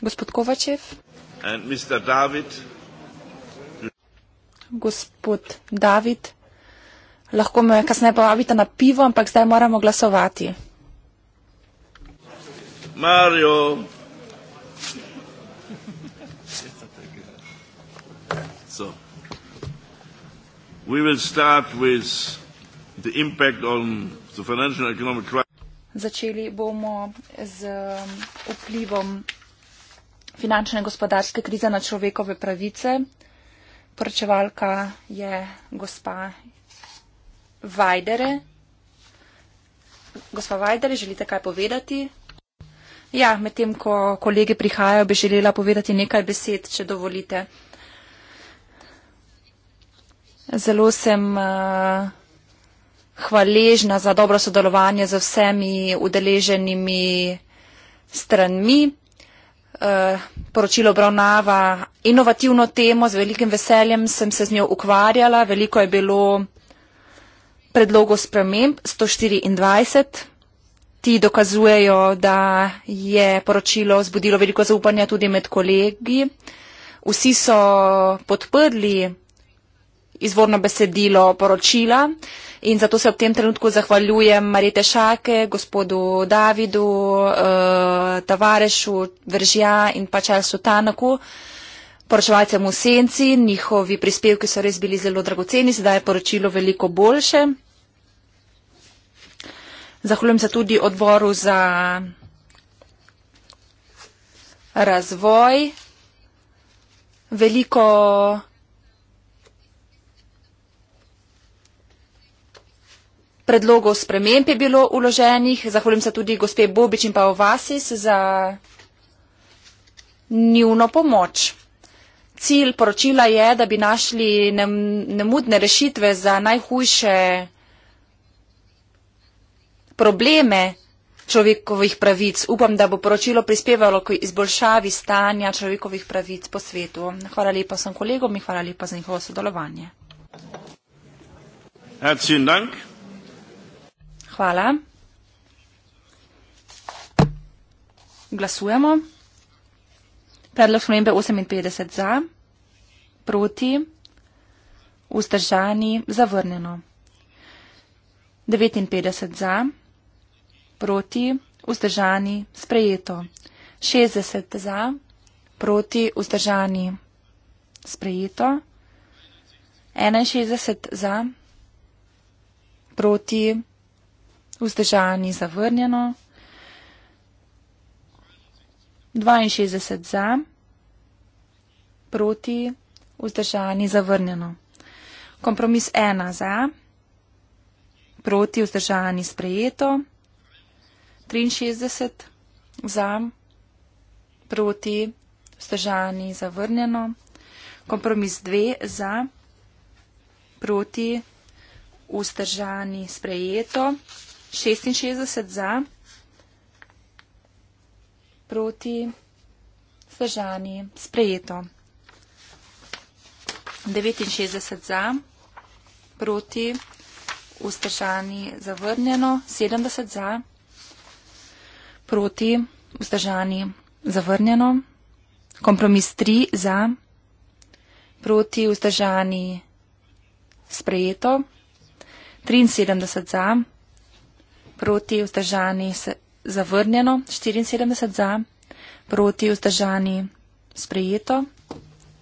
Gospod Kovačev. David. Gospod David, lahko me kasneje povabite na pivo, ampak zdaj moramo glasovati. Mario. Začeli bomo z um, vplivom finančne in gospodarske krize na človekove pravice. Poročevalka je gospa Vajdere. Gospa Vajdere, želite kaj povedati? Ja, medtem ko kolege prihajajo, bi želela povedati nekaj besed, če dovolite. Zelo sem uh, hvaležna za dobro sodelovanje z vsemi udeleženimi stranmi. Eh, poročilo obravnava inovativno temo, z velikim veseljem sem se z njo ukvarjala, veliko je bilo predlogov sprememb 124. Ti dokazujejo, da je poročilo zbudilo veliko zaupanja tudi med kolegi. Vsi so podprli izvorno besedilo poročila In zato se ob tem trenutku zahvaljujem Marite Šake, gospodu Davidu, eh, Tavarešu, Vržja in pa Čelsu Tanaku, poročevalcem v Senci. Njihovi prispevki so res bili zelo dragoceni, zdaj je poročilo veliko boljše. Zahvaljujem se tudi odboru za razvoj. Veliko predlogov sprememb je bilo uloženih. Zahvaljujem se tudi gospe Bobič in pa Ovasis za njuno pomoč. Cilj poročila je, da bi našli nemudne rešitve za najhujše probleme človekovih pravic. Upam, da bo poročilo prispevalo k izboljšavi stanja človekovih pravic po svetu. Hvala lepa vsem kolegom in hvala lepa za njihovo sodelovanje. Hvala lepa. Hvala. Glasujemo. Predlog spremembe 58 za, proti, vzdržani, zavrnjeno. 59 za, proti, vzdržani, sprejeto. 60 za, proti, vzdržani, sprejeto. 61 za, proti, vzdržani. Vzdržani zavrnjeno. 62 za, proti, vzdržani zavrnjeno. Kompromis 1 za, proti, vzdržani sprejeto. 63 za, proti, vzdržani zavrnjeno. Kompromis 2 za, proti, vzdržani sprejeto. 66 za, proti Sežani, sprejeto. 69 za, proti Ustežani, zavrnjeno. 70 za, proti Ustežani, zavrnjeno. Kompromis 3 za, proti Ustežani, sprejeto. 73 za, proti Ustežani, zavrnjeno proti vzdržani zavrnjeno, 74 za, proti vzdržani sprejeto,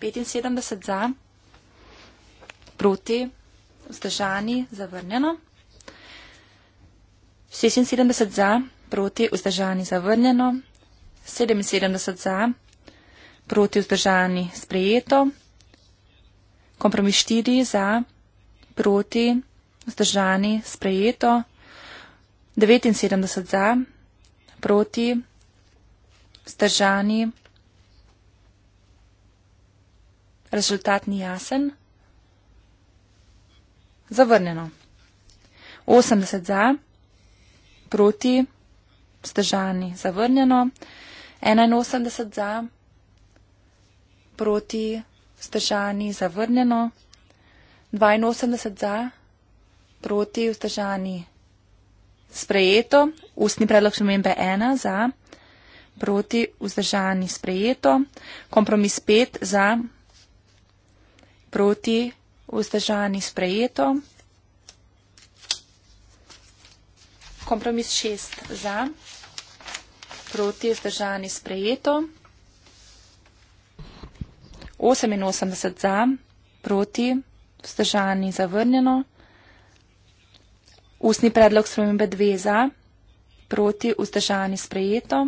75 za, proti vzdržani zavrnjeno, 76 za, proti vzdržani zavrnjeno, 77 za, proti vzdržani sprejeto, kompromis 4 za, proti vzdržani sprejeto, 79 za, proti, vzdržani. Rezultat ni jasen. Zavrnjeno. 80 za, proti, vzdržani. Zavrnjeno. 81 za, proti, vzdržani. Zavrnjeno. 82 za, proti, vzdržani sprejeto, ustni predlog spremembe ena za, proti vzdržani sprejeto, kompromis pet za, proti vzdržani sprejeto, kompromis šest za, proti vzdržani sprejeto, 88 za, proti vzdržani zavrnjeno. Ustni predlog spremembe 2 za, proti vzdržani sprejeto,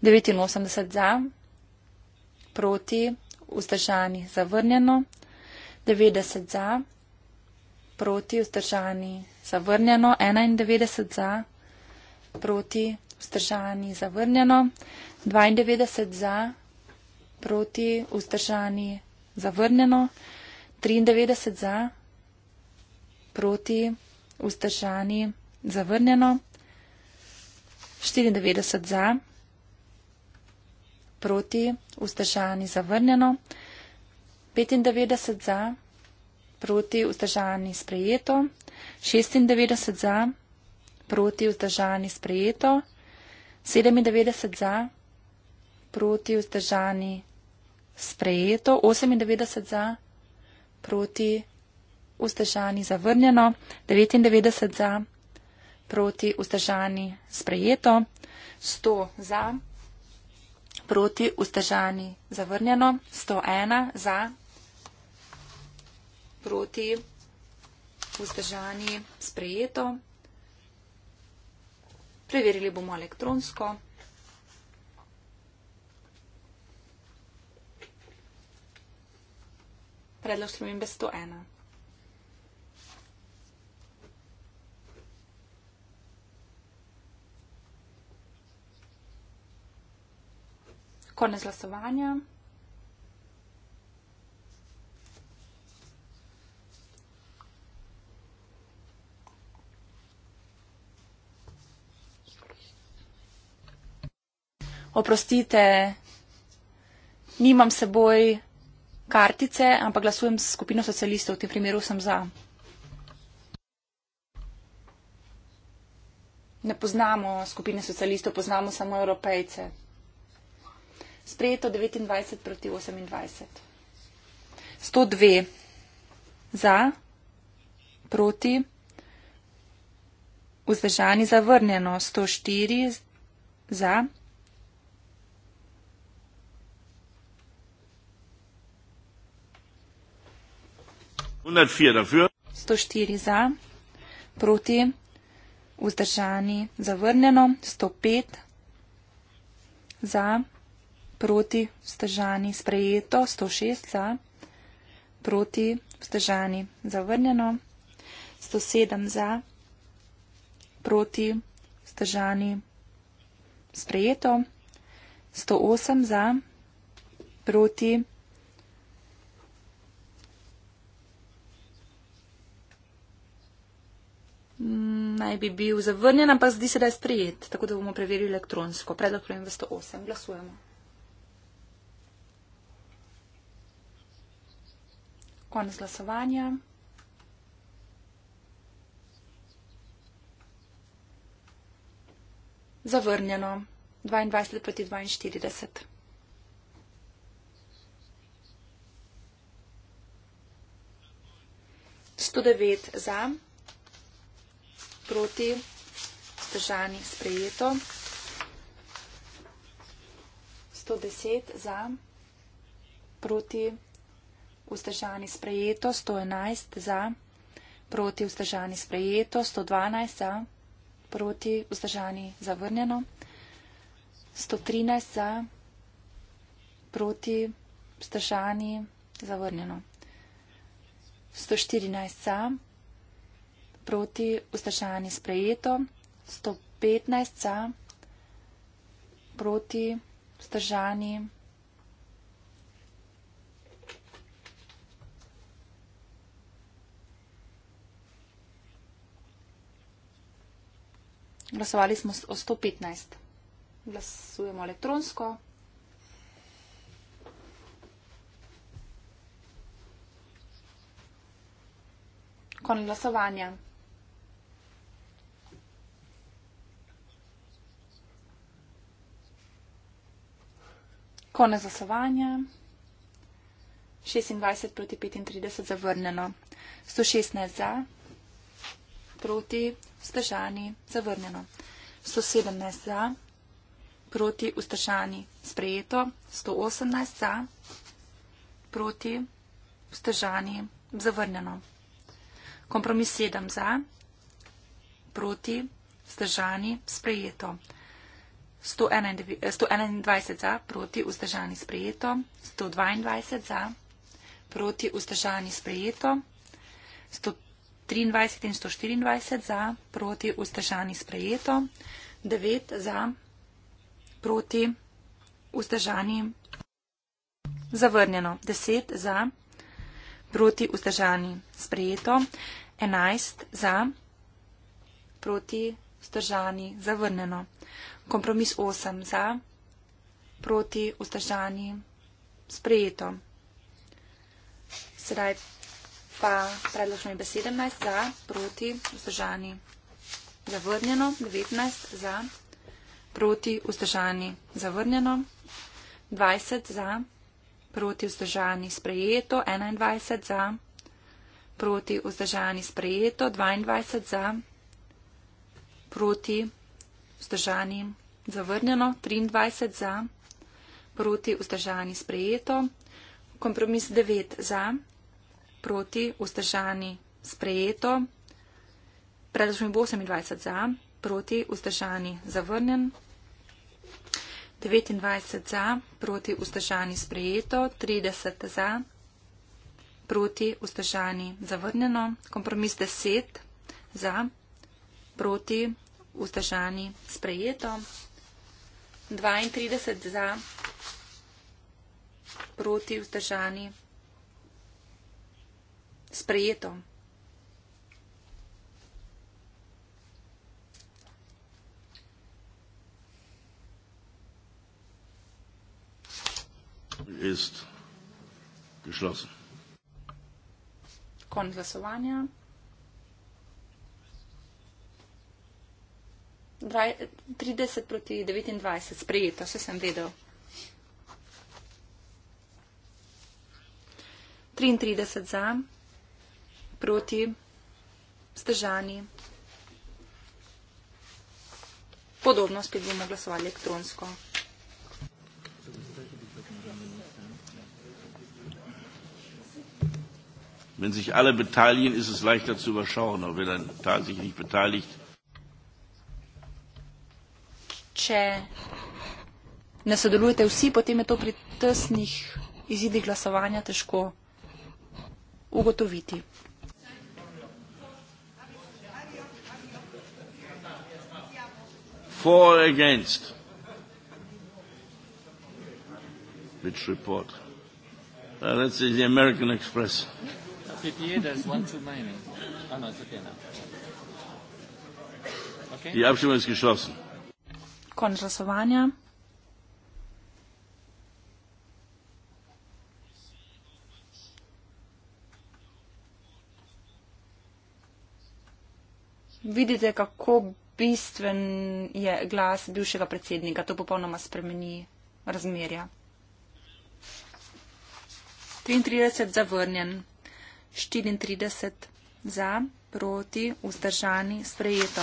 89 za, proti vzdržani zavrnjeno, 90 za, proti vzdržani zavrnjeno, 91 za, proti vzdržani zavrnjeno, 92 za, proti vzdržani zavrnjeno, 93 za, proti vzdržani zavrnjeno vzdržani, zavrnjeno, 94 za, proti, vzdržani, zavrnjeno, 95 za, proti, vzdržani, sprejeto, 96 za, proti, vzdržani, sprejeto, 97 za, proti, vzdržani, sprejeto, 98 za, proti, vzdržani, sprejeto, vzdržani zavrnjeno, 99 za, proti vzdržani sprejeto, 100 za, proti vzdržani zavrnjeno, 101 za, proti vzdržani sprejeto. Preverili bomo elektronsko. Predlog spremembe 101. Konec glasovanja. Oprostite, nimam seboj kartice, ampak glasujem s skupino socialistov, v tem primeru sem za. Ne poznamo skupine socialistov, poznamo samo evropejce sprejeto 29 proti 28. 102 za, proti, vzdržani zavrnjeno, 104 za, Dafür. 104 za, proti, vzdržani, zavrnjeno, 105 za proti vzdržani sprejeto, 106 za, proti vzdržani zavrnjeno, 107 za, proti vzdržani sprejeto, 108 za, proti naj bi bil zavrnjen, ampak zdi se, da je sprejet, tako da bomo preverili elektronsko. Predlog prejem v 108. Glasujemo. Konec glasovanja. Zavrnjeno. 22 proti 42. Sto devet za, proti, zdržani, sprejeto. Sto deset za, proti, zdržani vzdržani sprejeto, 111 za, proti vzdržani sprejeto, 112 za, proti vzdržani zavrnjeno, 113 za, proti vzdržani zavrnjeno, 114 za, proti vzdržani sprejeto, 115 za, proti vzdržani zavrnjeno. Glasovali smo o 115. Glasujemo elektronsko. Kon glasovanja. Konec glasovanja. 26 proti 35 zavrnjeno. 116 za, proti, vzdržani, zavrnjeno. 117 za, proti, vzdržani, sprejeto. 118 za, proti, vzdržani, zavrnjeno. Kompromis 7 za, proti, vzdržani, sprejeto. 121 za, proti, vzdržani, sprejeto. 122 za, proti, vzdržani, sprejeto. 23 in 124 za, proti vzdržani sprejeto, 9 za, proti vzdržani zavrnjeno, 10 za, proti vzdržani sprejeto, 11 za, proti vzdržani zavrnjeno, kompromis 8 za, proti vzdržani sprejeto. Sedaj pa predlog šmej 17 za, proti, vzdržani, zavrnjeno, 19 za, proti, vzdržani, zavrnjeno, 20 za, proti, vzdržani, sprejeto, 21 za, proti, vzdržani, sprejeto, 22 za, proti, vzdržani, zavrnjeno, 23 za, proti, vzdržani, sprejeto, kompromis 9 za, proti, vzdržani, sprejeto, predložen bo 28 za, proti, vzdržani, zavrnjen, 29 za, proti, vzdržani, sprejeto, 30 za, proti, vzdržani, zavrnjeno, kompromis 10 za, proti, vzdržani, sprejeto, 32 za, proti, vzdržani, sprejeto sprejeto. Ist geschlossen. Konzlasovanja. 30 proti 29, sprejeto, vse sem vedel. 33 za, proti, vzdržani. Podobno spet bomo glasovali elektronsko. Wenn sich alle beteiligen, ist es leichter zu überschauen, aber wenn ein Teil sich nicht beteiligt. Če ne sodelujete vsi, potem je to pri tesnih izidih glasovanja težko ugotoviti. for or against? Which report? Uh, let's see, the American Express. Oh, no, Die Abstimmung ist geschlossen. Konzlasowania. Widzicie, jak bistven je glas bivšega predsednika. To popolnoma spremeni razmerja. 33 zavrnjen, 34 za, proti, vzdržani, sprejeto.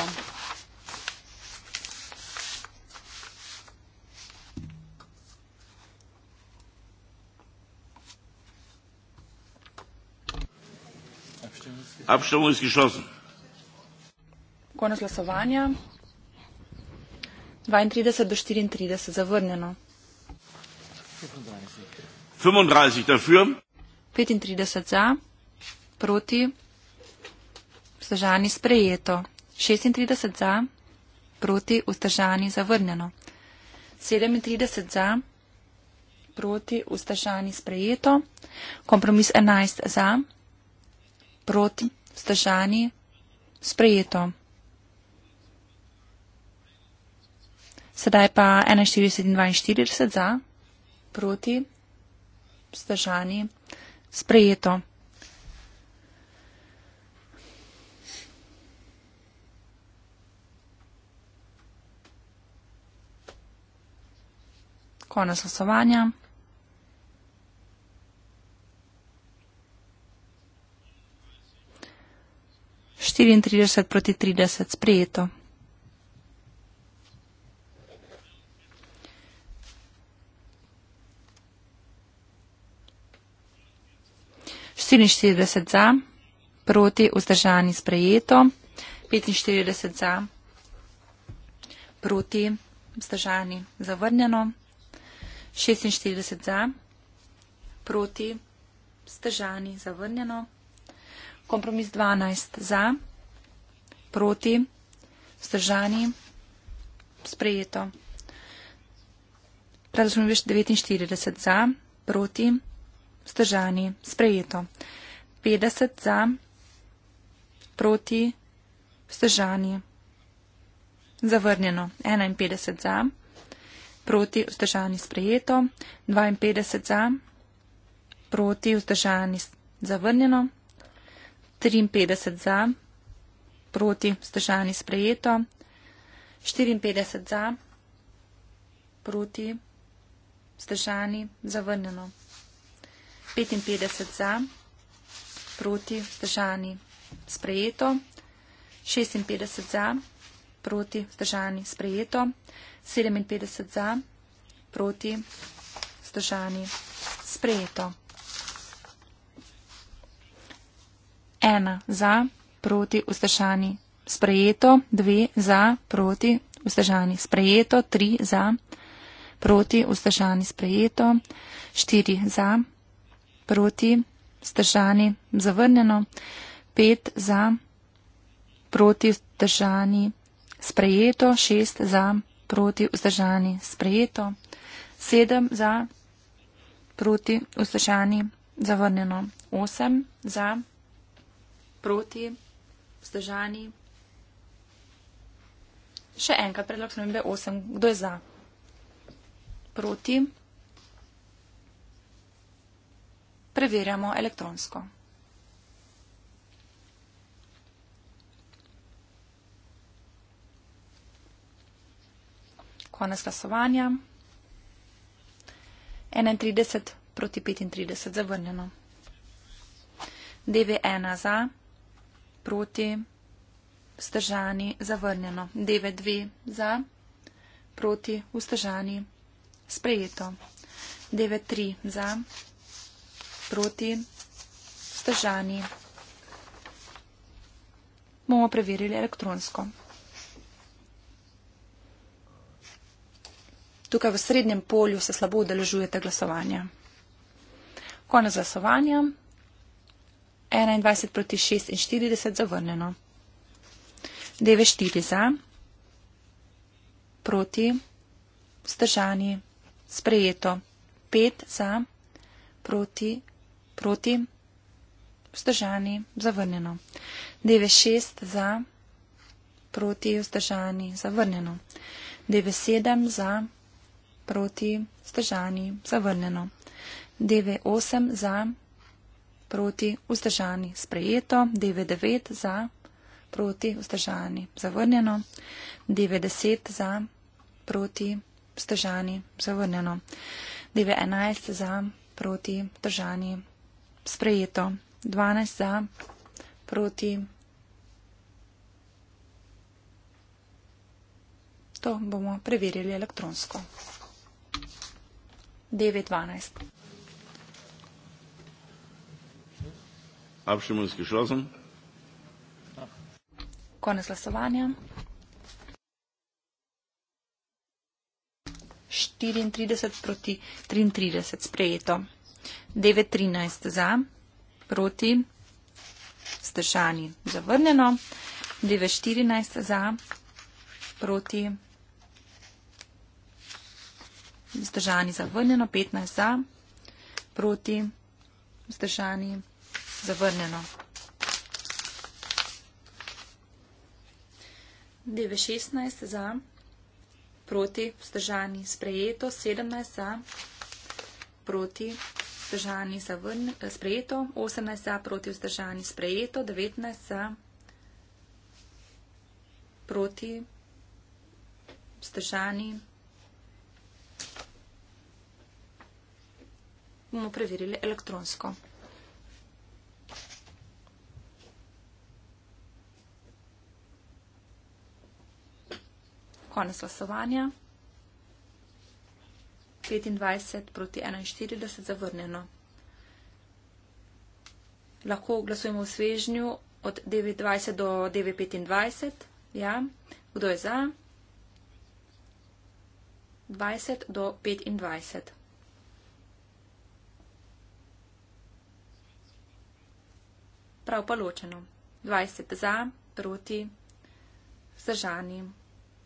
Abstimmungsgeschlossen konec glasovanja. 32 do 34, zavrnjeno. 35 dafür. 35 za, proti, vzdržani sprejeto. 36 za, proti, vzdržani zavrnjeno. 37 za, proti, vzdržani sprejeto. Kompromis 11 za, proti, vzdržani sprejeto. Sedaj pa 41 in 42 za, proti, vzdržani, sprejeto. Konec glasovanja. Štiriintrideset proti trideset sprejeto. 44 za, proti vzdržani sprejeto, 45 za, proti vzdržani zavrnjeno, 46 za, proti vzdržani zavrnjeno, kompromis 12 za, proti vzdržani sprejeto. Predložimo več 49 za, proti vzdržani vzdržani, sprejeto. 50 za, proti, vzdržani, zavrnjeno. 51 za, proti, vzdržani, sprejeto. 52 za, proti, vzdržani, zavrnjeno. 53 za, proti, vzdržani, sprejeto. 54 za, proti, vzdržani, zavrnjeno. 55 za, proti, vzdržani, sprejeto. 56 za, proti, vzdržani, sprejeto. 57 za, proti, vzdržani, sprejeto. 1 za, proti, vzdržani, sprejeto. 2 za, proti, vzdržani, sprejeto. 3 za, proti, vzdržani, sprejeto. 4 za, proti, vzdržani, sprejeto proti, vzdržani, zavrnjeno, pet za, proti, vzdržani, sprejeto, šest za, proti, vzdržani, sprejeto, sedem za, proti, vzdržani, zavrnjeno, osem za, proti, vzdržani. Še enkrat predlog smembe 8. Kdo je za? Proti. preverjamo elektronsko. Konec glasovanja. 31 proti 35 zavrnjeno. DV1 za, proti, vzdržani, zavrnjeno. DV2 za, proti, vzdržani, sprejeto. DV3 za, proti, vzdržani, sprejeto proti stežani. Bomo preverili elektronsko. Tukaj v srednjem polju se slabo udeležujete glasovanja. Konec glasovanja. 21 proti 46 zavrnjeno. 94 za. Proti. Stržani. Sprejeto. 5 za. Proti proti, vzdržani, zavrnjeno. 96 za, proti, vzdržani, zavrnjeno. 97 za, proti, vzdržani, zavrnjeno. 98 za, proti, vzdržani, sprejeto. 99 za, proti, vzdržani, zavrnjeno. 90 za, proti, vzdržani, zavrnjeno. 91 za, proti, vzdržani, zavrnjeno sprejeto. 12 za, proti. To bomo preverili elektronsko. 9.12. Abšemo izkišlazen. Konec glasovanja. 34 proti 33 sprejeto. D13 za, proti, vzdržani, zavrnjeno. D14 za, proti, vzdržani, zavrnjeno. 15 za, proti, vzdržani, zavrnjeno. D16 za, proti, vzdržani, sprejeto. 17 za, proti, vzdržani vzdržani zavrn, eh, sprejeto, 18 za proti vzdržani sprejeto, 19 za proti vzdržani. Bomo preverili elektronsko. Konec glasovanja. 25 proti 41 zavrnjeno. Lahko glasujemo v svežnju od 9.20 do 9.25. Ja. Kdo je za? 20 do 25. Prav pa ločeno. 20 za, proti, zdržani,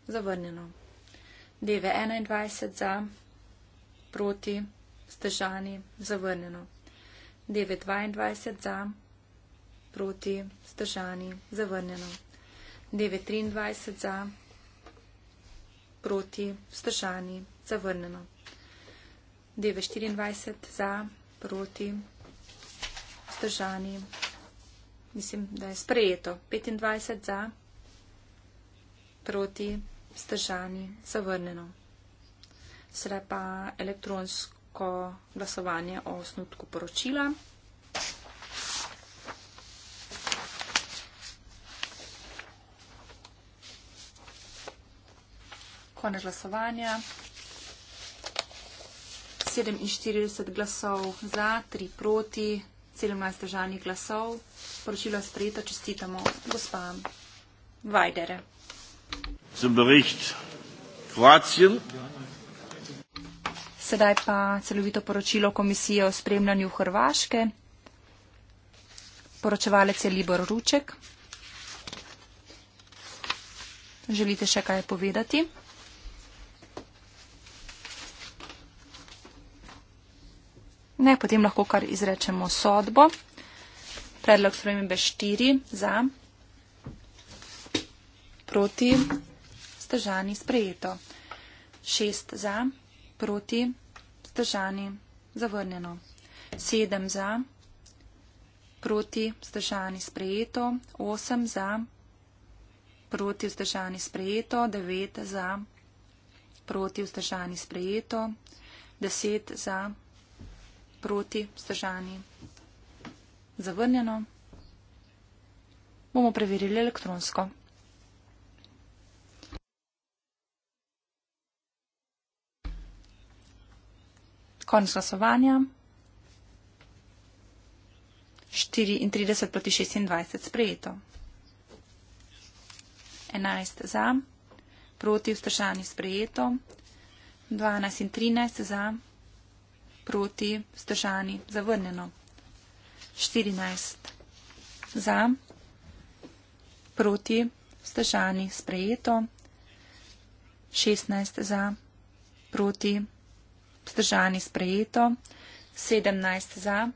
zavrnjeno. 9.21 za proti, vzdržani, zavrnjeno. 9.22 za, proti, vzdržani, zavrnjeno. 9.23 za, proti, vzdržani, zavrnjeno. 9.24 za, proti, vzdržani, mislim, da je sprejeto. 25 za, proti, vzdržani, zavrnjeno sedaj pa elektronsko glasovanje o osnutku poročila. Konec glasovanja. 47 glasov za, 3 proti, 17 državnih glasov. Poročilo je sprejeto, čestitamo gospam Vajdere. Zum Bericht Kroatien Sedaj pa celovito poročilo komisije o spremljanju Hrvaške. Poročevalec je Libor Ruček. Želite še kaj povedati? Ne, potem lahko kar izrečemo sodbo. Predlog spremembe 4 za, proti, stržani sprejeto. 6 za proti, zdržani, zavrnjeno. 7 za, proti, zdržani, sprejeto, 8 za, proti, zdržani, sprejeto, 9 za, proti, zdržani, sprejeto, 10 za, proti, zdržani, zavrnjeno. Bomo preverili elektronsko. Konec glasovanja. 34 proti 26 sprejeto. 11 za, proti vzdržani sprejeto. 12 in 13 za, proti vzdržani zavrnjeno. 14 za, proti vzdržani sprejeto. 16 za, proti vzdržani vzdržani sprejeto, 17 za,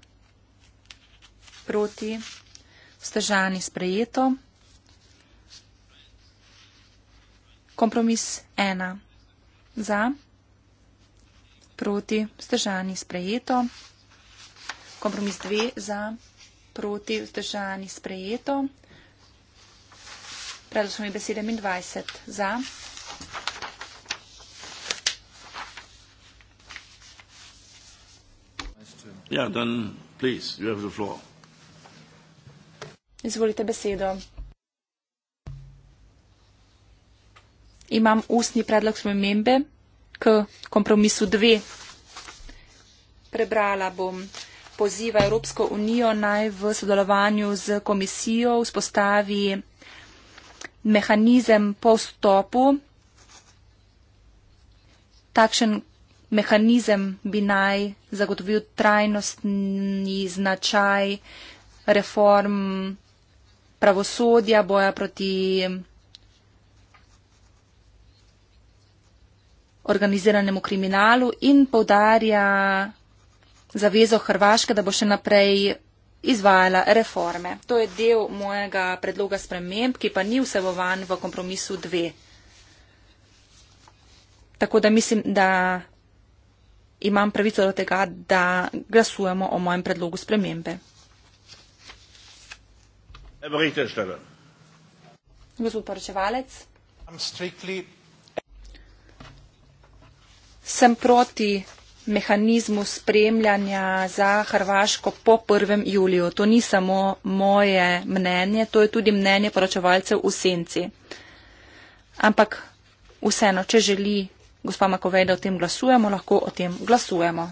proti, vzdržani sprejeto, kompromis 1 za, proti, vzdržani sprejeto, kompromis 2 za, proti, vzdržani sprejeto, predvsem je besede 20 za. Ja, dan, please, you have the floor. Izvolite besedo. Imam ustni predlog spremembe k kompromisu 2. Prebrala bom. Poziva Evropsko unijo naj v sodelovanju z komisijo vzpostavi mehanizem po vstopu, takšen, mehanizem bi naj zagotovil trajnostni značaj reform pravosodja, boja proti organiziranemu kriminalu in povdarja zavezo Hrvaške, da bo še naprej izvajala reforme. To je del mojega predloga sprememb, ki pa ni vsebovan v kompromisu dve. Tako da mislim, da imam pravico do tega, da glasujemo o mojem predlogu spremembe. Gospod poročevalec, sem proti mehanizmu spremljanja za Hrvaško po 1. juliju. To ni samo moje mnenje, to je tudi mnenje poročevalcev v senci. Ampak vseeno, če želi Gospa Makovej, da o tem glasujemo, lahko o tem glasujemo.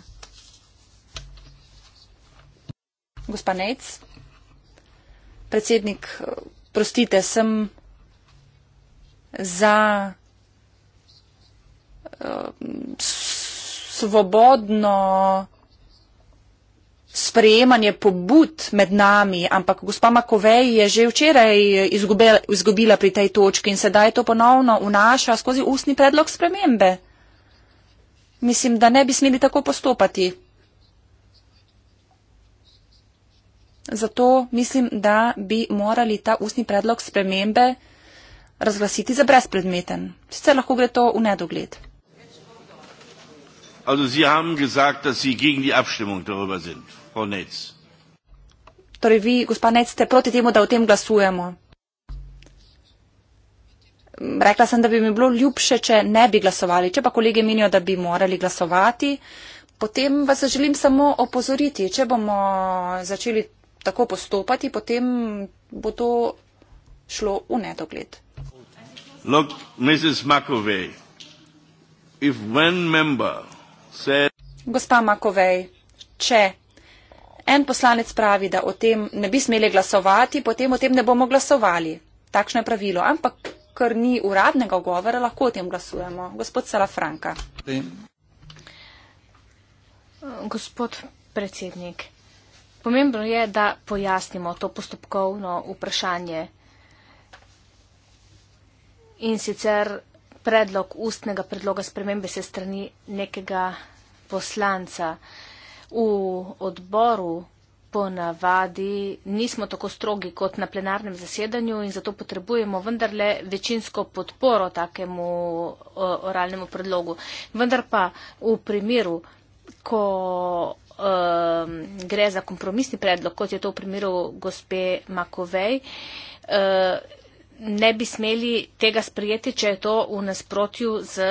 Gospa Nejc, predsednik, prostite, sem za uh, svobodno sprejemanje pobud med nami, ampak gospa Makovej je že včeraj izgubila, izgubila pri tej točki in sedaj to ponovno vnaša skozi ustni predlog spremembe. Mislim, da ne bi smeli tako postopati. Zato mislim, da bi morali ta ustni predlog spremembe razglasiti za brezpredmeten. Sicer lahko gre to v nedogled. Also, Sie haben gesagt, dass Sie gegen die Abstimmung darüber sind konec. Torej vi, gospod Nec, ste proti temu, da o tem glasujemo. Rekla sem, da bi mi bilo ljubše, če ne bi glasovali. Če pa kolege menijo, da bi morali glasovati, potem vas želim samo opozoriti. Če bomo začeli tako postopati, potem bo to šlo v nedogled. Look, Mrs. McAvey, if one member said... Gospa Makovej, če en poslanec pravi, da o tem ne bi smeli glasovati, potem o tem ne bomo glasovali. Takšno je pravilo. Ampak, ker ni uradnega govora, lahko o tem glasujemo. Gospod Salafranka. Gospod predsednik, pomembno je, da pojasnimo to postopkovno vprašanje. In sicer predlog ustnega predloga spremembe se strani nekega poslanca. Uh, v odboru ponavadi nismo tako strogi kot na plenarnem zasedanju in zato potrebujemo vendarle večinsko podporo takemu oralnemu predlogu. Vendar pa v primeru, ko um, gre za kompromisni predlog, kot je to v primeru gospe Makovej, uh, ne bi smeli tega sprijeti, če je to v nasprotju z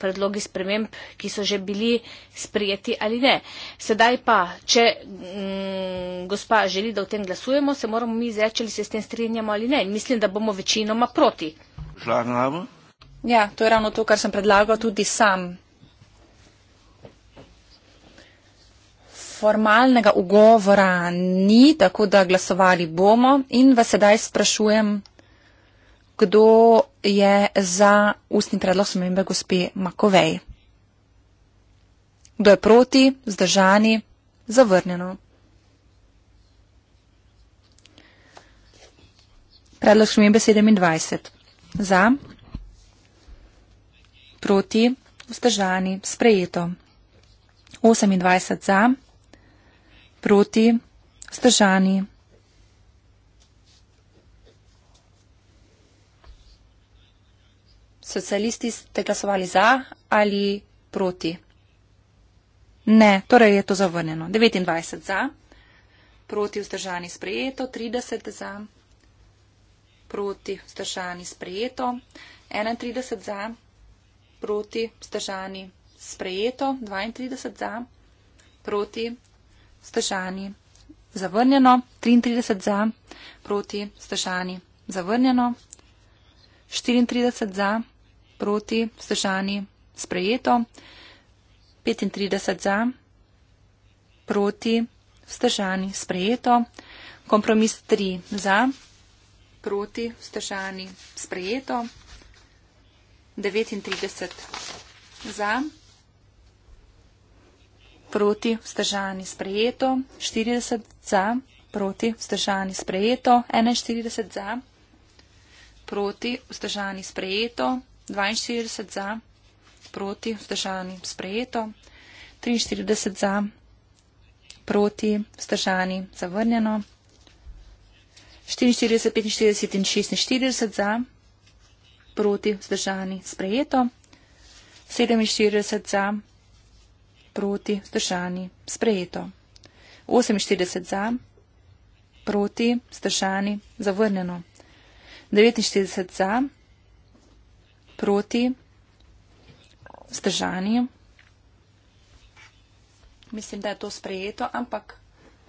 predlogi sprememb, ki so že bili sprijeti ali ne. Sedaj pa, če mm, gospa želi, da o tem glasujemo, se moramo mi izreči, ali se s tem strinjamo ali ne. Mislim, da bomo večinoma proti. Ja, to je ravno to, kar sem predlagal tudi sam. Formalnega ugovora ni, tako da glasovali bomo in vas sedaj sprašujem, kdo je za ustni predlog spremembe gospe Makovej. Kdo je proti, zdržani, zavrnjeno. Predlog spremembe 27. Za, proti, vzdržani, sprejeto. 28 za, proti, vzdržani, sprejeto. socialisti ste glasovali za ali proti? Ne, torej je to zavrnjeno. 29 za, proti vzdržani sprejeto, 30 za, proti vzdržani sprejeto, 31 za, proti vzdržani sprejeto, 32 za, proti vzdržani zavrnjeno, 33 za, proti vzdržani zavrnjeno, 34 za, proti, vzdržani, sprejeto. 35 za, proti, vzdržani, sprejeto. Kompromis 3 za, proti, vzdržani, sprejeto. 39 za, proti, vzdržani, sprejeto. 40 za, proti, vzdržani, sprejeto. 41 za, proti, vzdržani, sprejeto. 42 za, proti, vzdržani, sprejeto, 43 za, proti, vzdržani, zavrnjeno, 44, 45 in 46 za, proti, vzdržani, sprejeto, 47 za, proti, vzdržani, sprejeto, 48 za, proti, vzdržani, zavrnjeno, 49 za, proti, vzdržani. Mislim, da je to sprejeto, ampak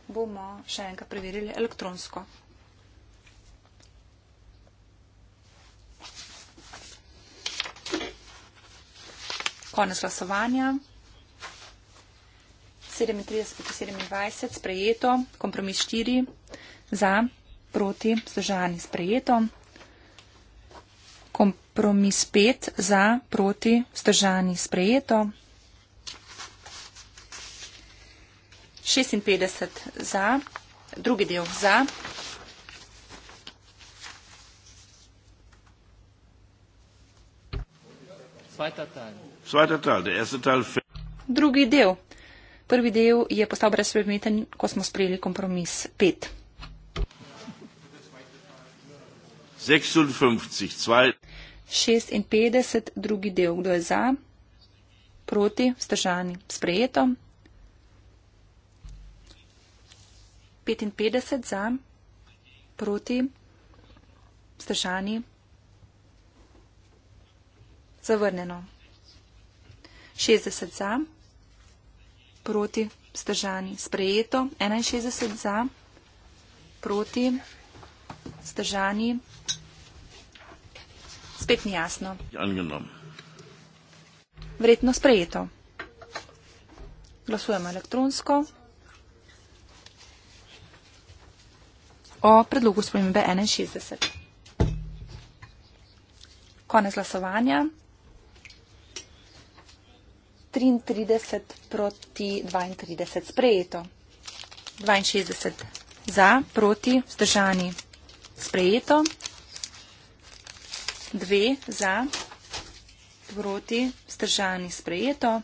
bomo še enkrat preverili elektronsko. Konec glasovanja. 37.27 sprejeto, kompromis 4 za, proti, vzdržani sprejeto kompromis pet za, proti, vzdržani sprejeto. 56 za, drugi del za. Drugi del. Prvi del je postal brezpredmeten, ko smo sprejeli kompromis pet. 56, 2. 56, drugi del, kdo je za, proti, vzdržani, sprejeto. 55 za, proti, vzdržani, zavrnjeno. 60 za, proti, vzdržani, sprejeto. 61 za, proti, vzdržani, zavrnjeno. Spet ni jasno. Vredno sprejeto. Glasujemo elektronsko. O predlogu spremembe 61. Konec glasovanja. 33 proti 32 sprejeto. 62 za, proti, vzdržani sprejeto. 2 za, proti, vzdržani sprejeto.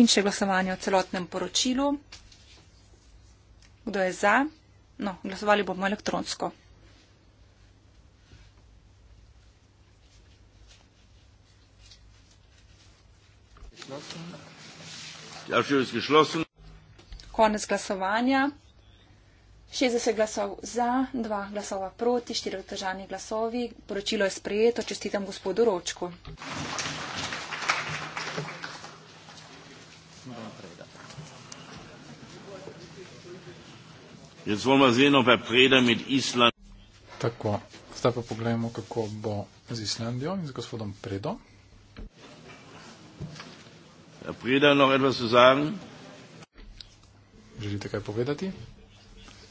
In še glasovanje o celotnem poročilu. Kdo je za? No, glasovali bomo elektronsko. Ja, Konec glasovanja. 60 glasov za, 2 glasova proti, 4 vtržani glasovi. Poročilo je sprejeto. Čestitam gospodu Ročku. Tako, zdaj pa pogledamo, kako bo z Islandijo in z gospodom Predo. Preda, no, Želite kaj povedati?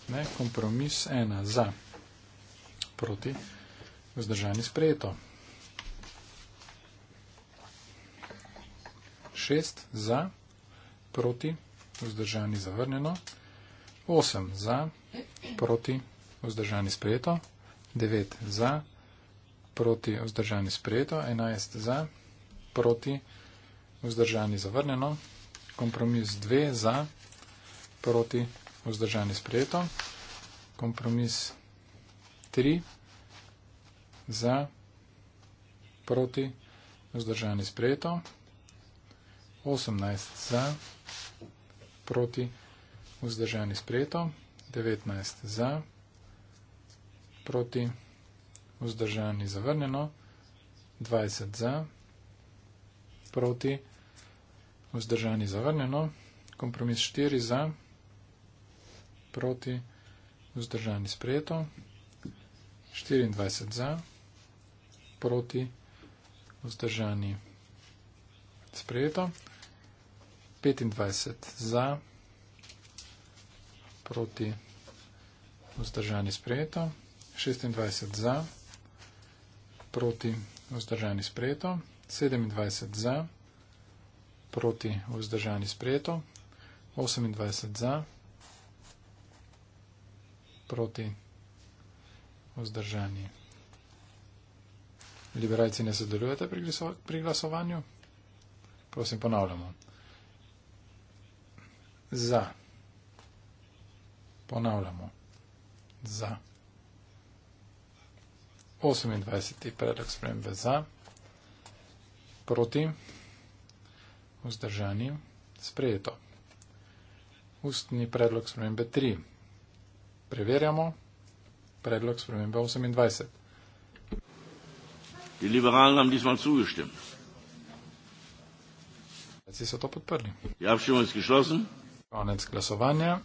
Ne, kompromis ena za, proti, vzdržani sprejeto. Šest za, proti, vzdržani zavrnjeno. Osem za, proti, vzdržani sprejeto. Devet za, proti, vzdržani sprejeto. Enajst za, proti, vzdržani zavrnjeno. Kompromis dve za, proti, vzdržani sprejeto. Kompromis 3 za proti vzdržani sprejeto. 18 za proti vzdržani sprejeto. 19 za proti vzdržani zavrnjeno. 20 za proti vzdržani zavrnjeno. Kompromis 4 za proti proti, vzdržani sprejeto, 24 za, proti, vzdržani sprejeto, 25 za, proti, vzdržani sprejeto, 26 za, proti, vzdržani sprejeto, 27 za, proti, vzdržani sprejeto, 28 za, proti, vzdržani sprejeto, proti vzdržanju. Liberalci ne sodelujete pri, glaso pri glasovanju? Prosim, ponavljamo. Za. Ponavljamo. Za. 28. predlog spremembe za. Proti. Vzdržanje. Sprejeto. Ustni predlog spremembe 3. Preverjamo predlog spremembe 28. Die Liberalen haben diesmal zugestimmt. Sie so to podprli. Die Abstimmung ist geschlossen. Konec glasovanja.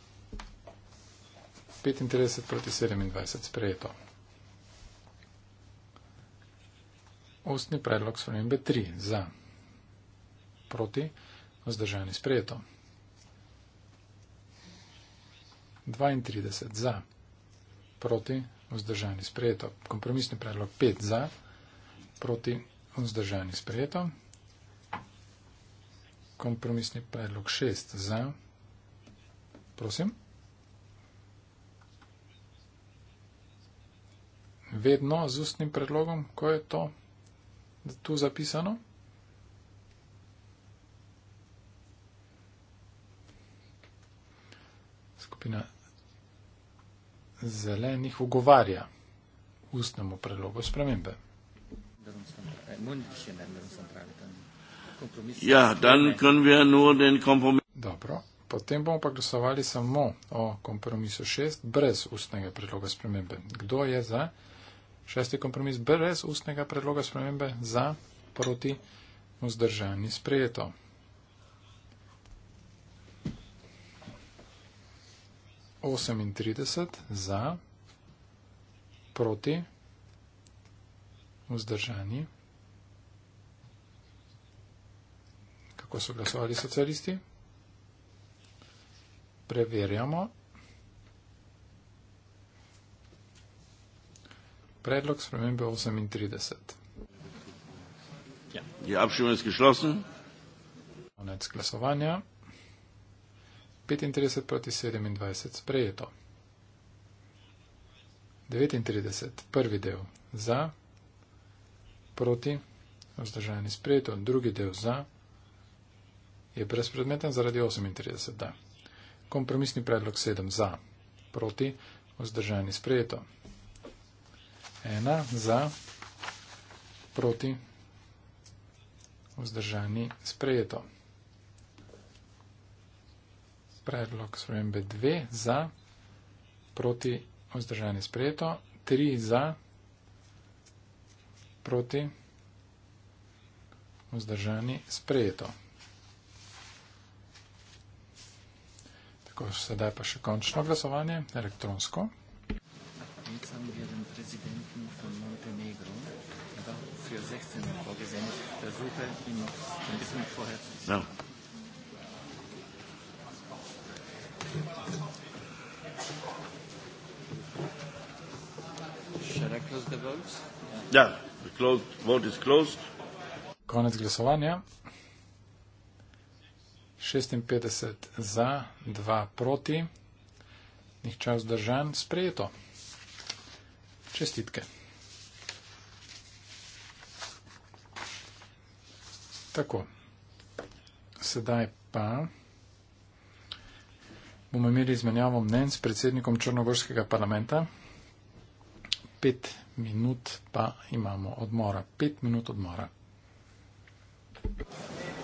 35 proti 27 sprejeto. Ustni predlog spremembe 3 za. Proti. Vzdržani sprejeto. 32 za, proti vzdržani sprejeto. Kompromisni predlog 5 za, proti vzdržani sprejeto. Kompromisni predlog 6 za. Prosim. Vedno z ustnim predlogom, ko je to tu zapisano. Skupina zelenih ugovarja ustnemu predlogu spremembe. Ja, dan kan vi nur den kompromis. Dobro, potem bomo pa glasovali samo o kompromisu 6 brez ustnega predloga spremembe. Kdo je za šesti kompromis brez ustnega predloga spremembe? Za, proti, vzdržani, sprejeto. 38 za, proti, vzdržani. Kako so glasovali socialisti? Preverjamo. Predlog spremembe 38. Ja, je abšimenski šlosen? Konec glasovanja. 35 proti 27 sprejeto. 39, prvi del za, proti, vzdržani sprejeto, drugi del za, je brezpredmeten zaradi 38, da. Kompromisni predlog 7 za, proti, vzdržani sprejeto. 1 za, proti, vzdržani sprejeto predlog spremembe 2 za, proti vzdržanje sprejeto, 3 za, proti vzdržanje sprejeto. Tako, sedaj pa še končno glasovanje, elektronsko. No. Ja, Konec glasovanja. 56 za, 2 proti, nihče vzdržan, sprejeto. Čestitke. Tako, sedaj pa bomo imeli izmenjavo mnen s predsednikom Črnogorskega parlamenta. Pet minut pa imamo odmora. Pet minut odmora. Thank you.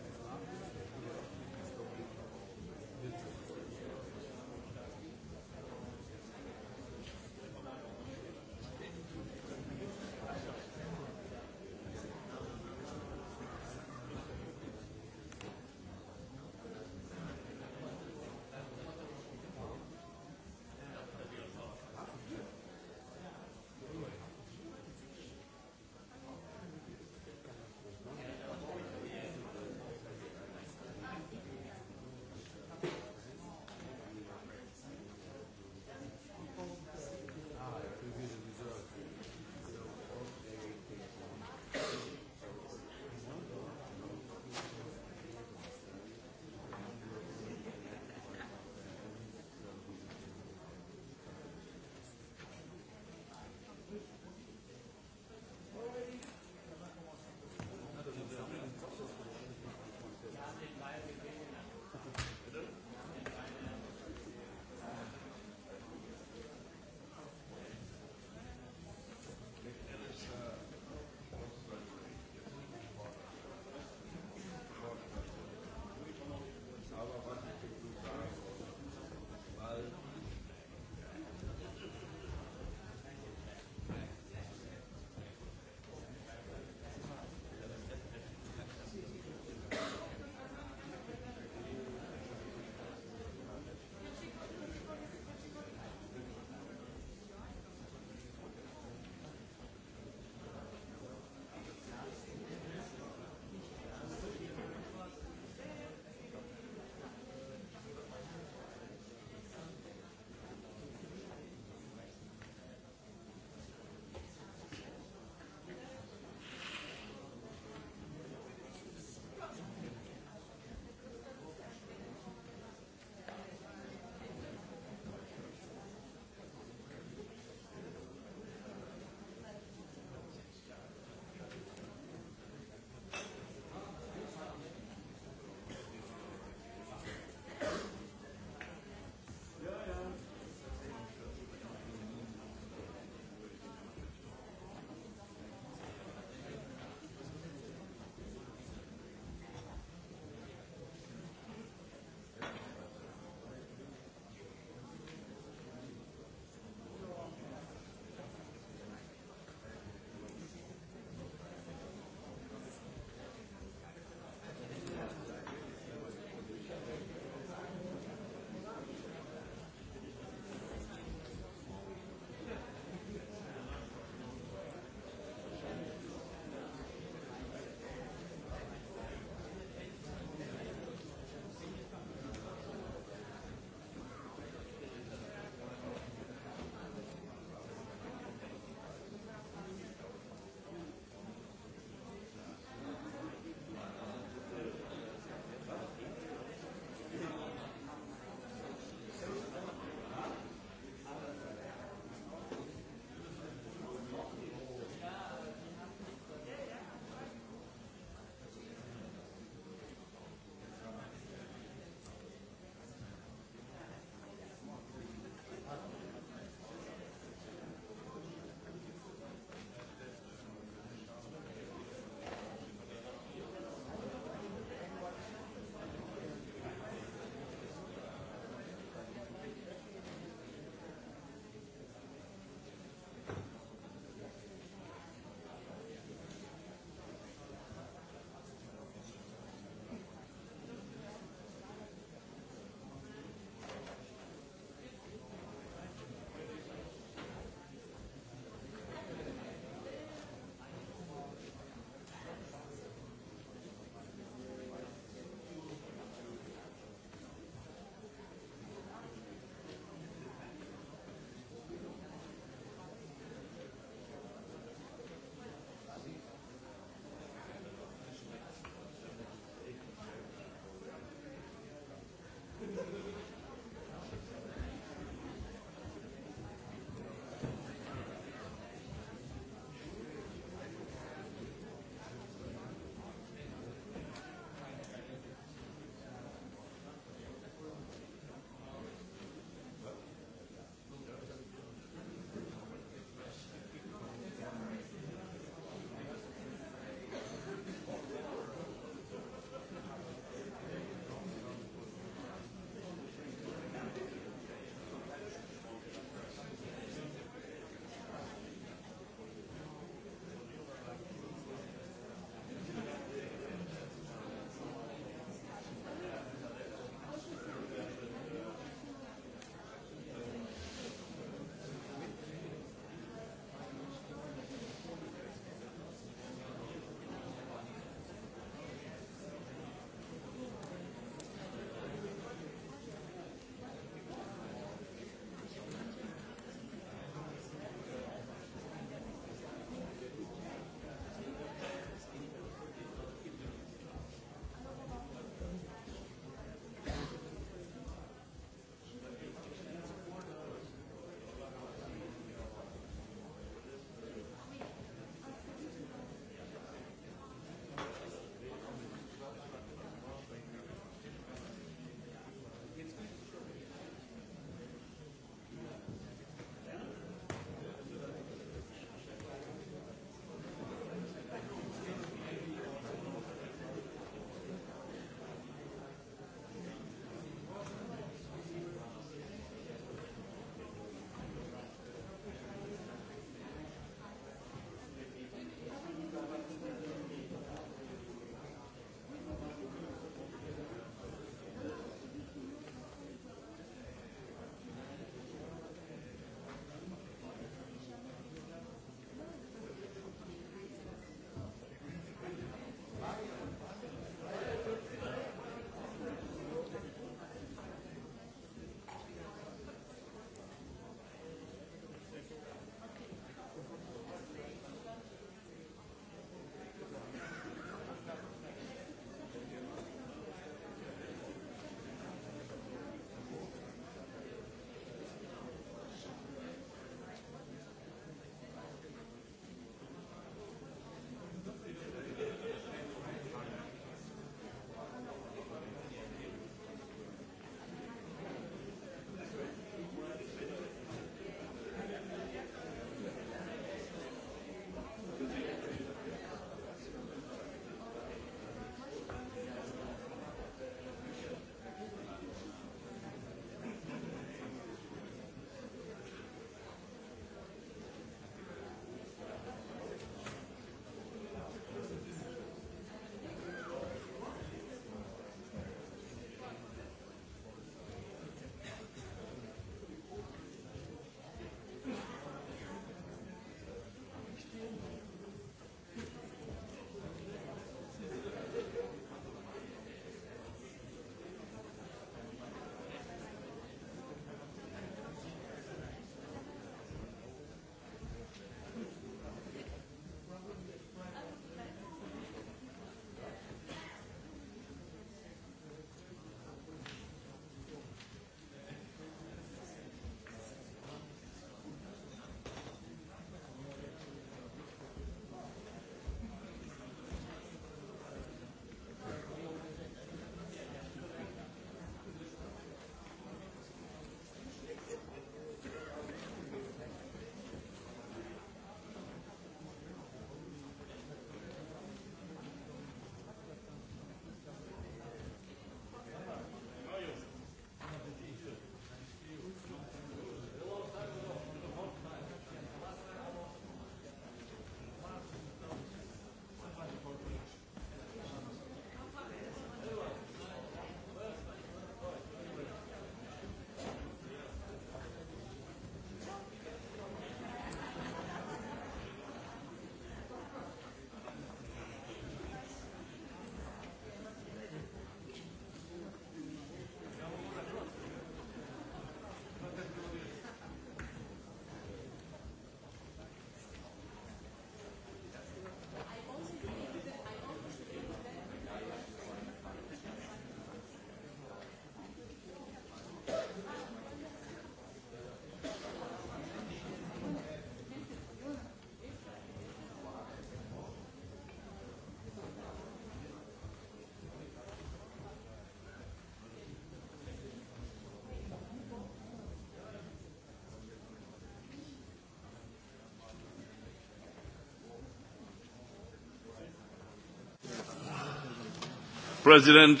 President,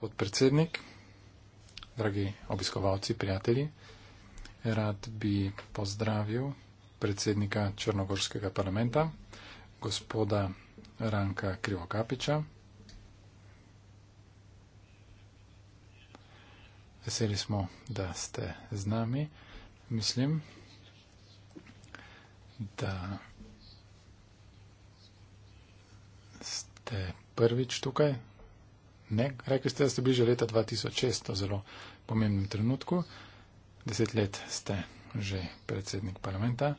Podpredsednik, dragi obiskovalci, prijatelji, rad bi pozdravil predsednika Črnogorskega parlamenta, gospoda Ranka Krivokapiča. Veseli smo, da ste z nami. Mislim, da ste prvič tukaj? Ne, rekli ste, da ste bili že leta 2006, to zelo pomembnem trenutku. Deset let ste že predsednik parlamenta.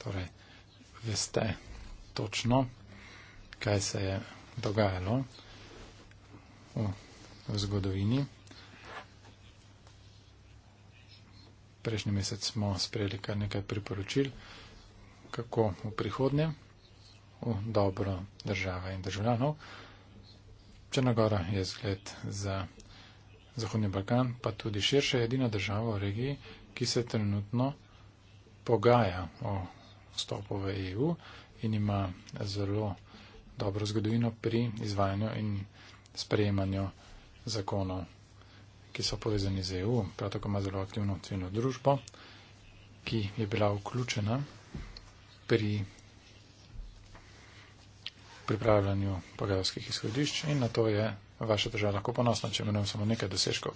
Torej, veste točno, kaj se je dogajalo v, v zgodovini. prejšnji mesec smo sprejeli kar nekaj priporočil, kako v prihodnje v dobro države in državljanov. Črnagora je zgled za Zahodni Balkan, pa tudi širše edina država v regiji, ki se trenutno pogaja o vstopu v EU in ima zelo dobro zgodovino pri izvajanju in sprejemanju zakonov ki so povezani z EU, prav tako ima zelo aktivno civilno družbo, ki je bila vključena pri pripravljanju pogajalskih izhodišč in na to je vaša država lahko ponosna, če imenujem samo nekaj dosežkov.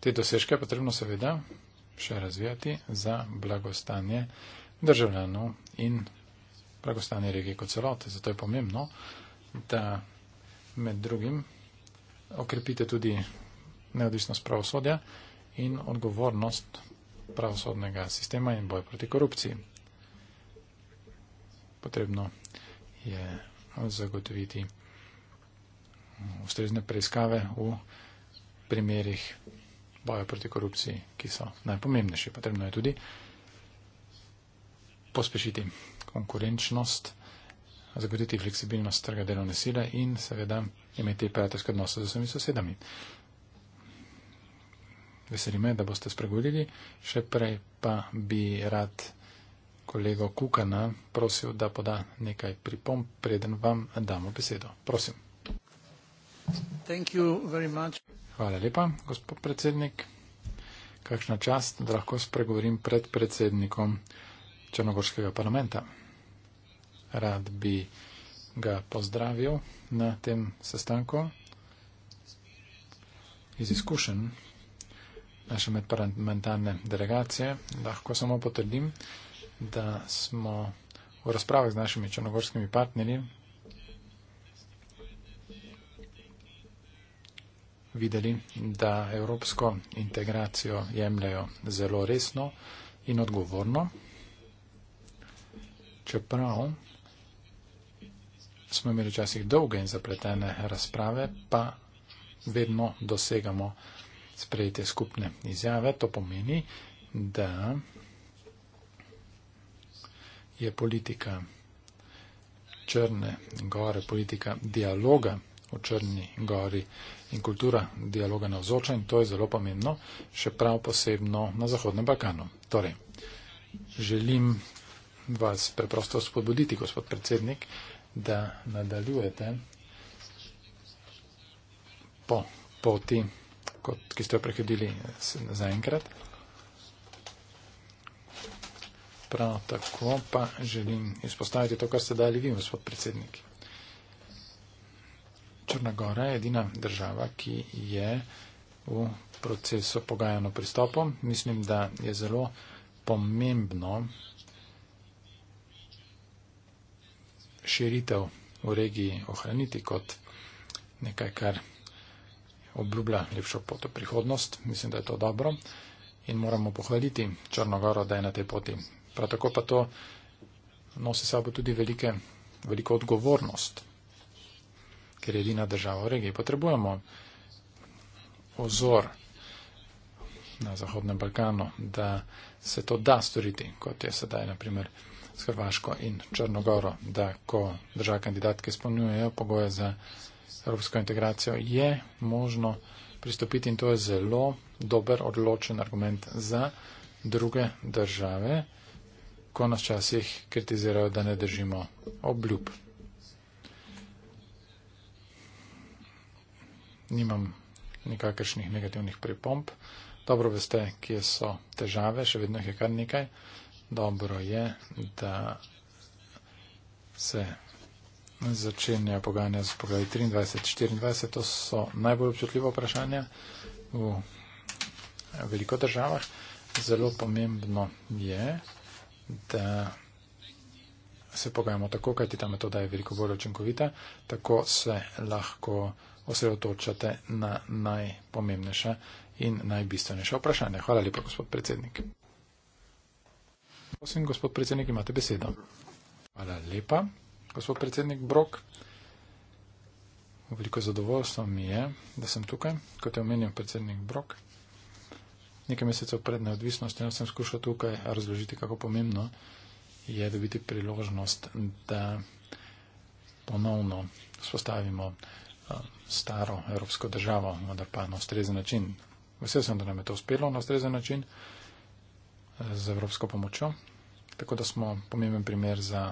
Te dosežke je potrebno seveda še razvijati za blagostanje državljanov in blagostanje regije kot celote. Zato je pomembno, da med drugim okrepite tudi neodvisnost pravosodja in odgovornost pravosodnega sistema in boj proti korupciji. Potrebno je zagotoviti ustrezne preiskave v primerih boja proti korupciji, ki so najpomembnejši. Potrebno je tudi pospešiti konkurenčnost, zagotoviti fleksibilnost trga delovne sile in seveda imeti prijateljske odnose z vsemi sosedami veseli me, da boste spregovorili. Še prej pa bi rad kolego Kukana prosil, da poda nekaj pripomb, preden vam damo besedo. Prosim. Hvala lepa, gospod predsednik. Kakšna čast, da lahko spregovorim pred predsednikom Črnogorskega parlamenta. Rad bi ga pozdravil na tem sestanku iz izkušenj naše medparlamentarne delegacije, lahko samo potrdim, da smo v razpravah z našimi črnogorskimi partnerji videli, da evropsko integracijo jemljajo zelo resno in odgovorno, čeprav smo imeli včasih dolge in zapletene razprave, pa vedno dosegamo razprave sprejete skupne izjave. To pomeni, da je politika Črne gore, politika dialoga v Črni gori in kultura dialoga na vzoča in to je zelo pomembno, še prav posebno na Zahodnem Balkanu. Torej, želim vas preprosto spodbuditi, gospod predsednik, da nadaljujete po poti kot, ki ste jo prehodili zaenkrat. Prav tako pa želim izpostaviti to, kar ste dali vi, gospod predsednik. Črna Gora je edina država, ki je v procesu pogajano pristopom. Mislim, da je zelo pomembno širitev v regiji ohraniti kot nekaj, kar obljublja lepšo pot v prihodnost. Mislim, da je to dobro in moramo pohvaliti Črnogoro, da je na tej poti. Prav tako pa to nosi sabo tudi velike, veliko odgovornost, ker je edina država v regiji. Potrebujemo ozor na Zahodnem Balkanu, da se to da storiti, kot je sedaj naprimer s Hrvaško in Črnogoro, da ko država kandidatke spomnjujejo pogoje za s evropsko integracijo, je možno pristopiti in to je zelo dober, odločen argument za druge države, ko nas časih kritizirajo, da ne držimo obljub. Nimam nikakršnih negativnih pripomp. Dobro veste, kje so težave, še vedno jih je kar nekaj. Dobro je, da se začenja pogajanja z pogledi 23-24, to so najbolj občutljivo vprašanje v veliko državah. Zelo pomembno je, da se pogajamo tako, kajti ta metoda je veliko bolj učinkovita, tako se lahko osredotočate na najpomembnejša in najbistvenejša vprašanja. Hvala lepa, gospod predsednik. Prosim, gospod predsednik, imate besedo. Hvala lepa gospod predsednik Brok. Veliko zadovoljstvo mi je, da sem tukaj, kot je omenil predsednik Brok. Nekaj mesecev pred neodvisnostjo ja sem skušal tukaj razložiti, kako pomembno je dobiti priložnost, da ponovno spostavimo um, staro evropsko državo, vendar pa na ustrezen način. Vesel sem, da nam je to uspelo na ustrezen način eh, z evropsko pomočjo, tako da smo pomemben primer za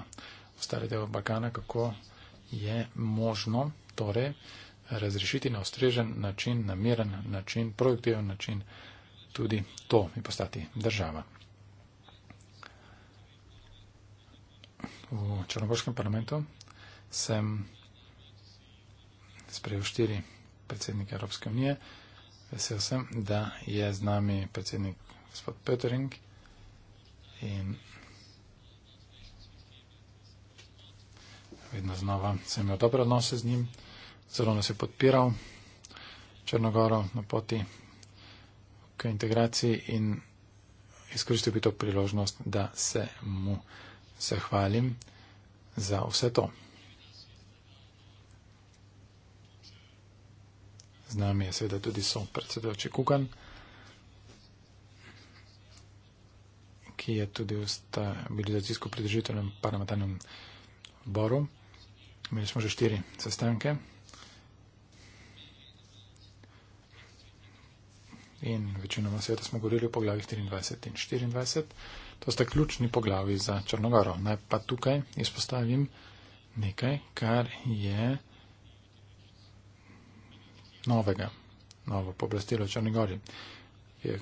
ostale dele Balkana, kako je možno torej razrešiti na ustrežen način, na miren način, produktiven način tudi to in postati država. V Črnogorskem parlamentu sem sprejel štiri predsednike Evropske unije. Vesel sem, da je z nami predsednik gospod Petering in vedno znova sem imel dobre odnose z njim, zelo nas je podpiral Črnogoro na poti k integraciji in izkoristil bi to priložnost, da se mu zahvalim za vse to. Z nami je seveda tudi so predsedujoči Kugan, ki je tudi v stabilizacijsko pridržitvenem parlamentarnem boru. Imeli smo že štiri sestanke. In večinoma sveta smo govorili o poglavjih 23 in 24. To sta ključni poglavi za Črnogoro. Naj pa tukaj izpostavim nekaj, kar je novega, novo poblastilo Črnogori, ki je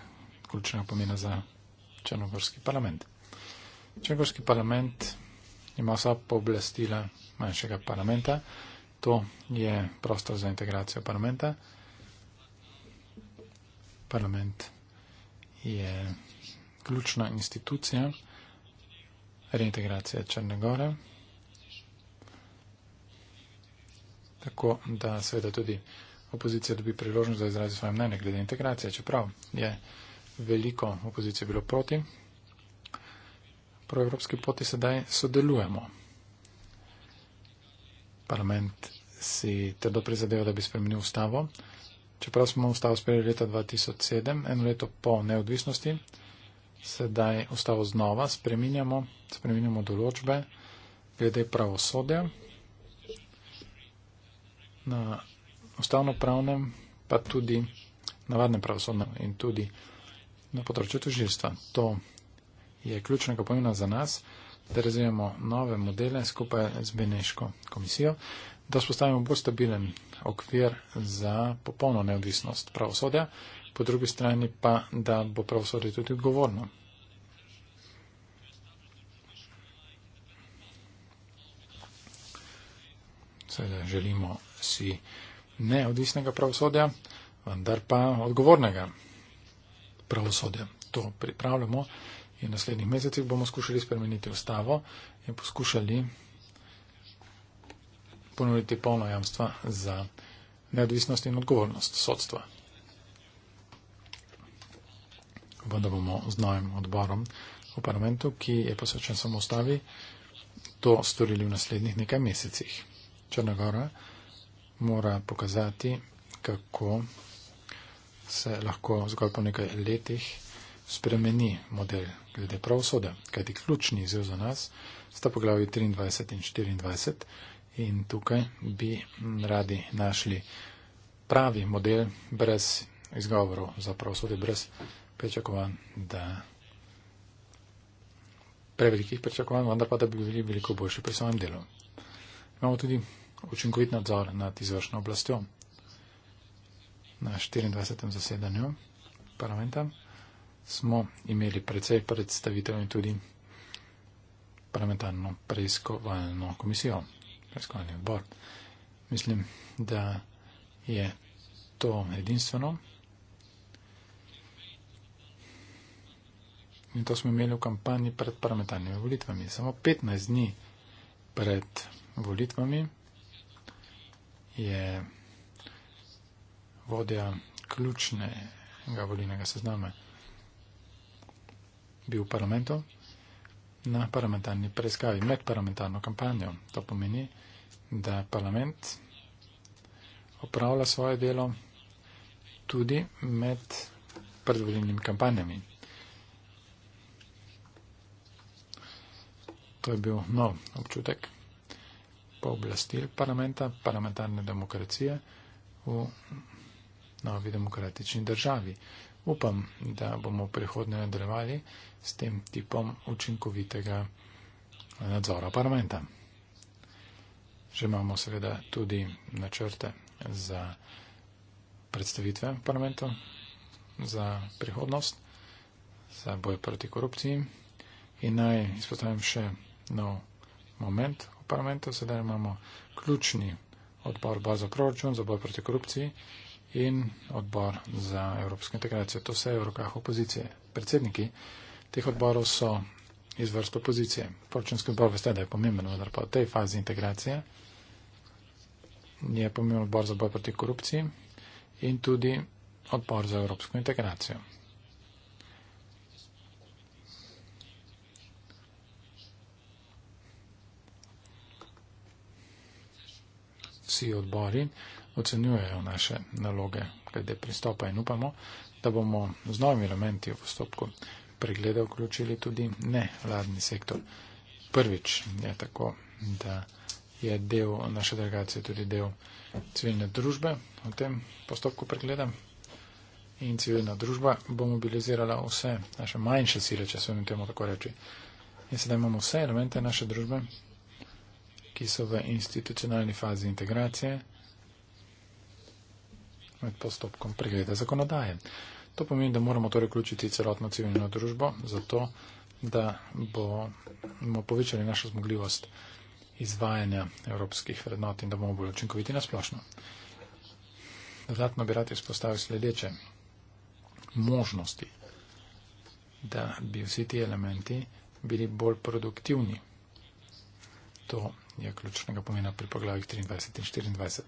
ključnega pomena za Črnogorski parlament. Črnogorski parlament ima vsa pooblastila manjšega parlamenta. To je prostor za integracijo parlamenta. Parlament je ključna institucija reintegracije Črne Gore. Tako da seveda tudi opozicija dobi priložnost, da izrazi svoje mnenje glede integracije, čeprav je veliko opozicije bilo proti proevropski poti sedaj sodelujemo. Parlament si trdo prizadeva, da bi spremenil ustavo. Čeprav smo ustavo sprejeli leta 2007, eno leto po neodvisnosti, sedaj ustavo znova spreminjamo, spreminjamo določbe glede pravosodja. Na ustavno-pravnem, pa tudi navadnem pravosodnem in tudi na področju tužilstva. To je ključnega pomena za nas, da razvijamo nove modele skupaj z Beneško komisijo, da spostavimo bolj stabilen okvir za popolno neodvisnost pravosodja, po drugi strani pa, da bo pravosodje tudi odgovorno. Seveda želimo si neodvisnega pravosodja, vendar pa odgovornega pravosodja. To pripravljamo in naslednjih mesecih bomo skušali spremeniti ustavo in poskušali ponuditi polno jamstva za neodvisnost in odgovornost sodstva. Vendar bomo z novim odborom v parlamentu, ki je posvečen samo ustavi, to storili v naslednjih nekaj mesecih. Črna Gora mora pokazati, kako se lahko zgolj po nekaj letih spremeni model glede pravosode. Kajti ključni izjiv za nas sta poglavi 23 in 24 in tukaj bi radi našli pravi model brez izgovorov za pravosode, brez pričakovanj, da prevelikih pričakovanj, vendar pa da bi bili veliko boljši pri svojem delu. Imamo tudi učinkovit nadzor nad izvršno oblastjo na 24. zasedanju parlamenta smo imeli precej predstavitev in tudi parlamentarno preiskovalno komisijo, preiskovalni odbor. Mislim, da je to edinstveno. In to smo imeli v kampanji pred parlamentarnimi volitvami. Samo 15 dni pred volitvami je vodja ključnega volilnega seznama bil v parlamentu na parlamentarni preiskavi med parlamentarno kampanjo. To pomeni, da parlament opravlja svoje delo tudi med predvoljenimi kampanjami. To je bil nov občutek pooblastil parlamenta, parlamentarne demokracije v novi demokratični državi. Upam, da bomo prihodne nadaljevali s tem tipom učinkovitega eh, nadzora parlamenta. Že imamo seveda tudi načrte za predstavitve parlamentu za prihodnost, za boj proti korupciji. In naj izpostavim še nov moment v parlamentu. Sedaj imamo ključni odbor bar za proračun, za boj proti korupciji in odbor za evropske integracije. To vse je v rokah opozicije. Predsedniki teh odborov so iz vrst opozicije. Poročenski odbor veste, da je pomemben, vendar pa v tej fazi integracije je pomemben odbor za boj proti korupciji in tudi odbor za evropsko integracijo. Vsi odbori ocenjujejo naše naloge glede pristopa in upamo, da bomo z novimi elementi v postopku preglede vključili tudi nevladni sektor. Prvič je tako, da je del naše delegacije tudi del civilne družbe v tem postopku pregleda in civilna družba bo mobilizirala vse naše manjše sile, če smem temu tako reči. In sedaj imamo vse elemente naše družbe, ki so v institucionalni fazi integracije, med postopkom pregleda zakonodaje. To pomeni, da moramo torej vključiti celotno civilno družbo, zato da bomo povečali našo zmogljivost izvajanja evropskih vrednot in da bomo bolj učinkoviti na splošno. Dodatno bi rad izpostavil sledeče možnosti, da bi vsi ti elementi bili bolj produktivni. To je ključnega pomena pri poglavjih 23 in 24.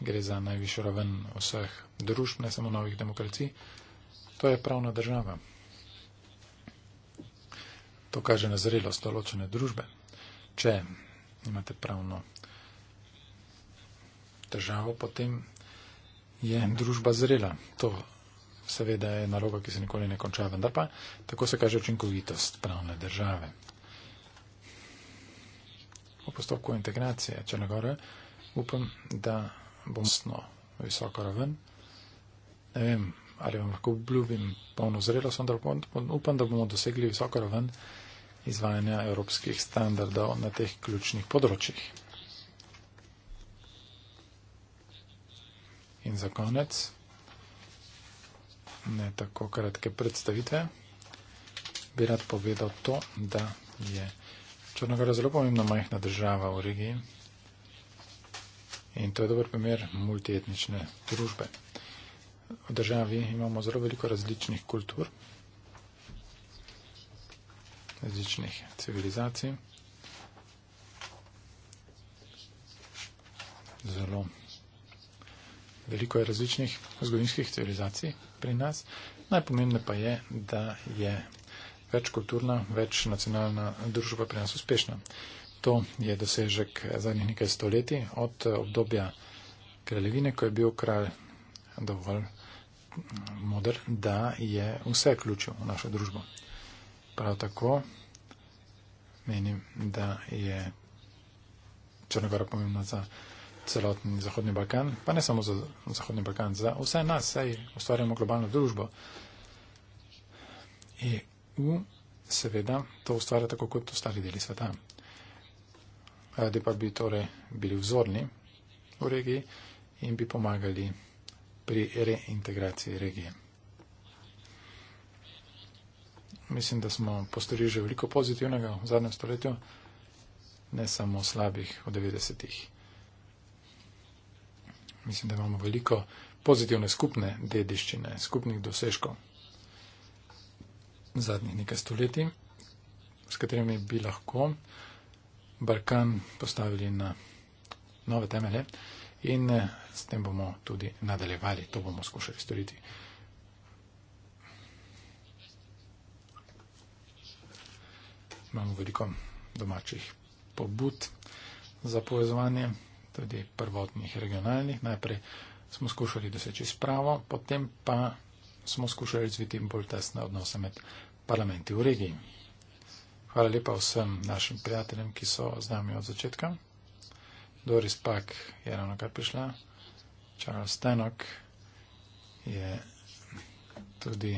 gre za najvišjo raven vseh družb, ne samo novih demokracij, to je pravna država. To kaže na zrelost določene družbe. Če imate pravno državo, potem je družba zrela. To seveda je naloga, ki se nikoli ne konča, vendar pa tako se kaže učinkovitost pravne države. V postopku integracije Črnagora upam, da bonstno visoko raven. Ne vem, ali vam lahko obljubim polno zrelost, ampak upam, da bomo dosegli visoko raven izvajanja evropskih standardov na teh ključnih področjih. In za konec, ne tako kratke predstavitve, bi rad povedal to, da je Črnogora zelo pomembna majhna država v regiji. In to je dober primer multietnične družbe. V državi imamo zelo veliko različnih kultur, različnih civilizacij, zelo veliko je različnih zgodovinskih civilizacij pri nas. Najpomembne pa je, da je večkulturna, večnacionalna družba pri nas uspešna. To je dosežek zadnjih nekaj stoletij od obdobja kraljevine, ko je bil kralj dovolj modr, da je vse ključil v našo družbo. Prav tako menim, da je Črnogora pomembna za celotni Zahodni Balkan, pa ne samo za Zahodni Balkan, za vse nas, saj ustvarjamo globalno družbo. EU seveda to ustvarja tako kot ostali deli sveta da pa bi torej bili vzorni v regiji in bi pomagali pri reintegraciji regije. Mislim, da smo postorili že veliko pozitivnega v zadnjem stoletju, ne samo slabih v 90-ih. Mislim, da imamo veliko pozitivne skupne dediščine, skupnih dosežkov zadnjih nekaj stoletij, s katerimi bi lahko Balkan postavili na nove temelje in eh, s tem bomo tudi nadaljevali, to bomo skušali storiti. Imamo veliko domačih pobud za povezovanje, tudi prvotnih regionalnih. Najprej smo skušali doseči spravo, potem pa smo skušali zviti bolj tesne odnose med parlamenti v regiji. Hvala lepa vsem našim prijateljem, ki so z nami od začetka. Doris Pak je ravno kar prišla. Charles Stanok je tudi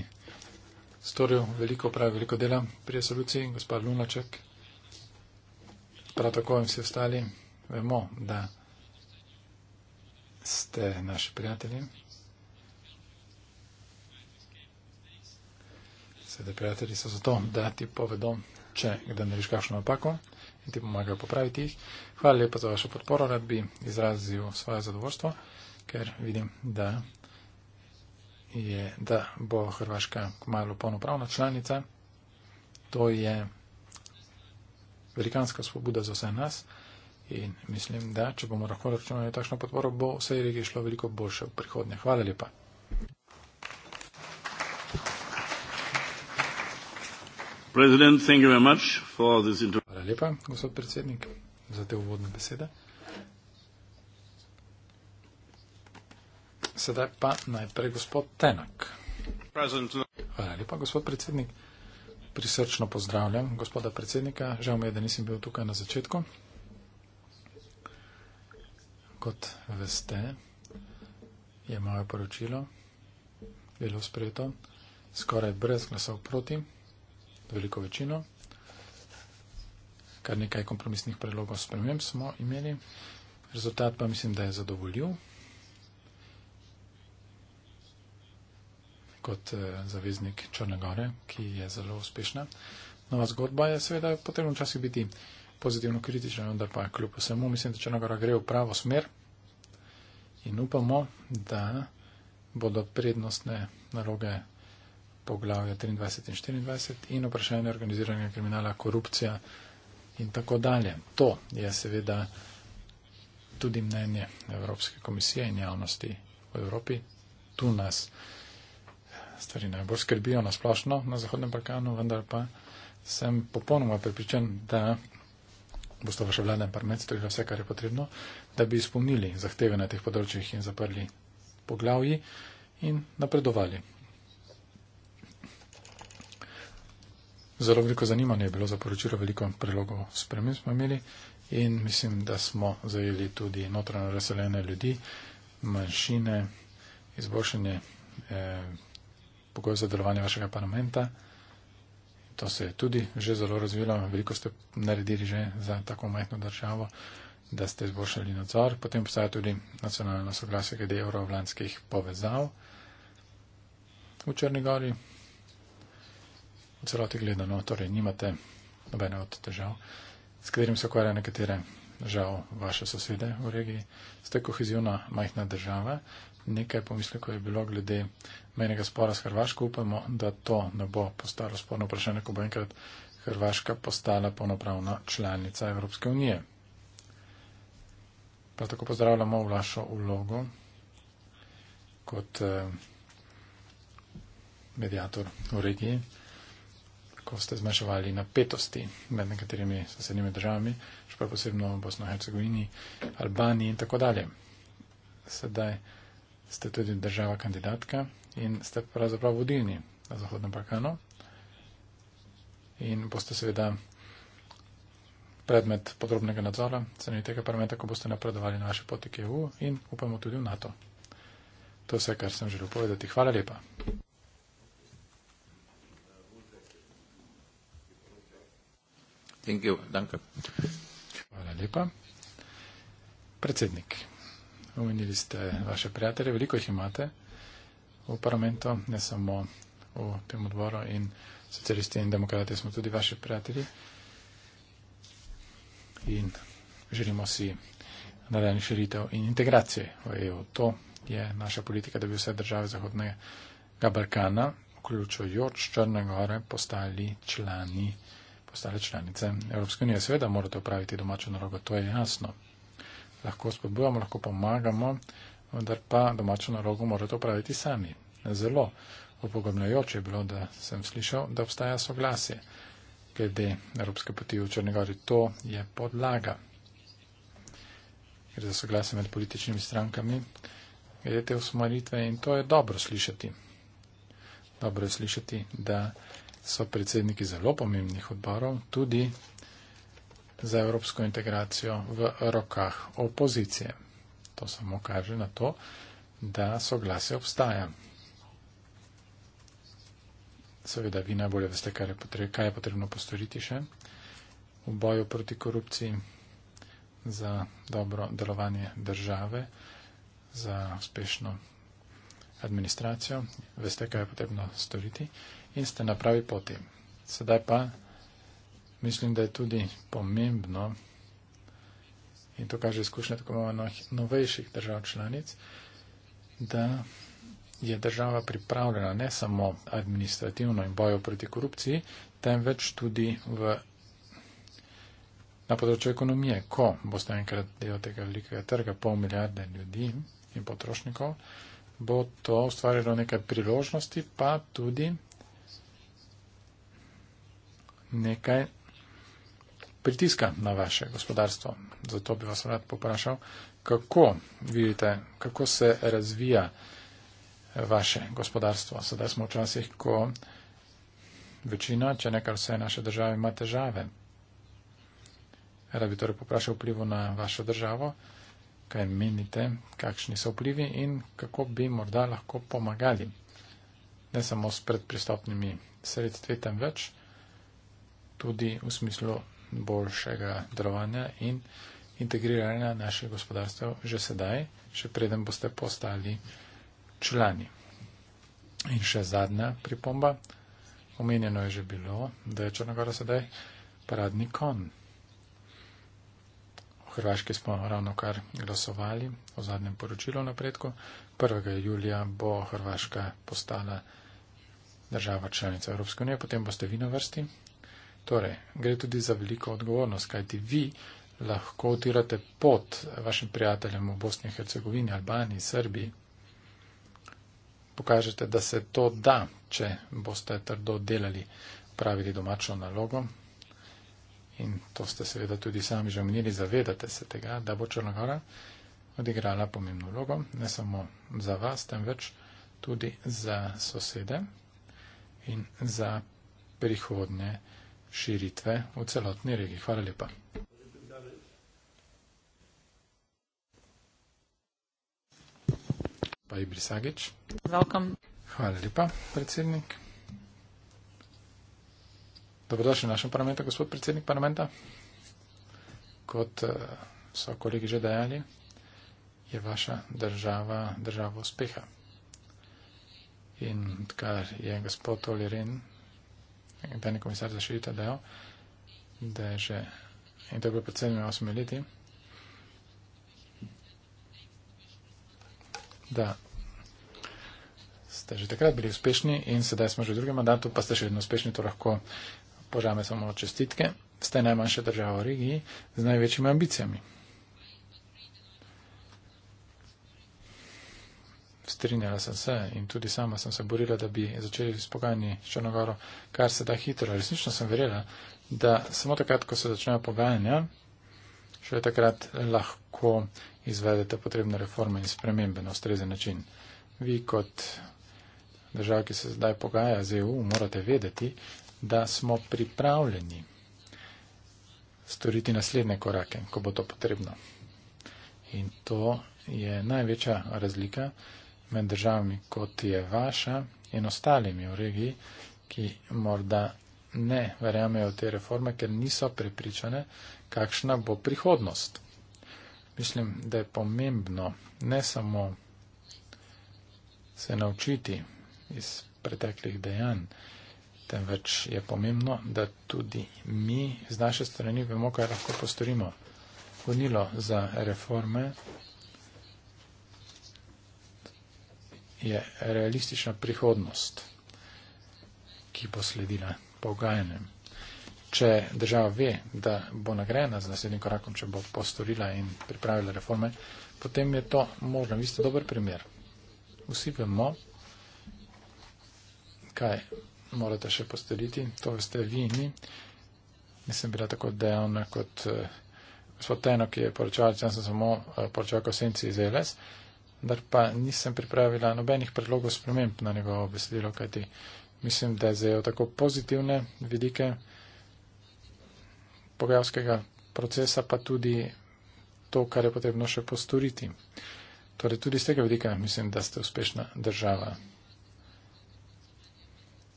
storil veliko, pravi veliko dela pri resoluciji. Gospod Lunaček, prav tako in vsi ostali, vemo, da ste naši prijatelji. Sedaj prijatelji so zato, da ti povedo če kdaj narediš kakšno napako in ti pomagajo popraviti jih. Hvala lepa za vašo podporo, rad bi izrazil svoje zadovoljstvo, ker vidim, da, je, da bo Hrvaška kmalo polnopravna članica. To je velikanska spobuda za vse nas in mislim, da če bomo lahko računali na takšno podporo, bo vse regije šlo veliko boljše v prihodnje. Hvala lepa. Hvala lepa, gospod predsednik, za te uvodne besede. Sedaj pa najprej gospod Tenak. Hvala lepa, gospod predsednik. Prisrčno pozdravljam gospoda predsednika. Žal mi je, da nisem bil tukaj na začetku. Kot veste, je moje poročilo bilo sprejeto skoraj brez glasov proti veliko večino. Kar nekaj kompromisnih predlogov sprememb smo imeli. Rezultat pa mislim, da je zadovoljiv. kot eh, zaveznik Črne Gore, ki je zelo uspešna. Nova zgodba je seveda potrebno včasih biti pozitivno kritična, vendar pa kljub vsemu mislim, da Črna Gora gre v pravo smer in upamo, da bodo prednostne naloge poglavja 23 in 24 in vprašanje organiziranja kriminala, korupcija in tako dalje. To je seveda tudi mnenje Evropske komisije in javnosti v Evropi. Tu nas stvari najbolj skrbijo na splošno na Zahodnem Balkanu, vendar pa sem popolnoma pripričan, da boste vaša vlada in parlament storila vse, kar je potrebno, da bi izpolnili zahteve na teh področjih in zaprli poglavji in napredovali zelo veliko zanimanja je bilo za poročilo, veliko prelogov sprememb smo imeli in mislim, da smo zajeli tudi notranje razseljene ljudi, manjšine, izboljšanje eh, pogojev za delovanje vašega parlamenta. To se je tudi že zelo razvilo, veliko ste naredili že za tako majhno državo, da ste izboljšali nadzor. Potem obstaja tudi nacionalno soglasje glede evrovlanskih povezav v Črnegori v celoti gledano, torej nimate nobene od težav, s katerim se ukvarja nekatere, žal, vaše sosede v regiji. Ste kohezivna majhna država. Nekaj pomislekov je bilo glede menjega spora s Hrvaško. Upamo, da to ne bo postalo sporno vprašanje, ko bo enkrat Hrvaška postala polnopravna članica Evropske unije. Prav tako pozdravljamo v vašo vlogo kot eh, medijator v regiji ko ste zmanjševali napetosti med nekaterimi sosednjimi državami, še pa posebno v Bosno in Hercegovini, Albaniji in tako dalje. Sedaj ste tudi država kandidatka in ste pravzaprav vodilni na Zahodnem Balkanu in boste seveda predmet podrobnega nadzora cenitega parlamenta, ko boste napredovali na vaše poti k EU in upamo tudi v NATO. To je vse, kar sem želel povedati. Hvala lepa. Thank you. Danke. Hvala lepa. Predsednik, omenili ste vaše prijatelje, veliko jih imate v parlamentu, ne samo v tem odboru in socialisti in demokrati smo tudi vaši prijatelji in želimo si nadaljni širitev in integracije v EU. To je naša politika, da bi vse države Zahodnega Balkana, vključujoč Črne gore, postali člani EU postale članice Evropske unije. Seveda morate upraviti domačo nalogo, to je jasno. Lahko spodbujamo, lahko pomagamo, vendar pa domačo nalogo morate upraviti sami. Zelo upogobnjajoče je bilo, da sem slišal, da obstaja soglasje glede Evropske poti v Črnegori. To je podlaga. Gre za soglasje med političnimi strankami, glede te usmeritve in to je dobro slišati. Dobro je slišati, da so predsedniki zelo pomembnih odborov, tudi za evropsko integracijo v rokah opozicije. To samo kaže na to, da soglasje obstaja. Seveda, vi najbolje veste, kaj je, potrebno, kaj je potrebno postoriti še v boju proti korupciji za dobro delovanje države, za uspešno administracijo. Veste, kaj je potrebno storiti in ste na pravi poti. Sedaj pa mislim, da je tudi pomembno, in to kaže izkušnja tako malo novejših držav članic, da je država pripravljena ne samo administrativno in bojo proti korupciji, temveč tudi v, na področju ekonomije. Ko boste enkrat del tega velikega trga, pol milijarde ljudi in potrošnikov, bo to ustvarjalo nekaj priložnosti, pa tudi nekaj pritiska na vaše gospodarstvo. Zato bi vas rad poprašal, kako vidite, kako se razvija vaše gospodarstvo. Sedaj smo v časih, ko večina, če nekaj vse naše države, ima težave. Rad bi torej poprašal vplivu na vašo državo, kaj menite, kakšni so vplivi in kako bi morda lahko pomagali. Ne samo s predpristopnimi sredstvi, temveč. več tudi v smislu boljšega delovanja in integriranja naših gospodarstv že sedaj, še preden boste postali člani. In še zadnja pripomba, omenjeno je že bilo, da je Črnagora sedaj paradni kon. V Hrvaški smo ravno kar glasovali o zadnjem poročilu napredku. 1. julija bo Hrvaška postala država članica Evropske unije, potem boste vi na vrsti, Torej, gre tudi za veliko odgovornost, kajti vi lahko utirate pot vašim prijateljem v Bosni in Hercegovini, Albaniji, Srbiji. Pokažete, da se to da, če boste trdo delali, pravili domačo nalogo. In to ste seveda tudi sami že omenili, zavedate se tega, da bo Črna gora odigrala pomembno vlogo, ne samo za vas, temveč tudi za sosede in za prihodnje širitve v celotni regiji. Hvala lepa. Pa Ibris Agič. Hvala lepa, predsednik. Dobrodošli v našem parlamentu, gospod predsednik parlamenta. Kot eh, so kolegi že dejali, je vaša država država uspeha. In kar je gospod Olirin in pravni komisar za širitev dejal, da je že, in to je bilo pred 78 leti, da ste že takrat bili uspešni in sedaj smo že v drugem mandatu, pa ste še vedno uspešni, to lahko požame samo čestitke. Ste najmanjša država v regiji z največjimi ambicijami. Strinjala sem se in tudi sama sem se borila, da bi začeli s pogajanji s Črnogoro, kar se da hitro. Resnično sem verjela, da samo takrat, ko se začnejo pogajanja, še takrat lahko izvedete potrebne reforme in spremembe na ustrezen način. Vi kot država, ki se zdaj pogaja z EU, morate vedeti, da smo pripravljeni storiti naslednje korake, ko bo to potrebno. In to je največja razlika med državami, kot je vaša in ostalimi v regiji, ki morda ne verjamejo v te reforme, ker niso prepričane, kakšna bo prihodnost. Mislim, da je pomembno ne samo se naučiti iz preteklih dejanj, temveč je pomembno, da tudi mi z naše strani vemo, kaj lahko postorimo. Vodnilo za reforme je realistična prihodnost, ki bo sledila pogajanjem. Če država ve, da bo nagrajena z naslednjim korakom, če bo postorila in pripravila reforme, potem je to možno. Vi ste dober primer. Vsi vemo, kaj morate še postoriti. To ste vi in mi. Nisem bila tako dejavna kot eh, gospod Teno, ki je poročal, da sem samo eh, poročal, ko senci iz e LS vendar pa nisem pripravila nobenih predlogov sprememb na njegovo besedilo, kajti mislim, da zdaj o tako pozitivne vidike pogajalskega procesa, pa tudi to, kar je potrebno še postoriti. Torej, tudi z tega vidika mislim, da ste uspešna država.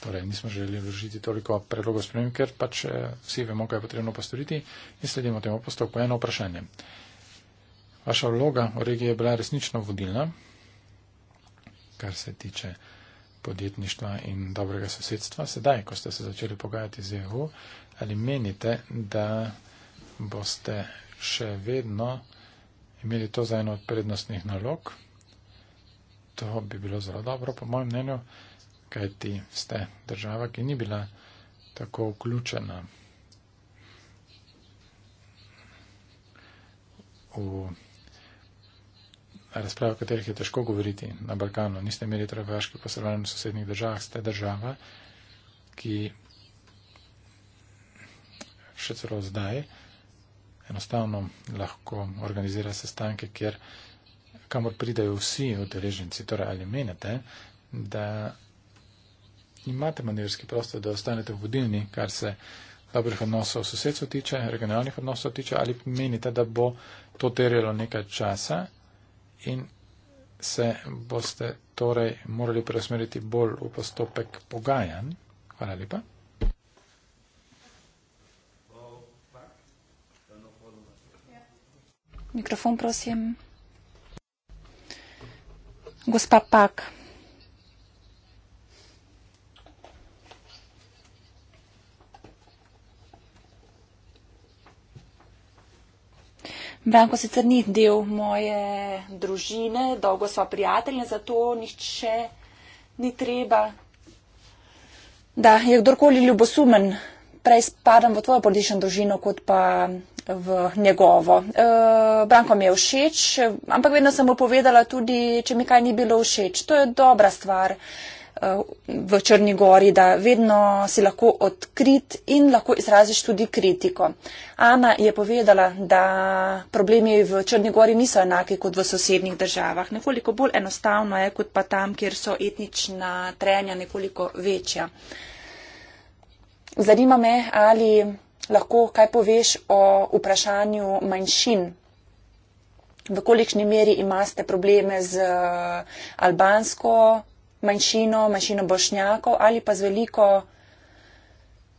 Torej, nismo želeli vložiti toliko predlogov sprememb, ker pač eh, vsi vemo, kaj je potrebno postoriti in sledimo temu postopku. Eno vprašanje. Vaša vloga v regiji je bila resnično vodilna, kar se tiče podjetništva in dobrega sosedstva. Sedaj, ko ste se začeli pogajati z EU, ali menite, da boste še vedno imeli to za eno od prednostnih nalog? To bi bilo zelo dobro, po mojem mnenju, kajti ste država, ki ni bila tako vključena v razprav, o katerih je težko govoriti na Balkanu. Niste imeli trgovaške poslovanje v sosednjih državah, ste država, ki še celo zdaj enostavno lahko organizira sestanke, kjer kamor pridajo vsi udeleženci. Torej, ali menite, da imate manevrski prostor, da ostanete vodilni, kar se dobrih odnosov sosedstva tiče, regionalnih odnosov tiče, ali menite, da bo to terjalo nekaj časa in se boste torej morali preusmeriti bolj v postopek pogajanj. Hvala lepa. Mikrofon, prosim. Gospa Pak. Branko sicer ni del moje družine, dolgo so prijatelje, zato nihče ni treba. Da, je kdorkoli ljubosumen, prej spadam v tvojo politično družino, kot pa v njegovo. Uh, Branko mi je všeč, ampak vedno sem mu povedala tudi, če mi kaj ni bilo všeč. To je dobra stvar. Uh, v Črni gori, da vedno si lahko odkrit in lahko izraziš tudi kritiko. Ana je povedala, da problemi v Črni gori niso enaki kot v sosednjih državah. Nekoliko bolj enostavno je, kot pa tam, kjer so etnična trenja nekoliko večja. Zanima me, ali lahko kaj poveš o vprašanju manjšin. V kolikšni meri imate probleme z albansko manjšino, manjšino bošnjakov ali pa z, veliko,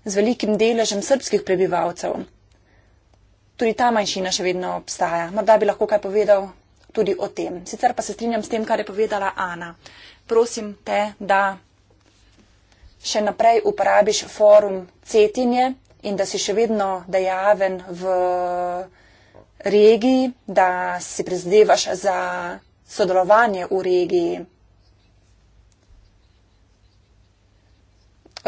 z velikim deležem srpskih prebivalcev. Tudi ta manjšina še vedno obstaja. Morda bi lahko kaj povedal tudi o tem. Sicer pa se strinjam s tem, kar je povedala Ana. Prosim te, da še naprej uporabiš forum cetinje in da si še vedno dejaven v regiji, da si prizadevaš za sodelovanje v regiji,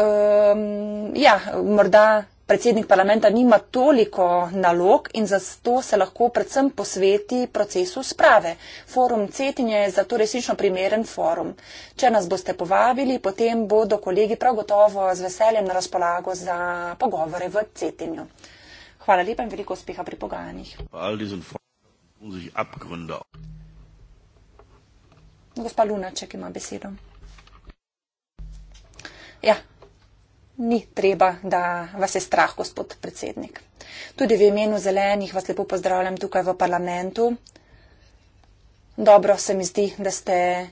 um, ja, morda predsednik parlamenta nima toliko nalog in zato se lahko predvsem posveti procesu sprave. Forum Cetinje je zato resnično primeren forum. Če nas boste povabili, potem bodo kolegi prav gotovo z veseljem na razpolago za pogovore v Cetinju. Hvala lepa in veliko uspeha pri pogajanjih. Gospa Lunaček ima besedo. Ja, ni treba, da vas je strah, gospod predsednik. Tudi v imenu zelenih vas lepo pozdravljam tukaj v parlamentu. Dobro se mi zdi, da ste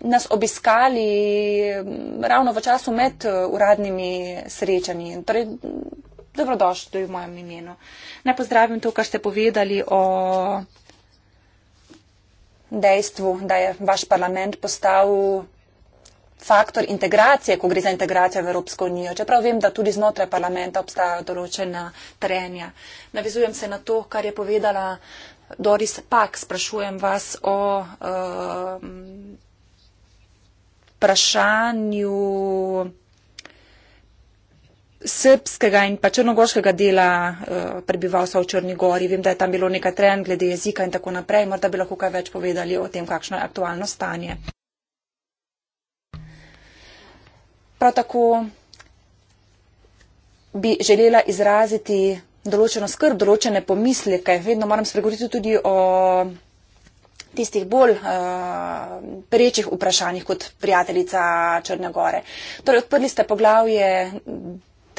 nas obiskali ravno v času med uh, uradnimi srečanji. Torej, dobrodošli v mojem imenu. Naj pozdravim to, kar ste povedali o dejstvu, da je vaš parlament postal faktor integracije, ko gre za integracijo v Evropsko unijo. Čeprav vem, da tudi znotraj parlamenta obstajajo določena trenja. Navezujem se na to, kar je povedala Doris Pak. Sprašujem vas o eh, vprašanju. Uh, srpskega in pa črnogorskega dela uh, prebivalstva v Črni gori. Vem, da je tam bilo nekaj trend glede jezika in tako naprej. Morda bi lahko kaj več povedali o tem, kakšno je aktualno stanje. Prav tako bi želela izraziti določeno skrb, določene pomisleke. Vedno moram spregovoriti tudi o tistih bolj uh, eh, prečih vprašanjih kot prijateljica Črne Gore. Torej, odprli ste poglavje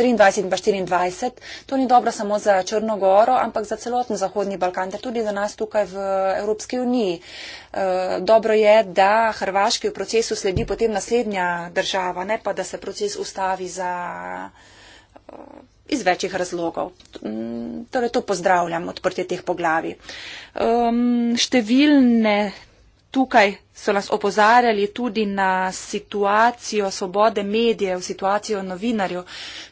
23 in pa 24. To ni dobro samo za Črnogoro, ampak za celoten Zahodni Balkan, ter tudi za nas tukaj v Evropski uniji. E, dobro je, da Hrvaški v procesu sledi potem naslednja država, ne pa da se proces ustavi za e, iz večjih razlogov. Mm, torej, to pozdravljam, odprtje teh poglavi. Um, številne tukaj so nas opozarjali tudi na situacijo svobode medijev, situacijo novinarjev.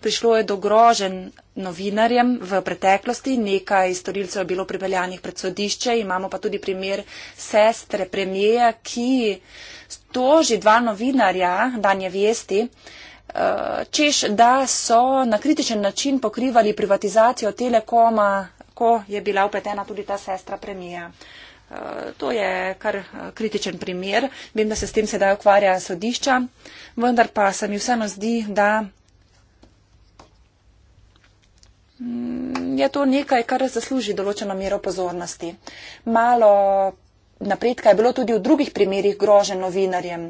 Prišlo je do grožen novinarjem v preteklosti, nekaj storilcev je bilo pripeljanih pred sodišče, imamo pa tudi primer sestre premijeja, ki toži dva novinarja, Danje Vesti, eh, češ, da so na kritičen način pokrivali privatizacijo telekoma, ko je bila upletena tudi ta sestra premijeja. To je kar eh, kritičen primer. Vem, da se s tem sedaj ukvarja sodišča, vendar pa se mi vseeno zdi, da mm, je to nekaj, kar zasluži določeno mero pozornosti. Malo napredka je bilo tudi v drugih primerjih grožen novinarjem.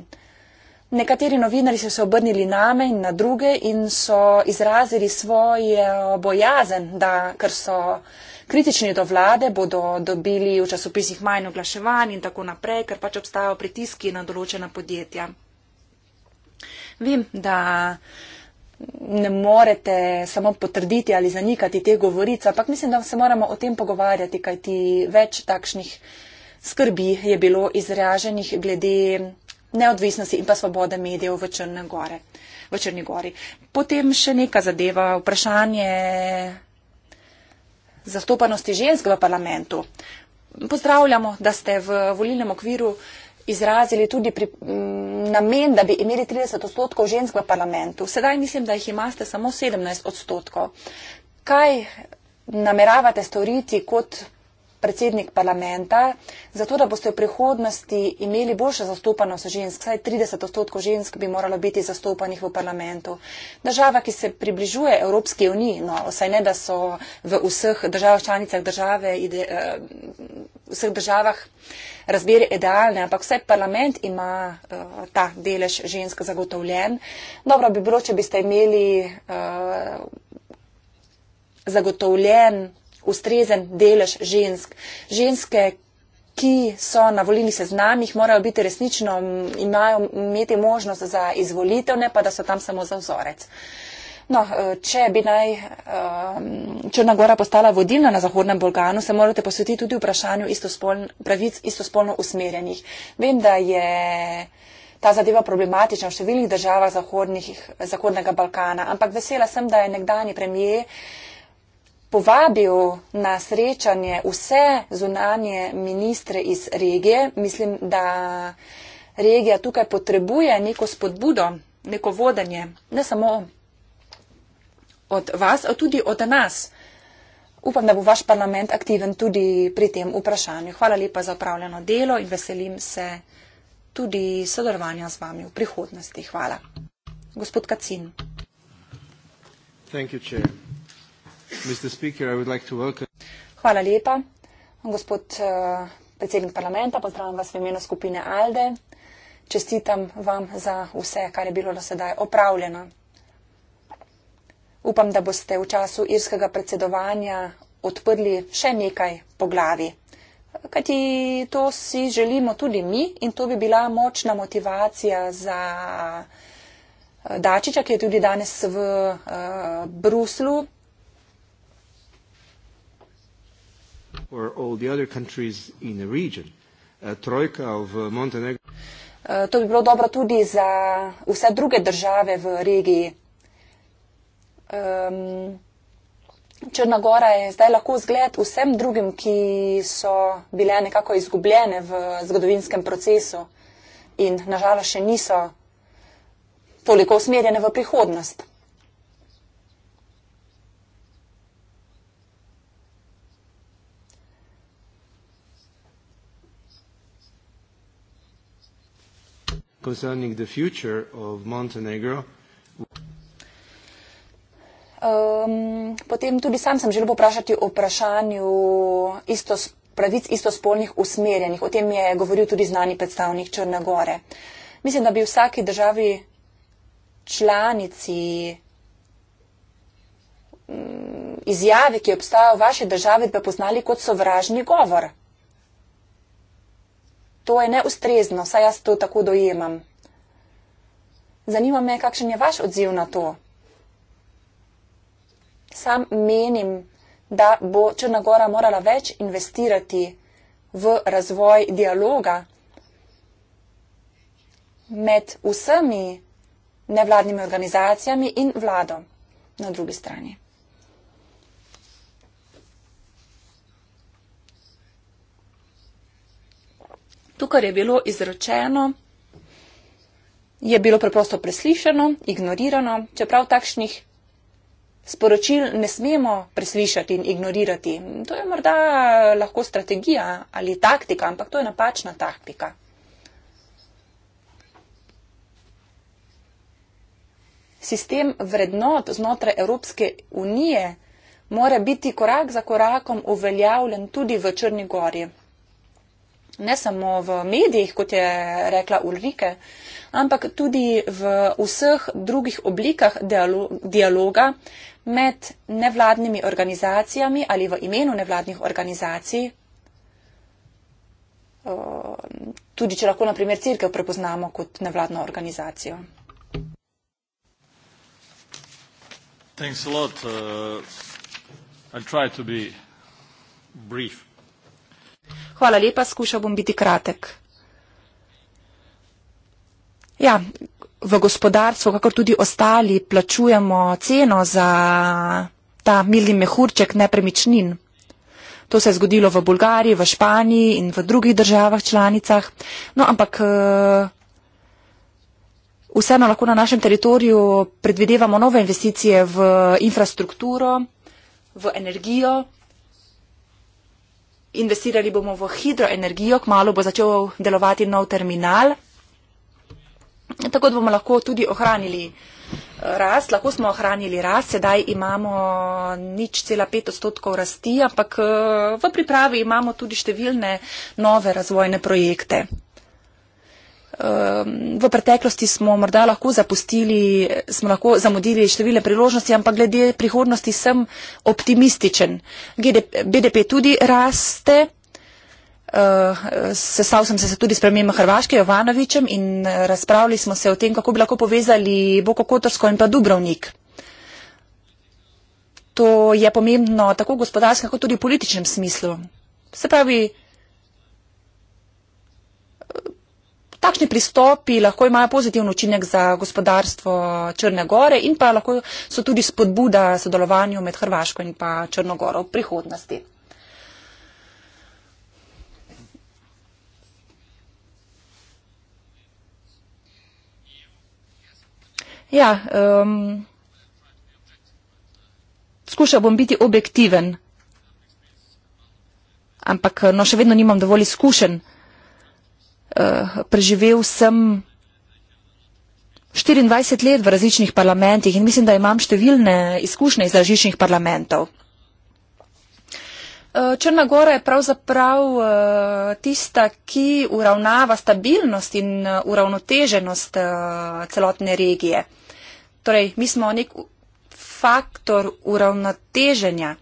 Nekateri novinari so se obrnili name in na druge in so izrazili svoje bojazen, da, ker so kritični do vlade, bodo dobili v časopisih manj oglaševanj in tako naprej, ker pač obstajajo pritiski na določena podjetja. Vem, da ne morete samo potrditi ali zanikati te govorice, ampak mislim, da se moramo o tem pogovarjati, kaj ti več takšnih skrbi je bilo izraženih glede neodvisnosti in pa svobode medijev v, Črne gore, v Črni gori. Potem še neka zadeva, vprašanje zastopanosti žensk v parlamentu. Pozdravljamo, da ste v volilnem okviru izrazili tudi pri, m, mm, namen, da bi imeli 30 odstotkov žensk v parlamentu. Sedaj mislim, da jih imate samo 17 odstotkov. Kaj nameravate storiti kot predsednik parlamenta, zato da boste v prihodnosti imeli boljše zastopanost žensk. Saj 30 odstotkov žensk bi moralo biti zastopanih v parlamentu. Država, ki se približuje Evropski uniji, no, vsaj ne, da so v vseh državah članicah države, ide, uh, vseh državah razmeri idealne, ampak vsaj parlament ima uh, ta delež žensk zagotovljen. Dobro bi bilo, če biste imeli uh, zagotovljen ustrezen delež žensk. Ženske, ki so na volilnih seznamih, morajo biti resnično, imajo imeti možnost za izvolitev, ne pa da so tam samo za vzorec. No, eh, če bi naj eh, Črna Gora postala vodilna na Zahodnem Balkanu, se morate posvetiti tudi vprašanju istospoln, pravic istospolno usmerjenih. Vem, da je ta zadeva problematična v številnih državah Zahodnih, Zahodnega Balkana, ampak vesela sem, da je nekdani premijer povabil na srečanje vse zunanje ministre iz regije. Mislim, da regija tukaj potrebuje neko spodbudo, neko vodenje, ne samo od vas, ampak tudi od nas. Upam, da bo vaš parlament aktiven tudi pri tem vprašanju. Hvala lepa za upravljeno delo in veselim se tudi sodelovanja z vami v prihodnosti. Hvala. Gospod Kacin. Thank you, Chair. Hvala lepa, gospod uh, predsednik parlamenta, pozdravljam vas v imenu skupine ALDE. Čestitam vam za vse, kar je bilo do sedaj opravljeno. Upam, da boste v času irskega predsedovanja odprli še nekaj poglavi. Kajti to si želimo tudi mi in to bi bila močna motivacija za eh, Dačiča, ki je tudi danes v uh, Bruslu Uh, uh, uh, to bi bilo dobro tudi za vse druge države v regiji. Um, Črnagora je zdaj lahko zgled vsem drugim, ki so bile nekako izgubljene v zgodovinskem procesu in nažalost še niso toliko usmerjene v prihodnost. concerning the future of Montenegro. Um, potem tudi sam sem želel poprašati o vprašanju istos, pravic istospolnih usmerjenih. O tem je govoril tudi znani predstavnik Črne Gore. Mislim, da bi vsaki državi članici izjave, ki obstajajo v vaši državi, bi poznali kot sovražni govor. To je neustrezno, saj jaz to tako dojemam. Zanima me, kakšen je vaš odziv na to. Sam menim, da bo Črnagora morala več investirati v razvoj dialoga med vsemi nevladnimi organizacijami in vlado na drugi strani. To, kar je bilo izrečeno, je bilo preprosto preslišano, ignorirano, čeprav takšnih sporočil ne smemo preslišati in ignorirati. To je morda lahko strategija ali taktika, ampak to je napačna taktika. Sistem vrednot znotraj Evropske unije mora biti korak za korakom uveljavljen tudi v Črni gori ne samo v medijih, kot je rekla Ulrike, ampak tudi v vseh drugih oblikah dialoga med nevladnimi organizacijami ali v imenu nevladnih organizacij. Tudi če lahko, na primer, crkve prepoznamo kot nevladno organizacijo. Hvala. Uh, Hvala lepa, skušal bom biti kratek. Ja, v gospodarstvu, kakor tudi ostali, plačujemo ceno za ta milni mehurček nepremičnin. To se je zgodilo v Bulgariji, v Španiji in v drugih državah članicah. No, ampak eh, vseeno lahko na našem teritoriju predvidevamo nove investicije v infrastrukturo, v energijo investirali bomo v hidroenergijo, kmalo bo začel delovati nov terminal. Tako da bomo lahko tudi ohranili eh, rast, lahko smo ohranili rast, sedaj imamo nič cela pet odstotkov rasti, ampak eh, v pripravi imamo tudi številne nove razvojne projekte. Ehm, v preteklosti smo morda lahko zapustili, smo lahko zamudili številne priložnosti, ampak glede prihodnosti sem optimističen. BDP tudi raste. Eh, sestal sem se tudi s premijem Hrvaške Jovanovičem in eh, razpravljali smo se o tem, kako bi lahko povezali Boko Kotorsko in pa Dubrovnik. To je pomembno tako v gospodarskem, kot tudi v političnem smislu. Se pravi, Takšni pristopi lahko imajo pozitivno učinek za gospodarstvo Črne Gore in pa lahko so tudi spodbuda sodelovanju med Hrvaško in pa Črnogoro v prihodnosti. Ja, um, skušal bom biti objektiven, ampak no, še vedno nimam dovolj izkušenj. Eh, preživel sem 24 let v različnih parlamentih in mislim, da imam številne izkušnje iz različnih parlamentov. Eh, Črna Gora je pravzaprav eh, tista, ki uravnava stabilnost in uravnoteženost celotne regije. Torej, mi smo nek faktor uravnoteženja. Uh,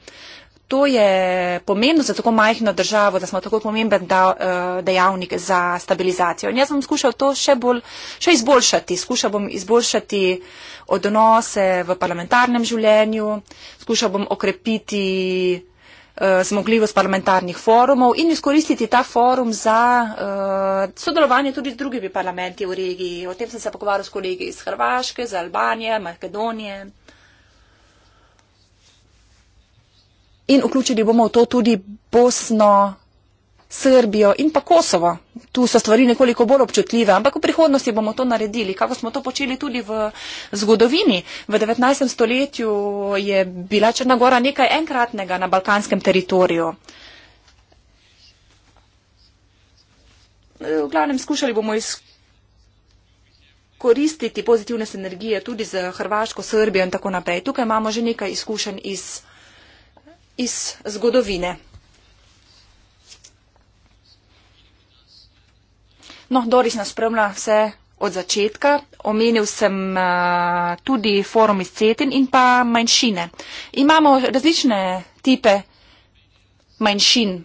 to je pomembno za tako majhno državo, da smo tako pomemben da, eh, dejavnik za stabilizacijo. In jaz bom skušal to še, bolj, še izboljšati. Skušal bom izboljšati odnose v parlamentarnem življenju, skušal bom okrepiti eh, zmogljivost parlamentarnih forumov in izkoristiti ta forum za uh, sodelovanje tudi z drugimi parlamenti v regiji. O tem sem se pogovarjal s kolegi iz Hrvaške, z Albanije, Makedonije. In vključili bomo v to tudi Bosno, Srbijo in pa Kosovo. Tu so stvari nekoliko bolj občutljive, ampak v prihodnosti bomo to naredili, kako smo to počeli tudi v zgodovini. V 19. stoletju je bila Črna gora nekaj enkratnega na balkanskem teritoriju. V glavnem skušali bomo izkoristiti pozitivne sinergije tudi z Hrvaško, Srbijo in tako naprej. Tukaj imamo že nekaj izkušenj iz iz zgodovine. No, Doris nas spremlja vse od začetka. Omenil sem uh, tudi forum iz Cetin in pa manjšine. Imamo različne tipe manjšin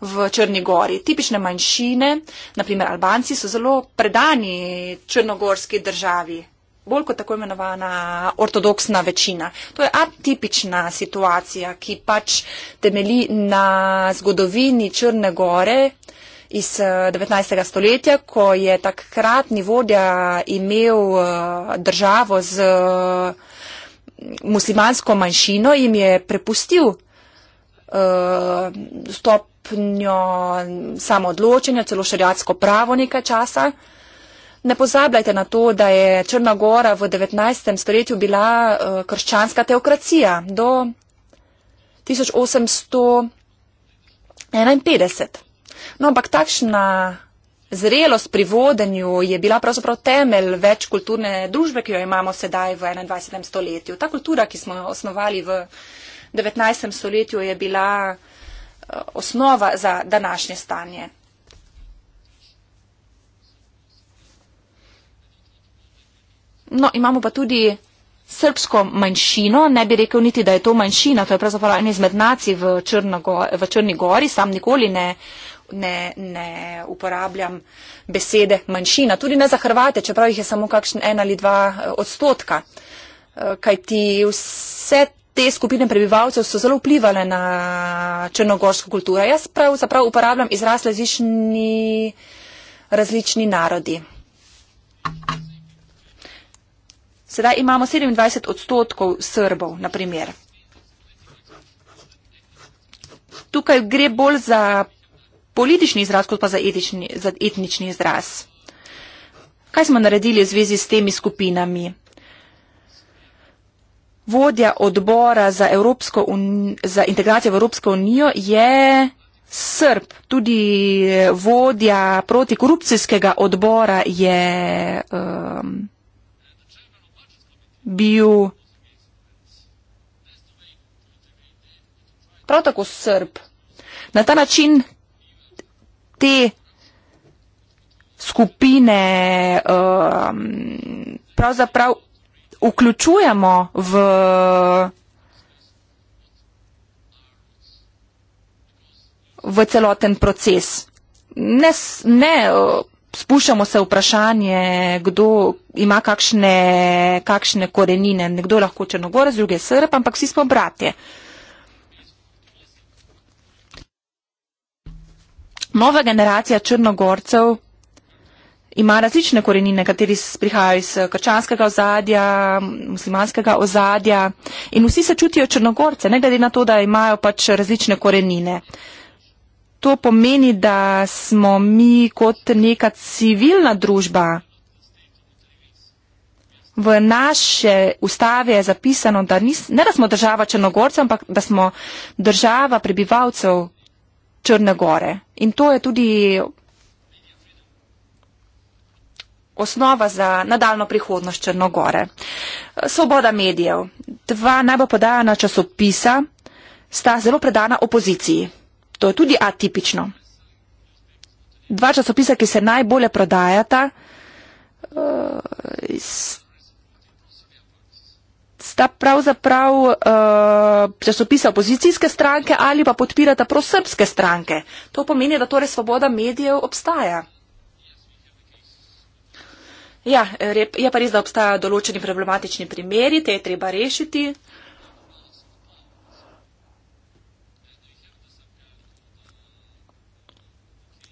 v Črni gori. Tipične manjšine, naprimer Albanci, so zelo predani črnogorski državi bolj kot tako imenovana ortodoksna večina. To je atipična situacija, ki pač temeli na zgodovini Črne gore iz 19. Eh, stoletja, ko je takratni vodja imel eh, državo z mm, muslimansko manjšino in je prepustil eh, stopnjo mm, samoodločenja, celo šariatsko pravo nekaj časa. Ne pozabljajte na to, da je Črna Gora v 19. stoletju bila uh, krščanska teokracija do 1851. No, ampak takšna zrelost pri vodenju je bila pravzaprav temelj večkulturne družbe, ki jo imamo sedaj v 21. stoletju. Ta kultura, ki smo jo osnovali v 19. stoletju, je bila uh, osnova za današnje stanje. No, imamo pa tudi srpsko manjšino, ne bi rekel niti, da je to manjšina, to je pravzaprav en izmed nacij v, v Črni gori, sam nikoli ne, ne, ne uporabljam besede manjšina, tudi ne za Hrvate, čeprav jih je samo kakšen en ali dva eh, odstotka, eh, kaj ti vse te skupine prebivalcev so zelo vplivale na črnogorsko kulturo. Jaz pravzaprav uporabljam izraz različni, različni narodi. Thank you. Sedaj imamo 27 odstotkov Srbov, na primer. Tukaj gre bolj za politični izraz, kot pa za, etični, za etnični izraz. Kaj smo naredili v zvezi s temi skupinami? Vodja odbora za, Evropsko unijo, za integracijo v Evropsko unijo je Srb, tudi eh, vodja protikorupcijskega odbora je. Um, bil prav tako srb. Na ta način te skupine um, pravzaprav vključujemo v v celoten proces. Ne, ne uh, spuščamo se vprašanje, kdo ima kakšne, kakšne korenine, nekdo lahko Črnogore, z druge Srb, ampak vsi smo bratje. Nova generacija Črnogorcev ima različne korenine, kateri prihajajo iz eh, krčanskega ozadja, muslimanskega ozadja in vsi se čutijo Črnogorce, ne glede na to, da imajo pač različne korenine. Uh, to pomeni, da smo mi kot neka civilna družba. V naše ustave je zapisano, da nis, ne da smo država Črnogorcev, ampak da smo država prebivalcev Črne Gore. In to je tudi osnova za nadaljno prihodnost Črnogore. Svoboda medijev. Dva najbolj podajana časopisa sta zelo predana opoziciji. To je tudi atipično. Dva časopisa, ki se najbolje prodajata, eh, sta pravzaprav eh, časopisa opozicijske stranke ali pa podpirata prosrbske stranke. To pomeni, da torej svoboda medijev obstaja. Ja, je pa res, da obstajajo določeni problematični primeri, te je treba rešiti.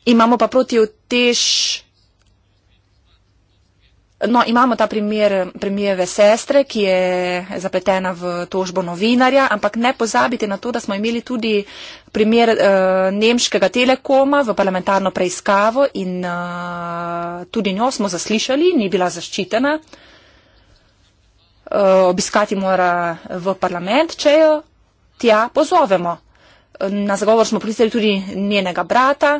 imamo pa protivtež. No, imamo ta primer premijeve sestre, ki je zapletena v tožbo novinarja, ampak ne pozabite na to, da smo imeli tudi primer uh, nemškega telekoma v parlamentarno preiskavo in uh, tudi njo smo zaslišali, ni bila zaščitena. Uh, obiskati mora v parlament, če jo tja pozovemo. Na zagovor smo pristali tudi njenega brata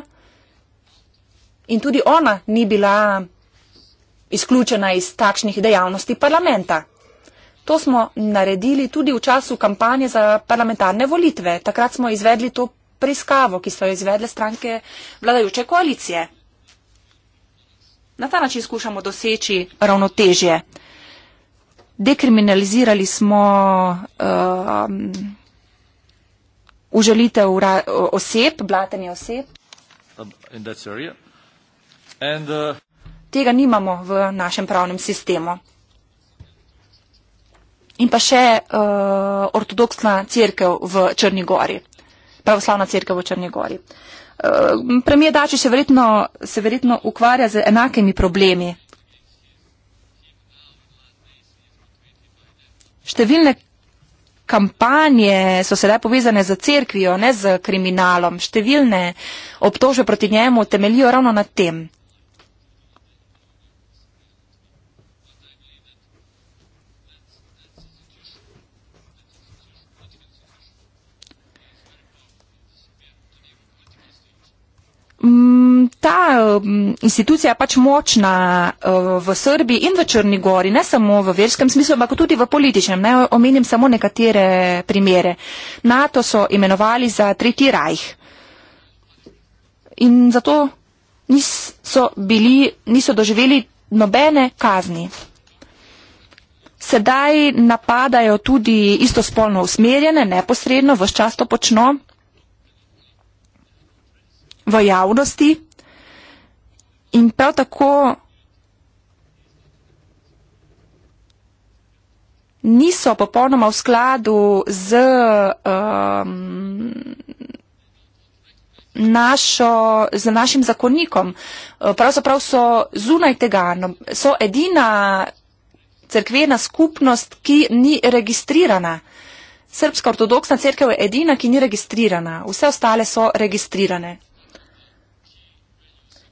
in tudi ona ni bila izključena iz takšnih dejavnosti parlamenta. To smo naredili tudi v času kampanje za parlamentarne volitve. Takrat smo izvedli to preiskavo, ki so jo izvedle stranke vladajoče koalicije. Na ta način skušamo doseči ravnotežje. Dekriminalizirali smo uh, užalitev oseb, blatenje oseb. Um, Uh, Tega nimamo v našem pravnem sistemu. In pa še uh, ortodoksna crkva v Črni Gori, pravoslavna crkva v Črni Gori. Uh, premije Dači se verjetno, se verjetno ukvarja z enakimi problemi. Številne kampanje so sedaj povezane z crkvijo, ne z kriminalom. Številne obtožbe proti njemu temelijo ravno na tem. Mm, ta mm, institucija je pač močna eh, v Srbiji in v Črni gori, ne samo v verskem smislu, ampak tudi v političnem. Ne, omenim samo nekatere primere. NATO so imenovali za tretji rajh. In zato niso, bili, niso doživeli nobene kazni. Sedaj napadajo tudi istospolno usmerjene, neposredno, vse čas to počno v javnosti in prav tako niso popolnoma v skladu z um, našo, z našim zakonnikom. Eh, pravzaprav so zunaj tega, no, so edina crkvena skupnost, ki ni registrirana. Srpska ortodoksna crkva je edina, ki ni registrirana. Vse ostale so registrirane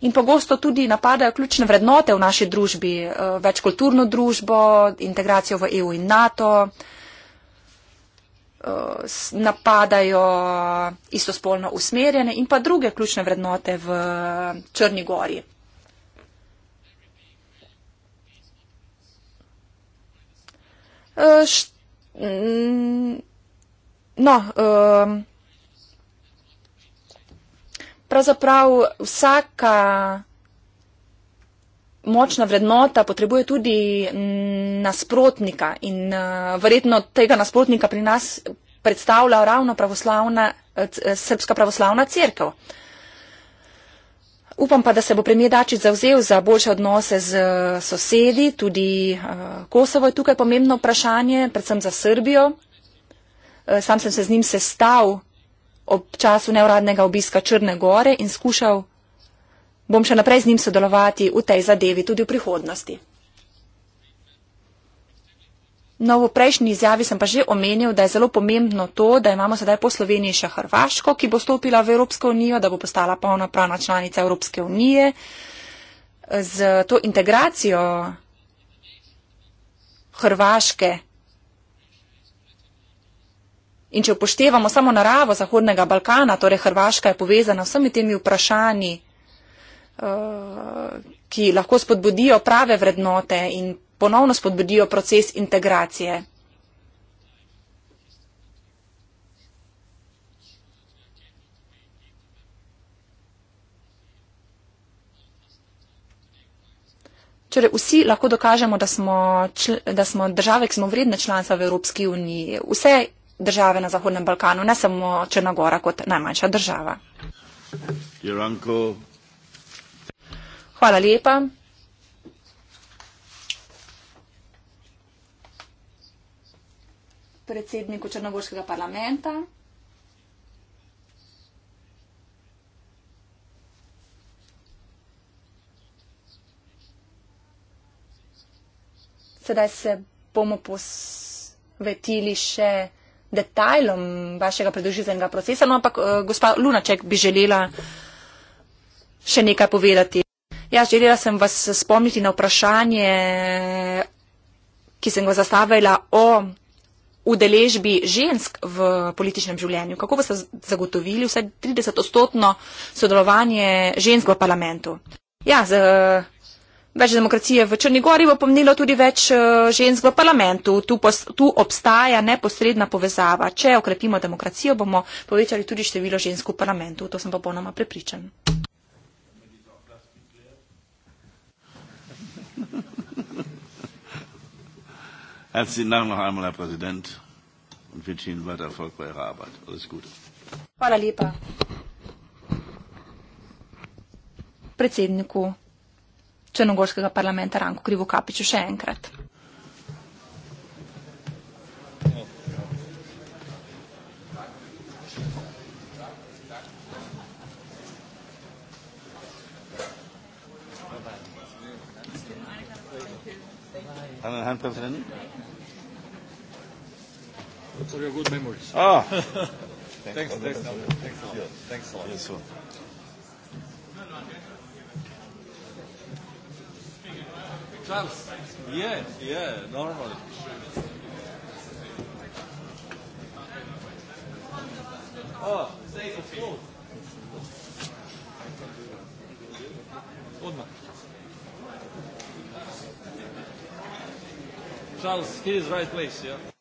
in pogosto tudi napadajo ključne vrednote v naši družbi, eh, večkulturno družbo, integracijo v EU in NATO, eh, napadajo istospolno usmerjene in pa druge ključne vrednote v Črni gori. Eh, mm, no, um, pravzaprav vsaka močna vrednota potrebuje tudi mm, nasprotnika in eh, verjetno tega nasprotnika pri nas predstavlja ravno pravoslavna, eh, eh, srpska pravoslavna crkva. Upam pa, da se bo premijer Dačić zauzel za boljše odnose z sosedi, tudi Kosovo je tukaj pomembno vprašanje, predvsem za Srbijo. Sam sem se z njim sestal ob času neuradnega obiska Črne Gore in skušal, bom še naprej z njim sodelovati v tej zadevi tudi v prihodnosti. No, v prejšnji izjavi sem pa že omenil, da je zelo pomembno to, da imamo sedaj po Sloveniji še Hrvaško, ki bo stopila v Evropsko unijo, da bo postala polnopravna članica Evropske unije. Z to integracijo Hrvaške In če upoštevamo samo naravo Zahodnega Balkana, torej Hrvaška je povezana vsemi temi vprašanji, eh, ki lahko spodbudijo prave vrednote in ponovno spodbudijo proces integracije. Čere, torej, vsi lahko dokažemo, da smo, čl, da smo države, ki smo vredne članstva v Evropski uniji. Vse države na Zahodnem Balkanu, ne samo Črnagora kot najmanjša država. Jelanko. Hvala lepa. Predsedniku Črnogorskega parlamenta. Sedaj se bomo posvetili še detajlom vašega predolžitvenega procesa, no, ampak eh, gospa Lunaček bi želela še nekaj povedati. Ja, želela sem vas spomniti na vprašanje, ki sem ga zastavila o udeležbi žensk v političnem življenju. Kako boste zagotovili vsaj 30-odstotno sodelovanje žensk v parlamentu? Ja, z Več demokracije v Črnigori bo pomnilo tudi več eh, žensk v parlamentu. Tu, pos, tu obstaja neposredna povezava. Če okrepimo demokracijo, bomo povečali tudi število žensk v parlamentu. To sem pa ponoma prepričan. Hvala lepa predsedniku črnogorskega parlamenta Ranko Krivokapiću še enkrat. Herr Präsident. So your good memories. Ah. thanks, thanks, thanks, thanks a lot. Thanks a lot. Yes, sir. čas. Je, je, normalno. Oh, odmah. Charles, he is right place, yeah?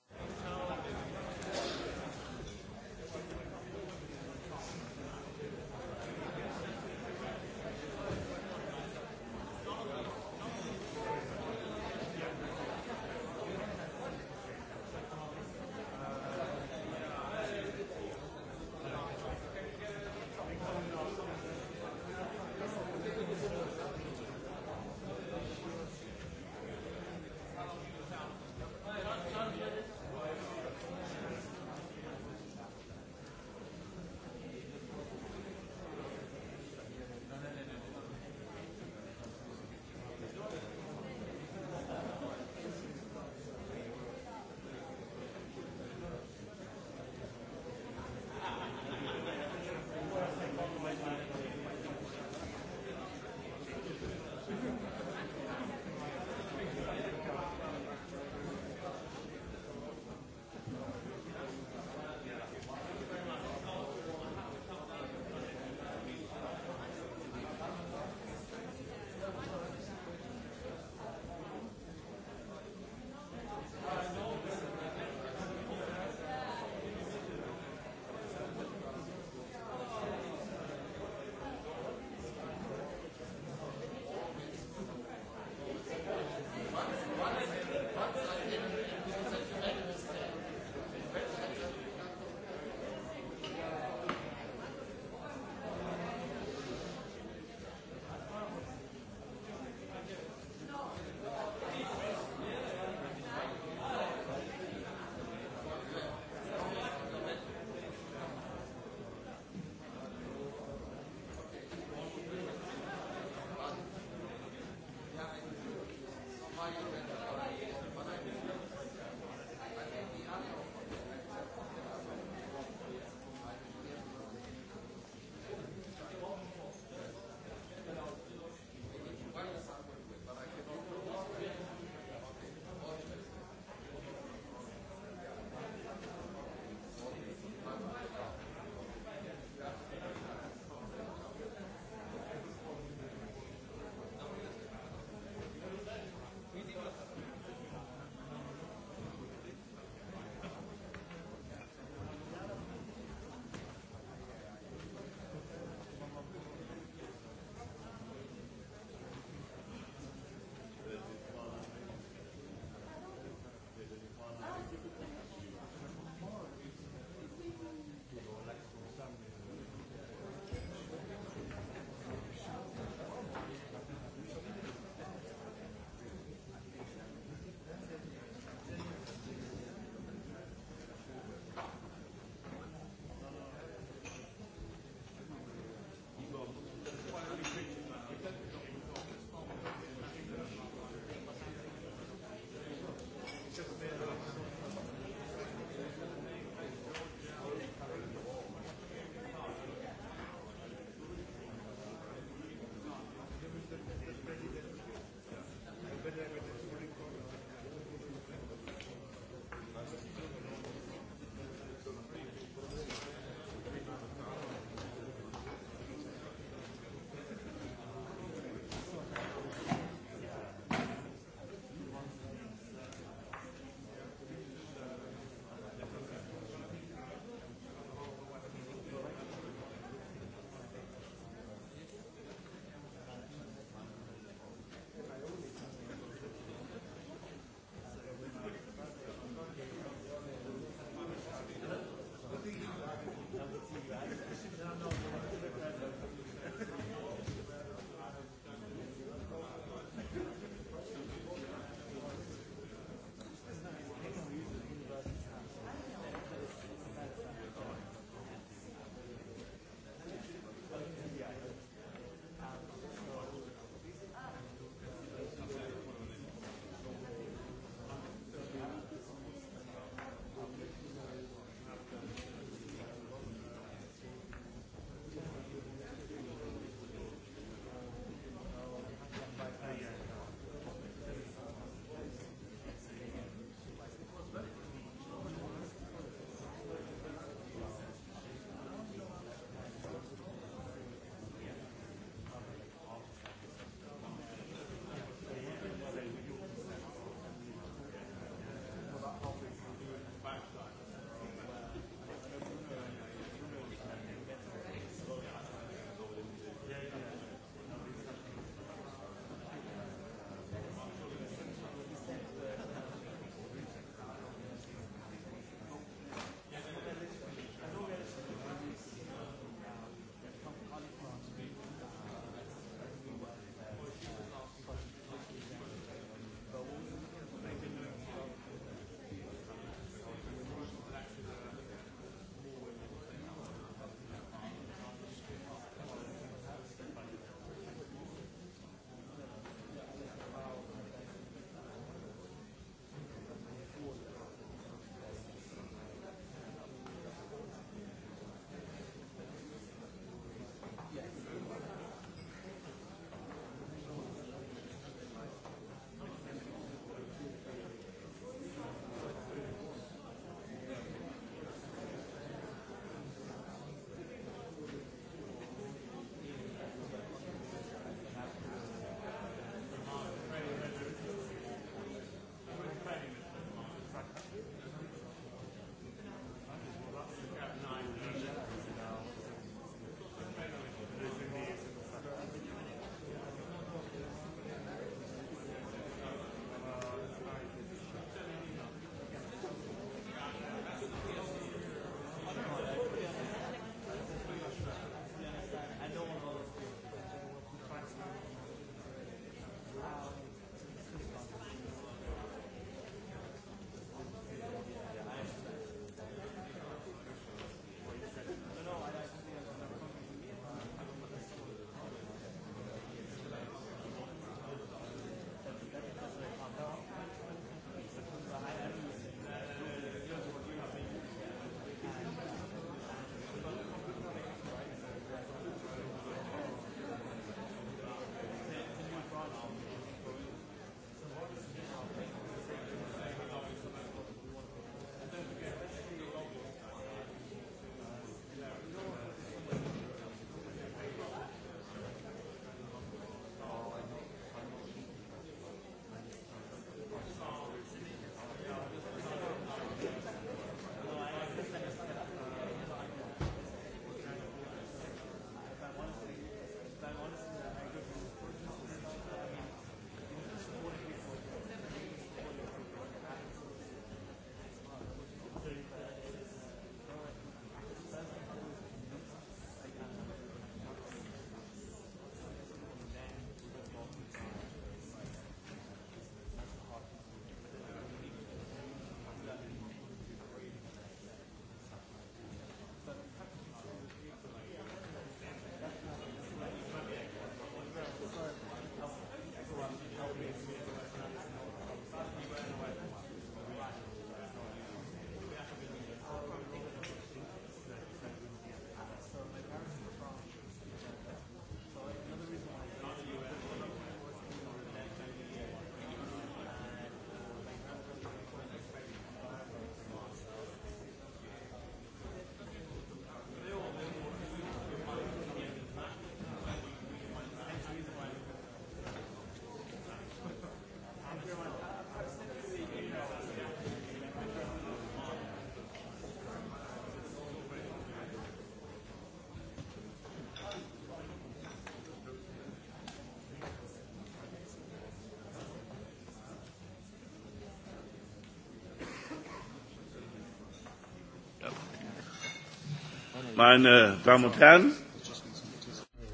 Meine Damen und Herren,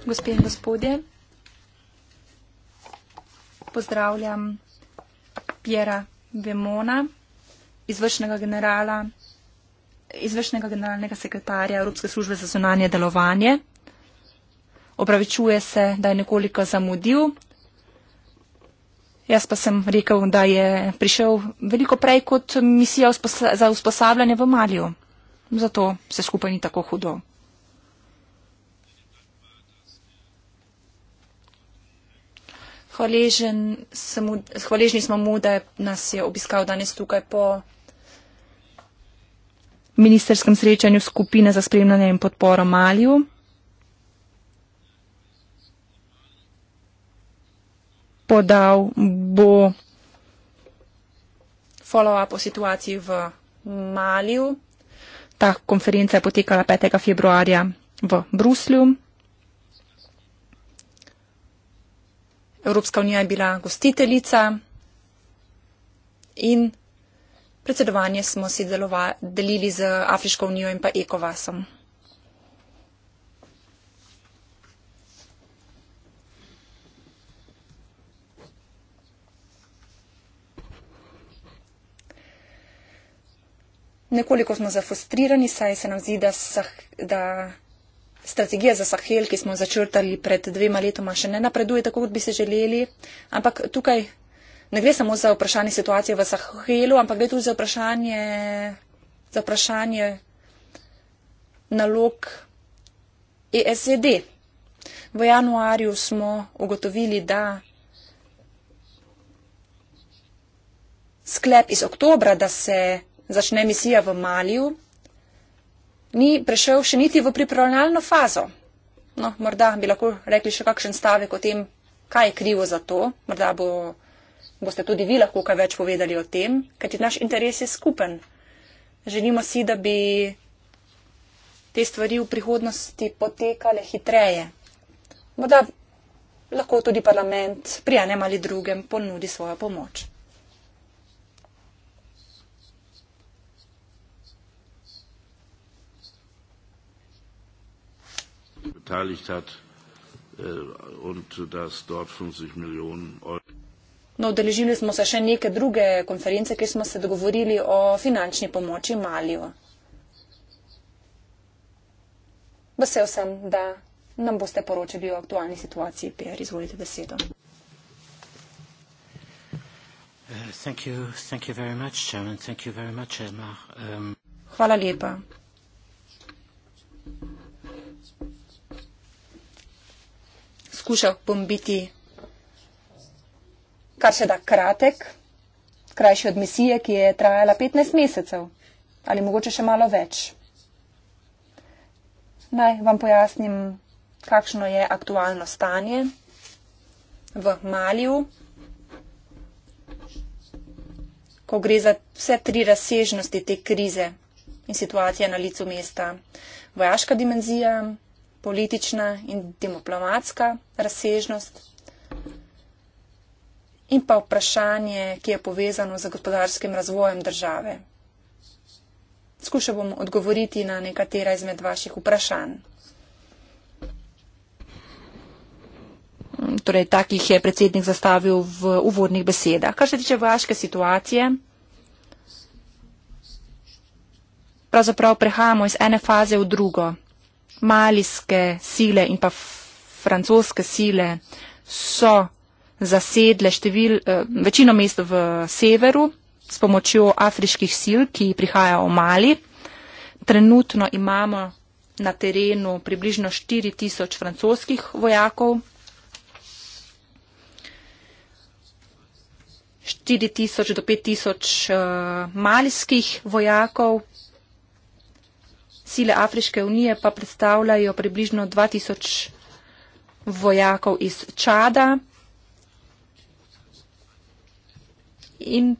gospe in gospodje, pozdravljam Piera Vemona, izvršnega generala, izvršnega generalnega sekretarja Evropske službe za zunanje delovanje. Opravičuje se, da je nekoliko zamudil. Jaz pa sem rekel, da je prišel veliko prej kot misija za usposabljanje v Malju zato vse skupaj ni tako hudo. Mu, hvaležni smo mu, da nas je obiskal danes tukaj po ministerskem srečanju skupine za spremljanje in podporo Malju. Podal bo follow-up o situaciji v Malju. Ta konferenca je potekala 5. februarja v Bruslju. Evropska unija je bila gostiteljica in predsedovanje smo si delili z Afriško unijo in pa Ekovasom. nekoliko smo zafrustrirani, saj se nam zdi, da, sah, da strategija za Sahel, ki smo začrtali pred dvema letoma, še ne napreduje tako, kot bi se želeli. Ampak tukaj ne gre samo za vprašanje situacije v Sahelu, ampak gre tudi za vprašanje, za vprašanje nalog ESED. V januarju smo ugotovili, da sklep iz oktobra, da se začne misija v Maliju, ni prešel še niti v pripravljalno fazo. No, morda bi lahko rekli še kakšen stavek o tem, kaj je krivo za to. Morda bo, boste tudi vi lahko kaj več povedali o tem, kajti naš interes je skupen. Želimo si, da bi te stvari v prihodnosti potekale hitreje. Morda lahko tudi parlament pri enem ali drugem ponudi svojo pomoč. beteiligt hat äh, und dass dort 50 Millionen Euro. No, odeležili smo se še neke druge konference, kjer smo se dogovorili o finančni pomoči Maliju. Vesel sem, da nam boste poročali o aktualni situaciji. PR, izvolite besedo. Uh, um, Hvala lepa. poskušal bom biti kar še da kratek, krajši od misije, ki je trajala 15 mesecev ali mogoče še malo več. Naj vam pojasnim, kakšno je aktualno stanje v Maliju, ko gre za vse tri razsežnosti te krize in situacije na licu mesta. Vojaška dimenzija, politična in diplomatska razsežnost in pa vprašanje, ki je povezano z gospodarskim razvojem države. Skušal bom odgovoriti na nekatera izmed vaših vprašanj. Torej, takih je predsednik zastavil v uvodnih besedah. Kar se tiče vaške situacije, pravzaprav prehajamo iz ene faze v drugo malijske sile in pa francoske sile so zasedle števil, eh, večino mest v severu s pomočjo afriških sil, ki prihajajo v Mali. Trenutno imamo na terenu približno 4000 francoskih vojakov. 4000 do 5000 uh, eh, malijskih vojakov, Sile Afriške unije pa predstavljajo približno 2000 vojakov iz Čada in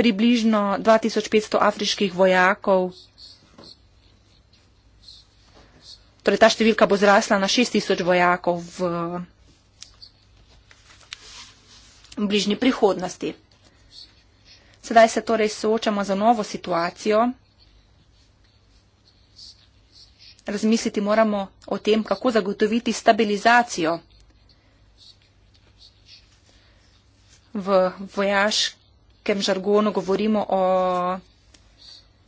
približno 2500 afriških vojakov. Torej ta številka bo zrasla na 6000 vojakov v bližnji prihodnosti. Sedaj se torej soočamo za novo situacijo razmisliti moramo o tem, kako zagotoviti stabilizacijo v vojaškem žargonu govorimo o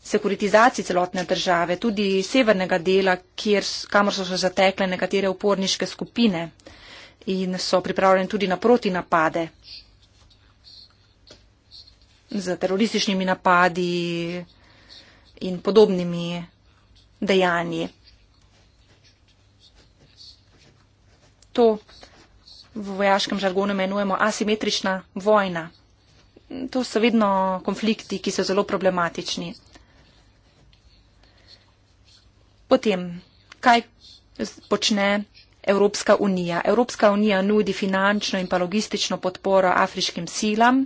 sekuritizaciji celotne države, tudi severnega dela, kjer, kamor so se zatekle nekatere uporniške skupine in so pripravljeni tudi na protinapade z terorističnimi napadi in podobnimi dejanji. to v vojaškem žargonu imenujemo asimetrična vojna. To so vedno konflikti, ki so zelo problematični. Potem, kaj počne Evropska unija? Evropska unija nudi finančno in pa logistično podporo afriškim silam.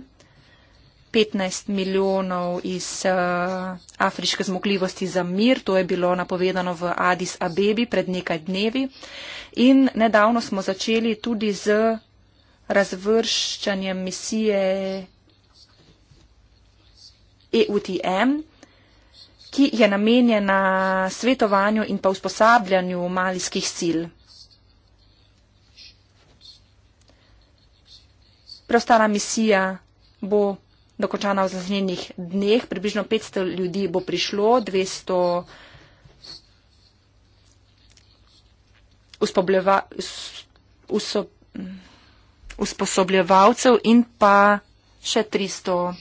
15 milijonov iz uh, afriške zmogljivosti za mir. To je bilo napovedano v Addis Abebi pred nekaj dnevi. In nedavno smo začeli tudi z razvrščanjem misije EUTM ki je namenjena svetovanju in pa usposabljanju malijskih sil. Preostala misija bo dokončana v zaznjenih dneh. Približno 500 ljudi bo prišlo, 200 uspobljeva, us, usposobljevalcev in pa še 300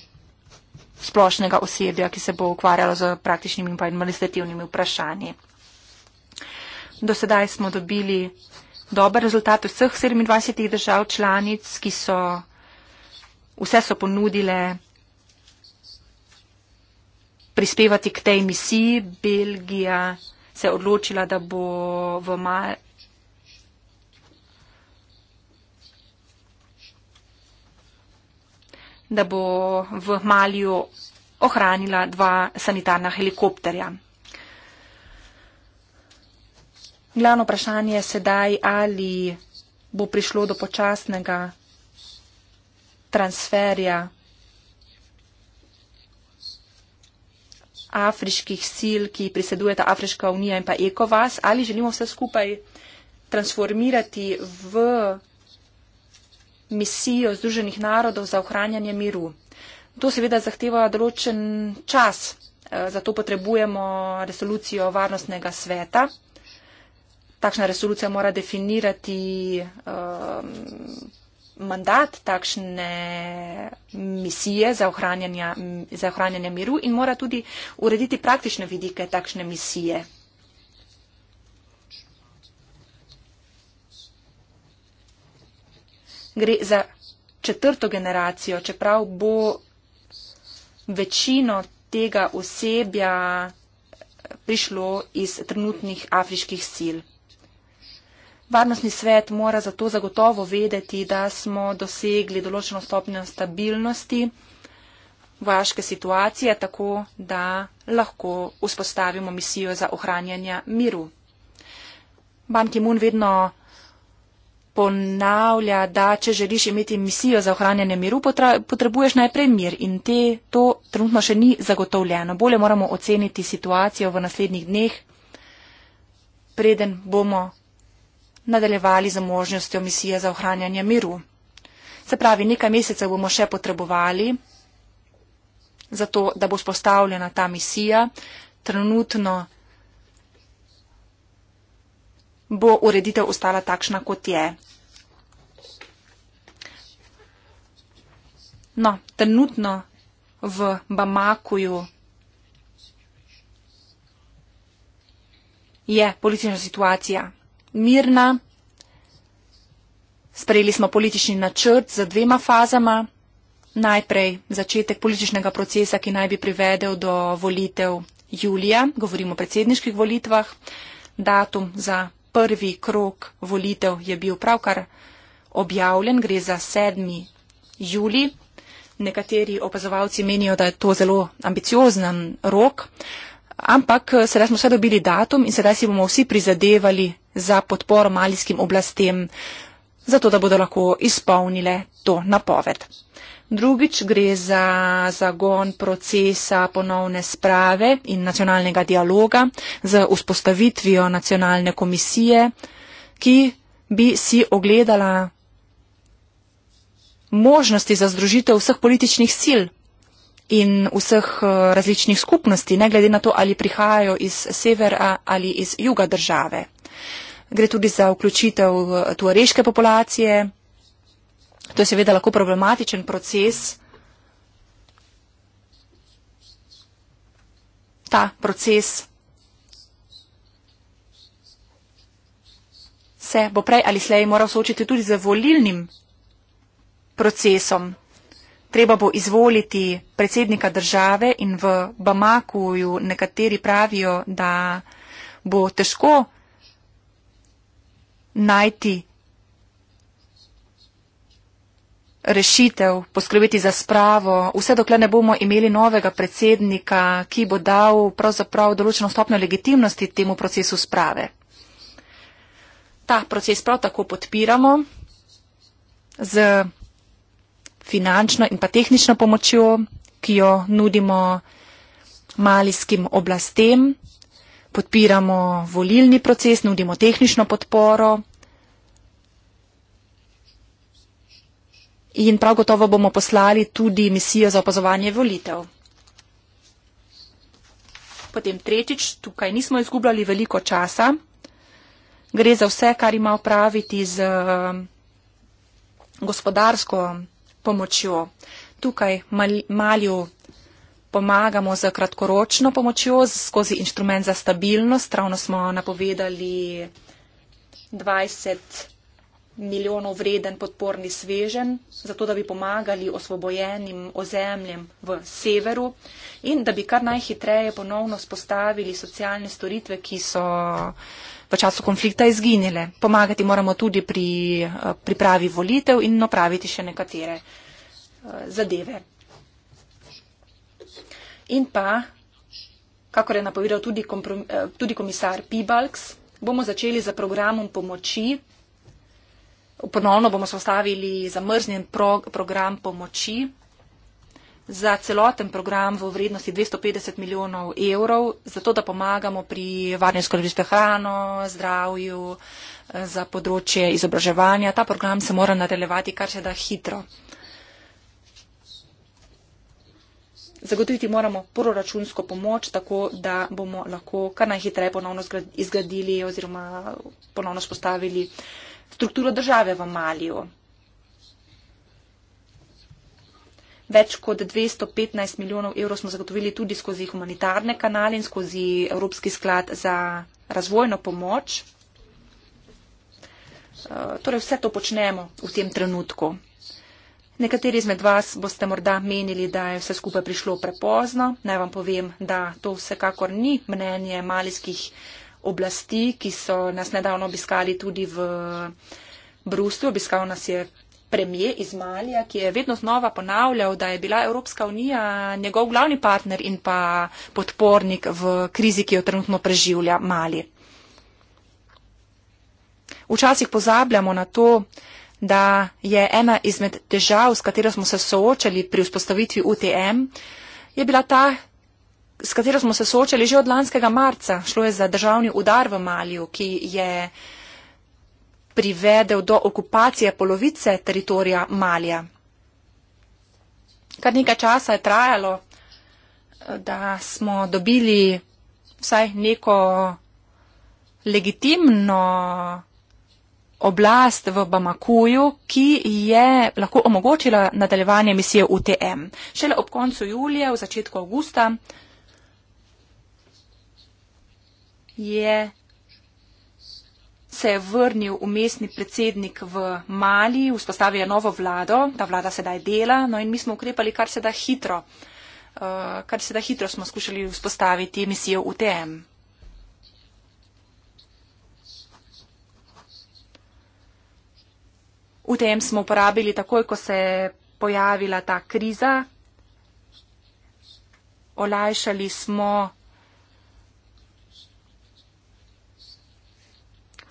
splošnega osebja, ki se bo ukvarjalo z praktičnimi in administrativnimi vprašanji. Do sedaj smo dobili dober rezultat vseh 27 držav članic, ki so vse so ponudile prispevati k tej misiji. Belgija se je odločila, da bo v maju. da bo v Malju ohranila dva sanitarna helikopterja. Glavno vprašanje je sedaj, ali bo prišlo do počasnega transferja afriških sil, ki presedujeta Afriška unija in pa Ekovas, ali želimo vse skupaj transformirati v misijo Združenih narodov za ohranjanje miru. To seveda zahteva določen čas, eh, zato potrebujemo resolucijo Varnostnega sveta. Takšna resolucija mora definirati um, mandat takšne misije za ohranjanje, za ohranjanje miru in mora tudi urediti praktične vidike takšne misije. Gre za četrto generacijo, čeprav bo večino tega osebja prišlo iz trenutnih afriških sil. Varnostni svet mora zato zagotovo vedeti, da smo dosegli določeno stopnjo stabilnosti vaške situacije, tako da lahko vzpostavimo misijo za ohranjanje miru. Ban Ki-moon vedno ponavlja, da če želiš imeti misijo za ohranjanje miru, potrebuješ najprej mir in te, to trenutno še ni zagotovljeno. Bolje moramo oceniti situacijo v naslednjih dneh, preden bomo nadaljevali za možnostjo misije za ohranjanje miru. Se pravi, nekaj mesecev bomo še potrebovali za to, da bo spostavljena ta misija. Trenutno bo ureditev ostala takšna, kot je. No, trenutno v Bamakuju je politična situacija mirna. Sprejeli smo politični načrt z dvema fazama. Najprej začetek političnega procesa, ki naj bi privedel do volitev julija, govorimo o predsedniških volitvah. Datum za prvi krok volitev je bil pravkar objavljen, gre za 7. juli. Nekateri opazovalci menijo, da je to zelo ambiciozen rok, ampak sedaj smo vse dobili datum in sedaj si bomo vsi prizadevali za podporo malijskim oblastem, zato da bodo lahko izpolnile to napoved. Drugič gre za zagon procesa ponovne sprave in nacionalnega dialoga z vzpostavitvijo nacionalne komisije, ki bi si ogledala možnosti za združitev vseh političnih sil in vseh eh, različnih skupnosti, ne glede na to, ali prihajajo iz severa ali iz juga države gre tudi za vključitev eh, tuareške populacije. To je seveda lahko problematičen proces. Ta proces se bo prej ali slej moral soočiti tudi z volilnim procesom. Treba bo izvoliti predsednika države in v Bamakuju nekateri pravijo, da bo težko najti rešitev, poskrbeti za spravo, vse dokler ne bomo imeli novega predsednika, ki bo dal pravzaprav določeno stopno legitimnosti temu procesu sprave. Ta proces prav tako podpiramo z finančno in pa tehnično pomočjo, ki jo nudimo malijskim oblastem podpiramo volilni proces, nudimo tehnično podporo. In prav gotovo bomo poslali tudi misijo za opazovanje volitev. Potem tretjič, tukaj nismo izgubljali veliko časa. Gre za vse, kar ima opraviti z um, gospodarsko pomočjo. Tukaj mal, malju pomagamo z kratkoročno pomočjo skozi inštrument za stabilnost. Ravno smo napovedali 20 milijonov vreden podporni svežen, zato da bi pomagali osvobojenim ozemljem v severu in da bi kar najhitreje ponovno spostavili socialne storitve, ki so v času konflikta izginile. Pomagati moramo tudi pri eh, pripravi volitev in opraviti še nekatere eh, zadeve in pa, kako je napovedal tudi, komprom, eh, tudi komisar Pibalks, bomo začeli za programom pomoči. Ponovno bomo sostavili zamrznjen pro, program pomoči za celoten program v vrednosti 250 milijonov evrov, zato da pomagamo pri varnem skrbišče hrano, zdravju, eh, za področje izobraževanja. Ta program se mora nadaljevati kar se da hitro. Zagotoviti moramo proračunsko pomoč, tako da bomo lahko kar najhitreje ponovno izgradili oziroma ponovno spostavili strukturo države v Maliju. Več kot 215 milijonov evrov smo zagotovili tudi skozi humanitarne kanale in skozi Evropski sklad za razvojno pomoč. Torej vse to počnemo v tem trenutku. Nekateri izmed vas boste morda menili, da je vse skupaj prišlo prepozno. Naj vam povem, da to vsekakor ni mnenje malijskih oblasti, ki so nas nedavno obiskali tudi v Bruslju. Obiskal nas je premije iz Malija, ki je vedno znova ponavljal, da je bila Evropska unija njegov glavni partner in pa podpornik v krizi, ki jo trenutno preživlja Mali. Včasih pozabljamo na to, da je ena izmed težav, s katero smo se soočali pri vzpostavitvi UTM, je bila ta, s katero smo se soočali že od lanskega marca. Šlo je za državni udar v Maliju, ki je privedel do okupacije polovice teritorija Malja. Kar nekaj časa je trajalo, da smo dobili vsaj neko legitimno oblast v Bamakuju, ki je lahko omogočila nadaljevanje misije UTM. Šele ob koncu julija, v začetku avgusta, je se je vrnil umestni predsednik v Mali, vzpostavil je novo vlado, ta vlada sedaj dela, no in mi smo ukrepali kar se da hitro. Uh, kar se da hitro smo skušali vzpostaviti misijo UTM. UTM smo uporabili takoj, ko se je pojavila ta kriza. Olajšali smo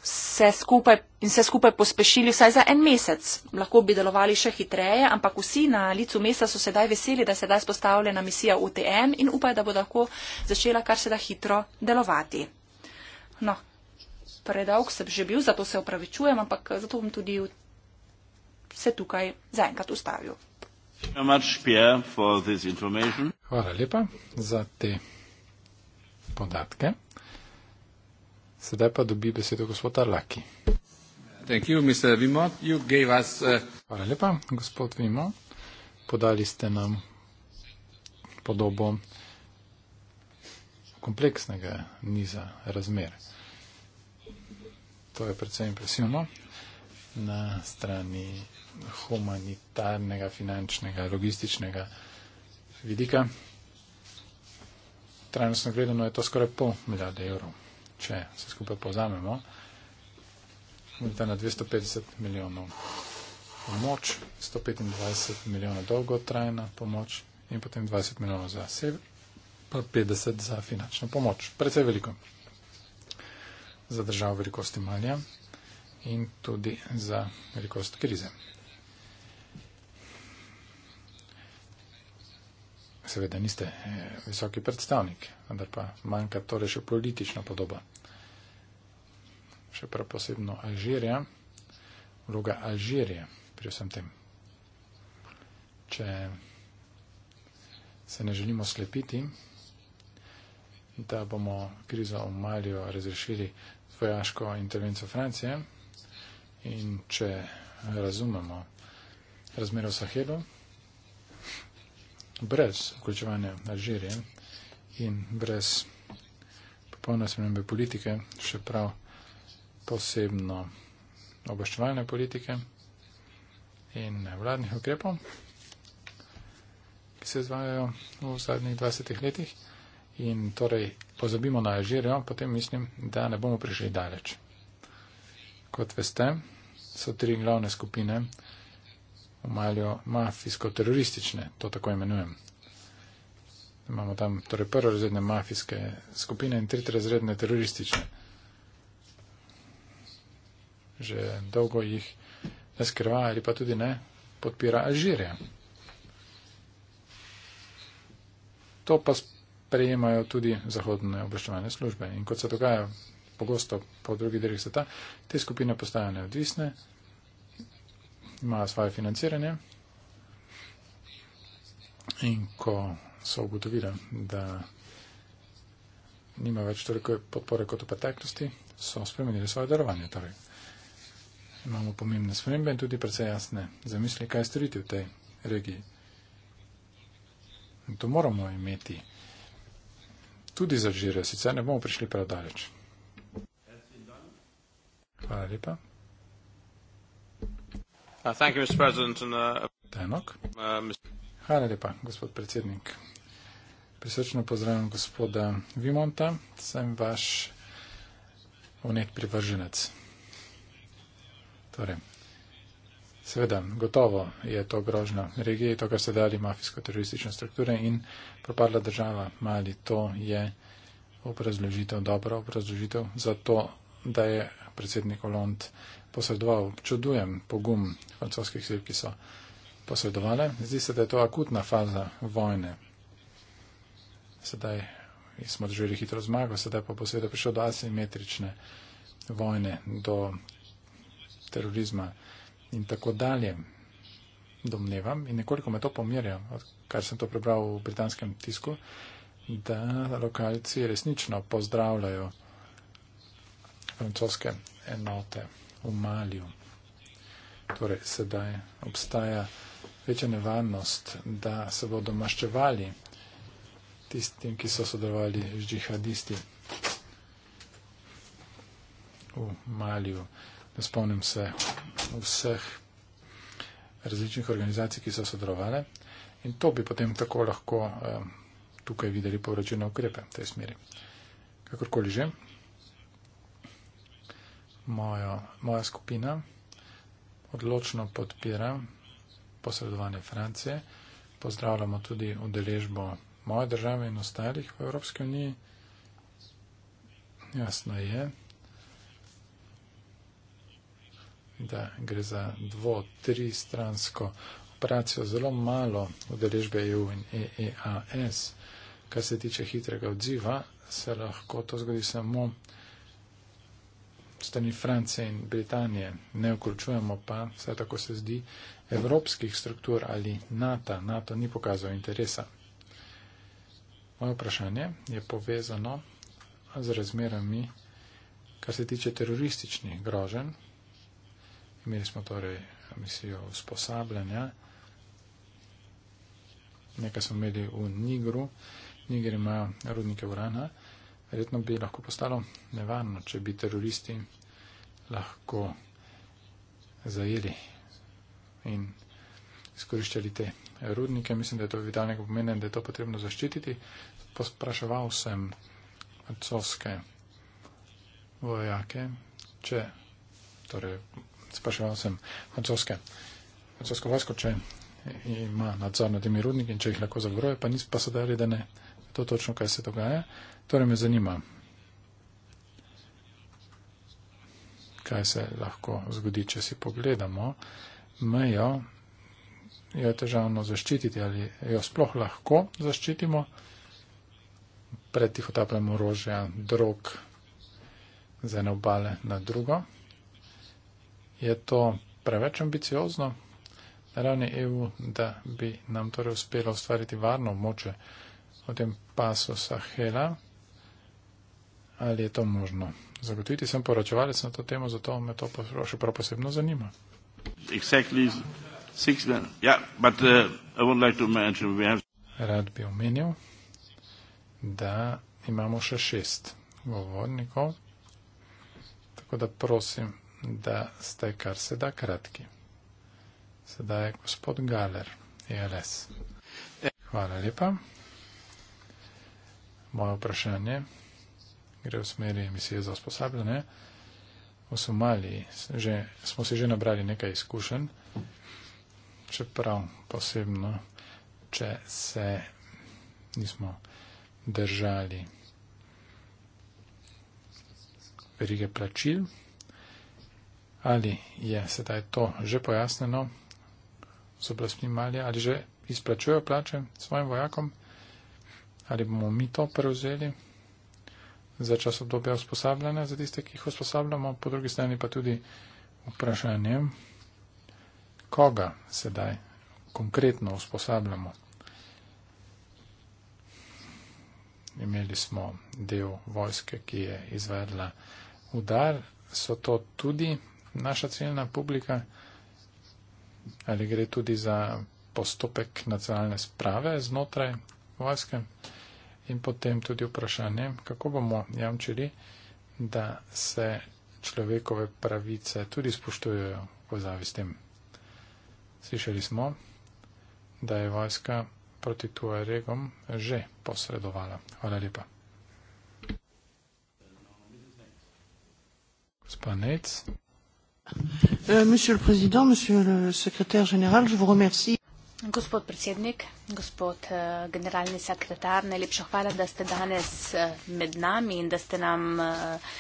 vse skupaj in vse skupaj pospešili vsaj za en mesec. Lahko bi delovali še hitreje, ampak vsi na licu mesta so sedaj veseli, da se je spostavljena misija UTM in upajo, da bo lahko začela kar se da hitro delovati. No, predolg sem že bil, zato se opravičujem, ampak zato bom tudi v se tukaj zaenkrat ustavil. Hvala lepa za te podatke. Sedaj pa dobi besedo gospod Arlaki. You, us, uh... Hvala lepa, gospod Vimo. Podali ste nam podobo kompleksnega niza razmer. To je predvsem impresivno. Na strani humanitarnega, finančnega, logističnega vidika. Trajnostno gledano je to skoraj pol milijarde evrov, če se skupaj povzamemo. Morda na 250 milijonov pomoč, 125 milijonov dolgotrajna pomoč in potem 20 milijonov za sebe, pa 50 za finančno pomoč. Predvsej veliko za državo velikosti Malja in tudi za velikost krize. Seveda niste eh, visoki predstavnik, vendar pa manjka torej še politična podoba. Še prav posebno Alžirija, vloga Alžirije pri vsem tem. Če se ne želimo slepiti, da bomo krizo v Malijo razrešili z vojaško intervencijo Francije in če razumemo razmero v Sahelu, brez vključevanja Alžirije in brez popolne spremembe politike, še prav posebno obaščevalne politike in vladnih ukrepov, ki se izvajajo v zadnjih 20 letih. In torej pozabimo na Alžirijo, potem mislim, da ne bomo prišli daleč. Kot veste, so tri glavne skupine omalijo mafijsko-teroristične, to tako imenujem. Imamo tam torej prvorazredne mafijske skupine in tretjerazredne teroristične. Že dolgo jih ne skrva ali pa tudi ne podpira Alžirija. To pa prejemajo tudi zahodne obveščevalne službe. In kot se dogaja pogosto po drugih delih sveta, te skupine postajajo neodvisne, imajo svoje financiranje. In ko so ugotovili, da nima več toliko podpore kot v preteklosti, so spremenili svoje darovanje. Torej, imamo pomembne spremembe in tudi precej jasne zamisli, kaj storiti v tej regiji. In to moramo imeti tudi za Žirijo, sicer ne bomo prišli prav daleč. Hvala lepa. Uh, uh, uh, Hvala lepa, gospod predsednik. Prisrčno pozdravljam gospoda Vimonta, sem vaš onet privrženec. Torej, seveda, gotovo je to grožna regija, to, kar se dali mafijsko-teroristične strukture in propadla država Mali, to je obrazložitev, dobra obrazložitev za to, da je predsednik Olond posredoval. Čudujem pogum francoskih sil, ki so posredovale. Zdi se, da je to akutna faza vojne. Sedaj smo doživeli hitro zmago, sedaj pa bo seveda prišlo do asimetrične vojne, do terorizma in tako dalje. Domnevam in nekoliko me to pomirja, odkar sem to prebral v britanskem tisku, da lokalci resnično pozdravljajo francoske enote v Maliju. Torej, sedaj obstaja večja nevarnost, da se bodo maščevali tistim, ki so sodelovali z džihadisti v Maliju. Ne spomnim se vseh različnih organizacij, ki so sodelovali in to bi potem tako lahko eh, tukaj videli povračilne ukrepe v tej smeri. Kakorkoli že mojo, moja skupina odločno podpira posredovanje Francije. Pozdravljamo tudi udeležbo moje države in ostalih v Evropski uniji. Jasno je, da gre za dvo, tri stransko operacijo, zelo malo udeležbe EU in EEAS. Kar se tiče hitrega odziva, se lahko to zgodi samo strani Francije in Britanije, ne vključujemo pa, vse tako se zdi, evropskih struktur ali NATO. NATO ni pokazal interesa. Moje vprašanje je povezano z razmerami, kar se tiče terorističnih groženj. Imeli smo torej misijo usposabljanja. Nekaj smo imeli v Nigru. Niger ima rudnike urana. Verjetno bi lahko postalo nevarno, če bi teroristi lahko zajeli in izkoriščali te rudnike. Mislim, da je to vitalnega pomena in da je to potrebno zaščititi. Spraševal sem odcovske vojake, če, torej, spraševal sem odcovske, odcovsko vojsko, če ima nadzor nad temi rudniki in če jih lahko zavoruje, pa niso pa sedali, da ne to točno, kaj se dogaja. Torej me zanima, kaj se lahko zgodi, če si pogledamo mejo, jo je težavno zaščititi ali jo sploh lahko zaščitimo pred tih otapljem orožja, drog z ene obale na drugo. Je to preveč ambiciozno na ravni EU, da bi nam torej uspelo ustvariti varno območje? o tem pasu Sahela, ali je to možno. Zagotoviti sem poročevalec na to temo, zato me to še prav posebno zanima. Exactly yeah, but, uh, like have... Rad bi omenil, da imamo še šest govornikov, tako da prosim, da ste kar se da kratki. Sedaj je gospod Galer, ELS. Hvala lepa moje vprašanje gre v smeri emisije za usposabljanje. V Somaliji že, smo si že nabrali nekaj izkušenj, čeprav posebno, če se nismo držali verige plačil. Ali je sedaj to že pojasneno z oblastmi Malija, ali že izplačujejo plače svojim vojakom? ali bomo mi to prevzeli za čas obdobja usposabljanja za tiste, ki jih usposabljamo, po drugi strani pa tudi vprašanje, koga sedaj konkretno usposabljamo. Imeli smo del vojske, ki je izvedla udar, so to tudi naša ciljna publika, ali gre tudi za postopek nacionalne sprave znotraj vojske in potem tudi vprašanje, kako bomo jamčili, da se človekove pravice tudi spoštujejo v povezavi s tem. Slišali smo, da je vojska proti Tuaregom že posredovala. Hvala lepa. Gospod Nec. Uh, Gospod predsednik, gospod eh, generalni sekretar, najlepša hvala, da ste danes eh, med nami in da ste nam eh,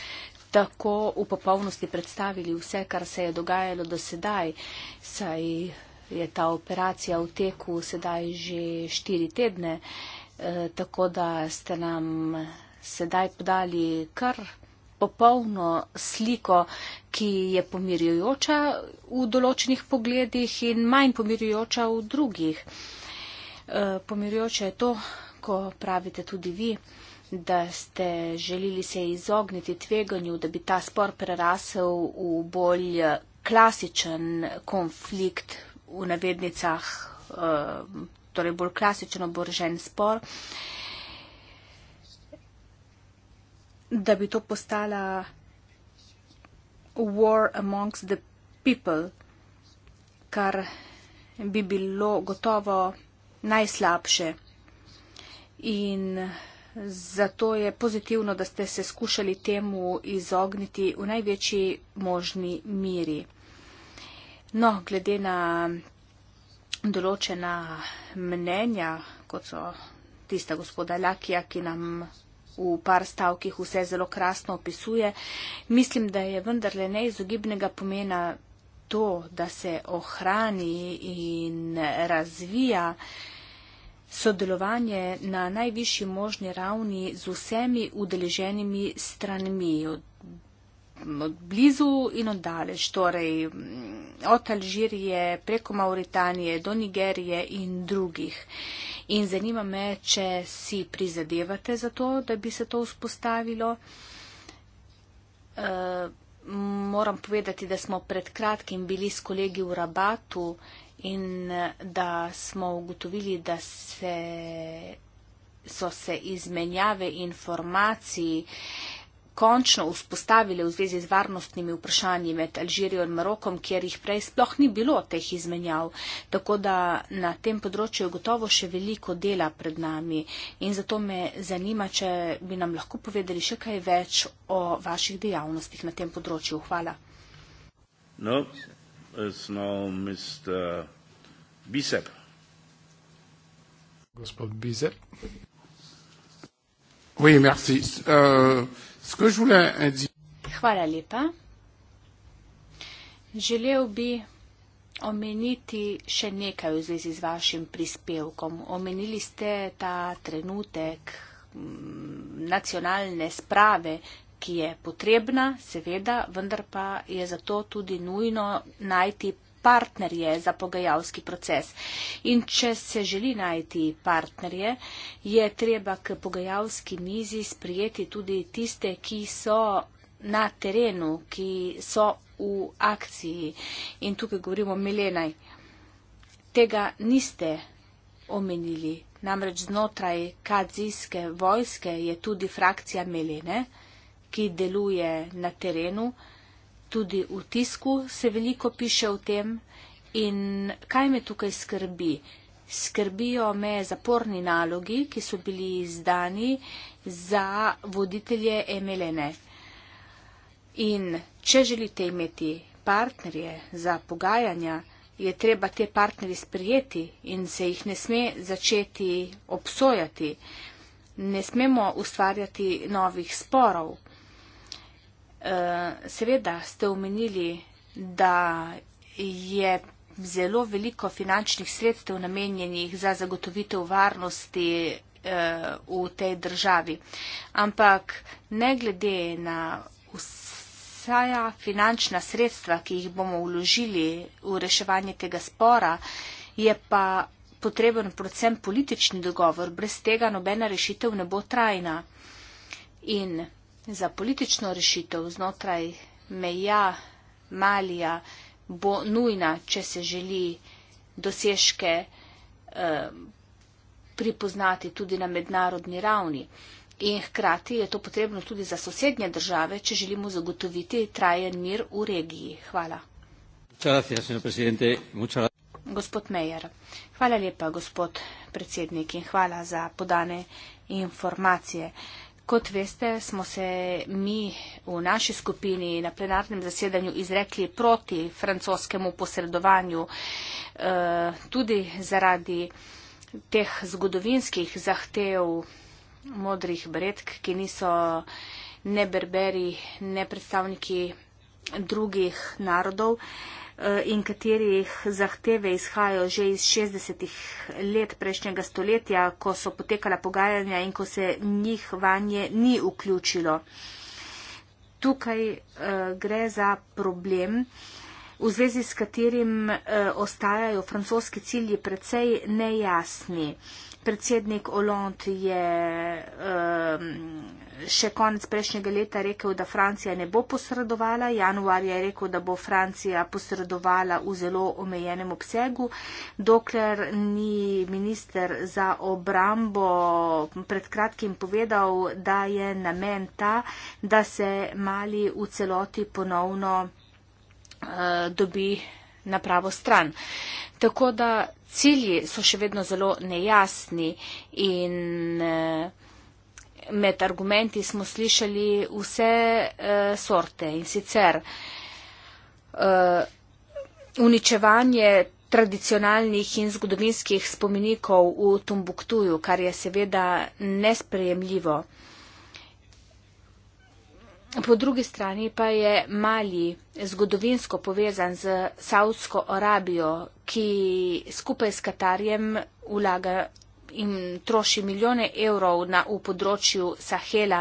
tako v popolnosti predstavili vse, kar se je dogajalo do sedaj, saj je ta operacija v teku sedaj že štiri tedne, tako da ste nam sedaj podali kar popolno sliko, ki je pomirjujoča v določenih pogledih in manj pomirjujoča v drugih. E, pomirjujoče je to, ko pravite tudi vi, da ste želeli se izogniti tveganju, da bi ta spor prerasel v bolj klasičen konflikt v navednicah, e, torej bolj klasičen oborožen spor da bi to postala war amongst the people, kar bi bilo gotovo najslabše. In zato je pozitivno, da ste se skušali temu izogniti v največji možni miri. No, glede na določena mnenja, kot so tista gospoda Lakija, ki nam v par stavkih vse zelo krasno opisuje. Mislim, da je vendarle neizogibnega pomena to, da se ohrani in razvija sodelovanje na najvišji možni ravni z vsemi udeleženimi stranmi, od od blizu in od daleč, torej mm, od Alžirije preko Mauritanije do Nigerije in drugih. In zanima me, če si prizadevate za to, da bi se to vzpostavilo. E, moram povedati, da smo pred kratkim bili s kolegi v Rabatu in eh, da smo ugotovili, da se, so se izmenjave informacij končno vzpostavile v zvezi z varnostnimi vprašanji med Alžirijo in Marokom, kjer jih prej sploh ni bilo teh izmenjav. Tako da na tem področju je gotovo še veliko dela pred nami in zato me zanima, če bi nam lahko povedali še kaj več o vaših dejavnostih na tem področju. Hvala. No, it's now Mr. Bisep. Gospod Bisep. Oui, merci. Uh, Hvala lepa. Želel bi omeniti še nekaj v zvezi z vašim prispevkom. Omenili ste ta trenutek mm, nacionalne sprave, ki je potrebna, seveda, vendar pa je zato tudi nujno najti partnerje za pogajalski proces. In če se želi najti partnerje, je treba k pogajalski mizi sprijeti tudi tiste, ki so na terenu, ki so v akciji. In tukaj govorimo Milenaj. Tega niste omenili. Namreč znotraj kadzijske vojske je tudi frakcija Melene, ki deluje na terenu tudi v tisku se veliko piše o tem. In kaj me tukaj skrbi? Skrbijo me zaporni nalogi, ki so bili izdani za voditelje MLN-e. In če želite imeti partnerje za pogajanja, je treba te partnerje sprijeti in se jih ne sme začeti obsojati. Ne smemo ustvarjati novih sporov. Eh, seveda ste omenili, da je zelo veliko finančnih sredstev namenjenih za zagotovitev varnosti eh, v tej državi. Ampak ne glede na vsaja finančna sredstva, ki jih bomo vložili v reševanje tega spora, je pa potreben predvsem politični dogovor. Brez tega nobena rešitev ne bo trajna. In za politično rešitev znotraj meja Malija bo nujna, če se želi dosežke eh, pripoznati tudi na mednarodni ravni. In hkrati je to potrebno tudi za sosednje države, če želimo zagotoviti trajen mir v regiji. Hvala. Gospod Mejer, hvala lepa, gospod predsednik, in hvala za podane informacije. Kot veste, smo se mi v naši skupini na plenarnem zasedanju izrekli proti francoskemu posredovanju eh, tudi zaradi teh zgodovinskih zahtev modrih beretk, ki niso ne berberi, ne predstavniki drugih narodov. Eh, in katerih zahteve izhajajo že iz 60-ih let prejšnjega stoletja, ko so potekala pogajanja in ko se njih vanje ni vključilo. Tukaj uh, gre za problem, v zvezi s katerim uh, ostajajo francoski cilji precej nejasni predsednik Olond je um, še konec prejšnjega leta rekel, da Francija ne bo posredovala. Januar je rekel, da bo Francija posredovala v zelo omejenem obsegu, dokler ni minister za obrambo pred kratkim povedal, da je namen ta, da se mali v celoti ponovno uh, dobi na pravo stran. Tako da cilji so še vedno zelo nejasni in eh, med argumenti smo slišali vse eh, sorte in sicer eh, uničevanje tradicionalnih in zgodovinskih spomenikov v Tumbuktuju, kar je seveda nesprejemljivo. Po drugi strani pa je Mali zgodovinsko povezan z Saudsko Arabijo, ki skupaj s Katarjem vlaga in troši milijone evrov na, v področju Sahela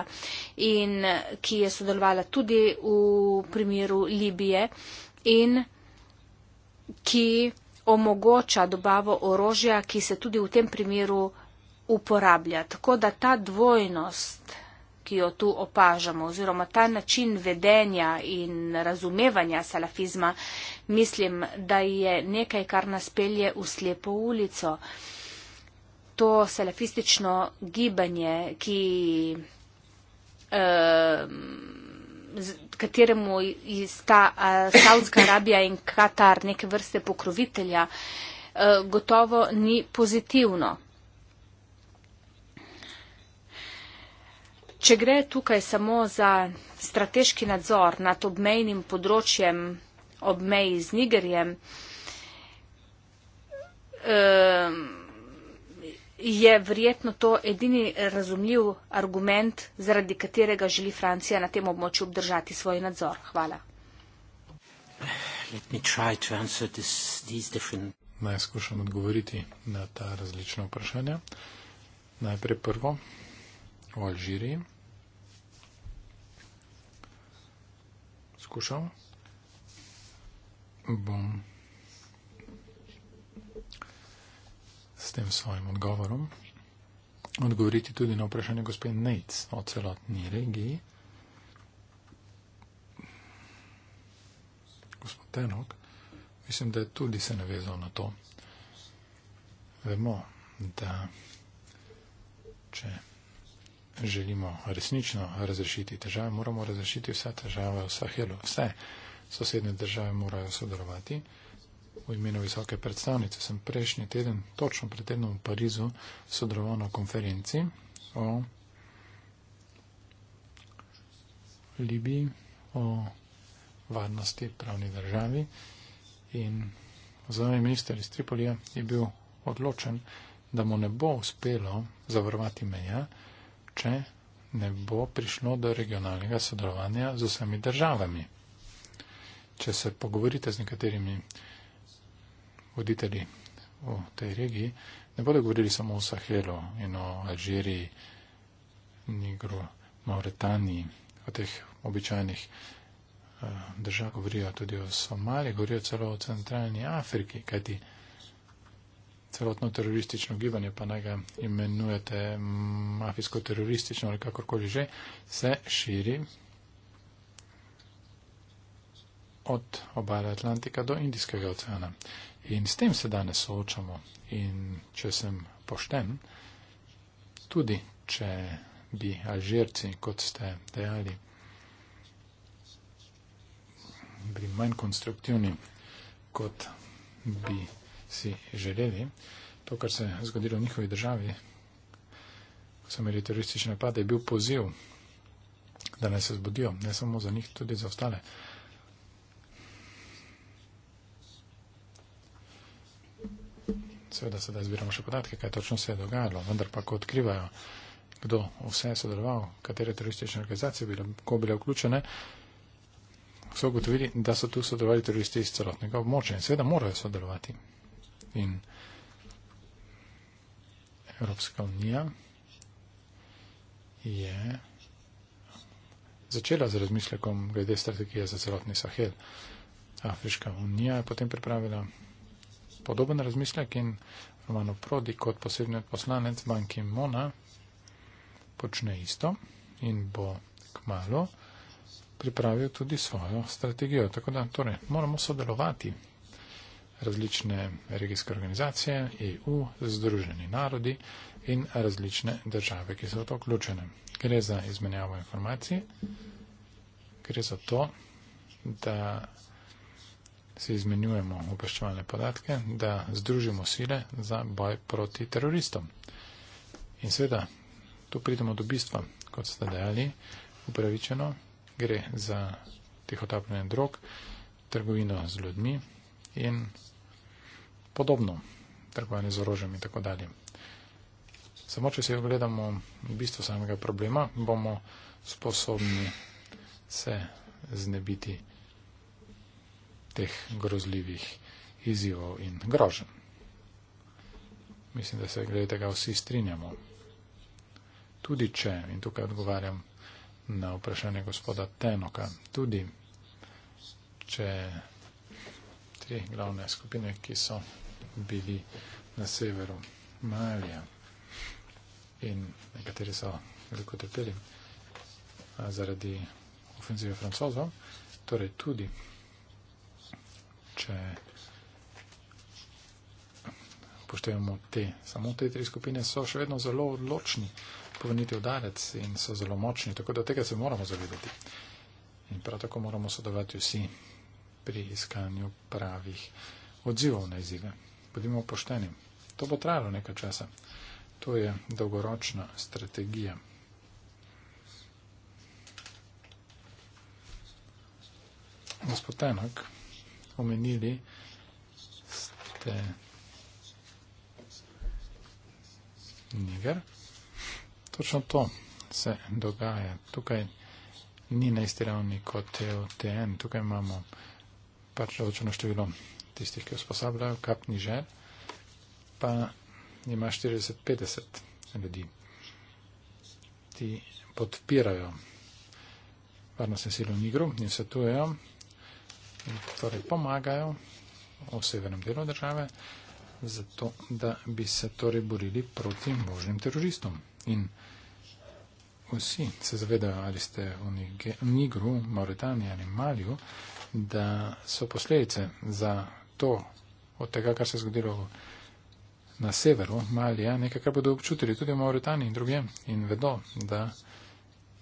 in ki je sodelovala tudi v primeru Libije in ki omogoča dobavo orožja, ki se tudi v tem primeru uporablja. Tako da ta dvojnost ki jo tu opažamo, oziroma ta način vedenja in razumevanja salafizma, mislim, da je nekaj, kar nas pelje v slepo ulico. To salafistično gibanje, ki, eh, kateremu sta eh, Saudska Arabija in Katar neke vrste pokrovitelja, eh, gotovo ni pozitivno. Če gre tukaj samo za strateški nadzor nad obmejnim področjem, obmeji z Nigerjem, ehm, je verjetno to edini razumljiv argument, zaradi katerega želi Francija na tem območju obdržati svoj nadzor. Hvala. Naj skušam odgovoriti na ta različna vprašanja. Najprej prvo o Alžiriji. poskušal. Bom s tem svojim odgovorom odgovoriti tudi na vprašanje gospod Nates o celotni regiji. Gospod Tenok, mislim, da je tudi se navezal na to. Vemo, da če želimo resnično razrešiti težave, moramo razrešiti vse težave v Sahelu. Vse sosedne države morajo sodelovati. V imenu visoke predstavnice sem prejšnji teden, točno pred tednom v Parizu, sodeloval na konferenci o Libiji, o varnosti pravni državi in zunanji minister iz Tripolija je bil odločen, da mu ne bo uspelo zavarovati meja, mogoče ne bo prišlo do regionalnega sodelovanja z vsemi državami. Če se pogovorite z nekaterimi voditelji v tej regiji, ne bodo govorili samo o Sahelu in o Alžiriji, Nigru, Mauretaniji, o teh običajnih eh, držav, govorijo tudi o Somaliji, govorijo celo o centralni Afriki, kajti celotno teroristično gibanje, pa naj ga imenujete mafijsko-teroristično ali kakorkoli že, se širi od obale Atlantika do Indijskega oceana. In s tem se danes soočamo. In če sem pošten, tudi če bi alžirci, kot ste dejali, bili manj konstruktivni, kot bi si želeli. To, kar se je zgodilo v njihovi državi, ko so imeli teroristične napade, je bil poziv, da naj se zbudijo, ne samo za njih, tudi za ostale. Seveda sedaj zbiramo še podatke, kaj točno se je dogajalo, vendar pa, ko odkrivajo, kdo vse je sodeloval, katere teroristične organizacije bile, ko bile vključene, so ugotovili, da so tu sodelovali teroristi iz celotnega območja in seveda morajo sodelovati in Evropska unija je začela z razmislekom glede strategije za celotni Sahel. Afriška unija je potem pripravila podoben razmislek in Romano Prodi kot posebni poslanec banki Mona počne isto in bo kmalo pripravil tudi svojo strategijo. Tako da torej, moramo sodelovati različne regijske organizacije, EU, Združeni narodi in različne države, ki so v to vključene. Gre za izmenjavo informacij, gre za to, da se izmenjujemo obveščevalne podatke, da združimo sile za boj proti teroristom. In seveda, tu pridemo do bistva, kot ste dejali, upravičeno gre za tihotapljanje drog, trgovino z ljudmi in podobno trgovanje z orožjem in tako dalje. Samo, če se ogledamo bistvo samega problema, bomo sposobni se znebiti teh grozljivih izzivov in grožen. Mislim, da se glede tega vsi strinjamo. Tudi če, in tukaj odgovarjam na vprašanje gospoda Tenoka, tudi če tri glavne skupine, ki so bili na severu Malija in nekateri so veliko trpeli zaradi ofenzive francozov. Torej tudi, če poštevamo te, samo te tri skupine, so še vedno zelo odločni povrniti udarec in so zelo močni, tako da tega se moramo zavedati. In prav tako moramo sodelovati vsi pri iskanju pravih odzivov na izive bodimo pošteni. To bo trajalo nekaj časa. To je dolgoročna strategija. Gospod Tenak, omenili ste Niger. Točno to se dogaja. Tukaj ni na isti ravni kot TOTN. Tukaj imamo pač določeno število tistih, ki usposabljajo kapni žen, pa ima 40-50 ljudi, ki podpirajo varnostne sile v Nigru in svetujejo in torej pomagajo v severnem delu države, zato da bi se torej borili proti možnim teroristom. In vsi se zavedajo, ali ste v Nigru, Mauritaniji ali Malju, da so posledice za to, od tega, kar se je zgodilo na severu Malija, nekaj, kar bodo občutili tudi v Mauritaniji in druge in vedo, da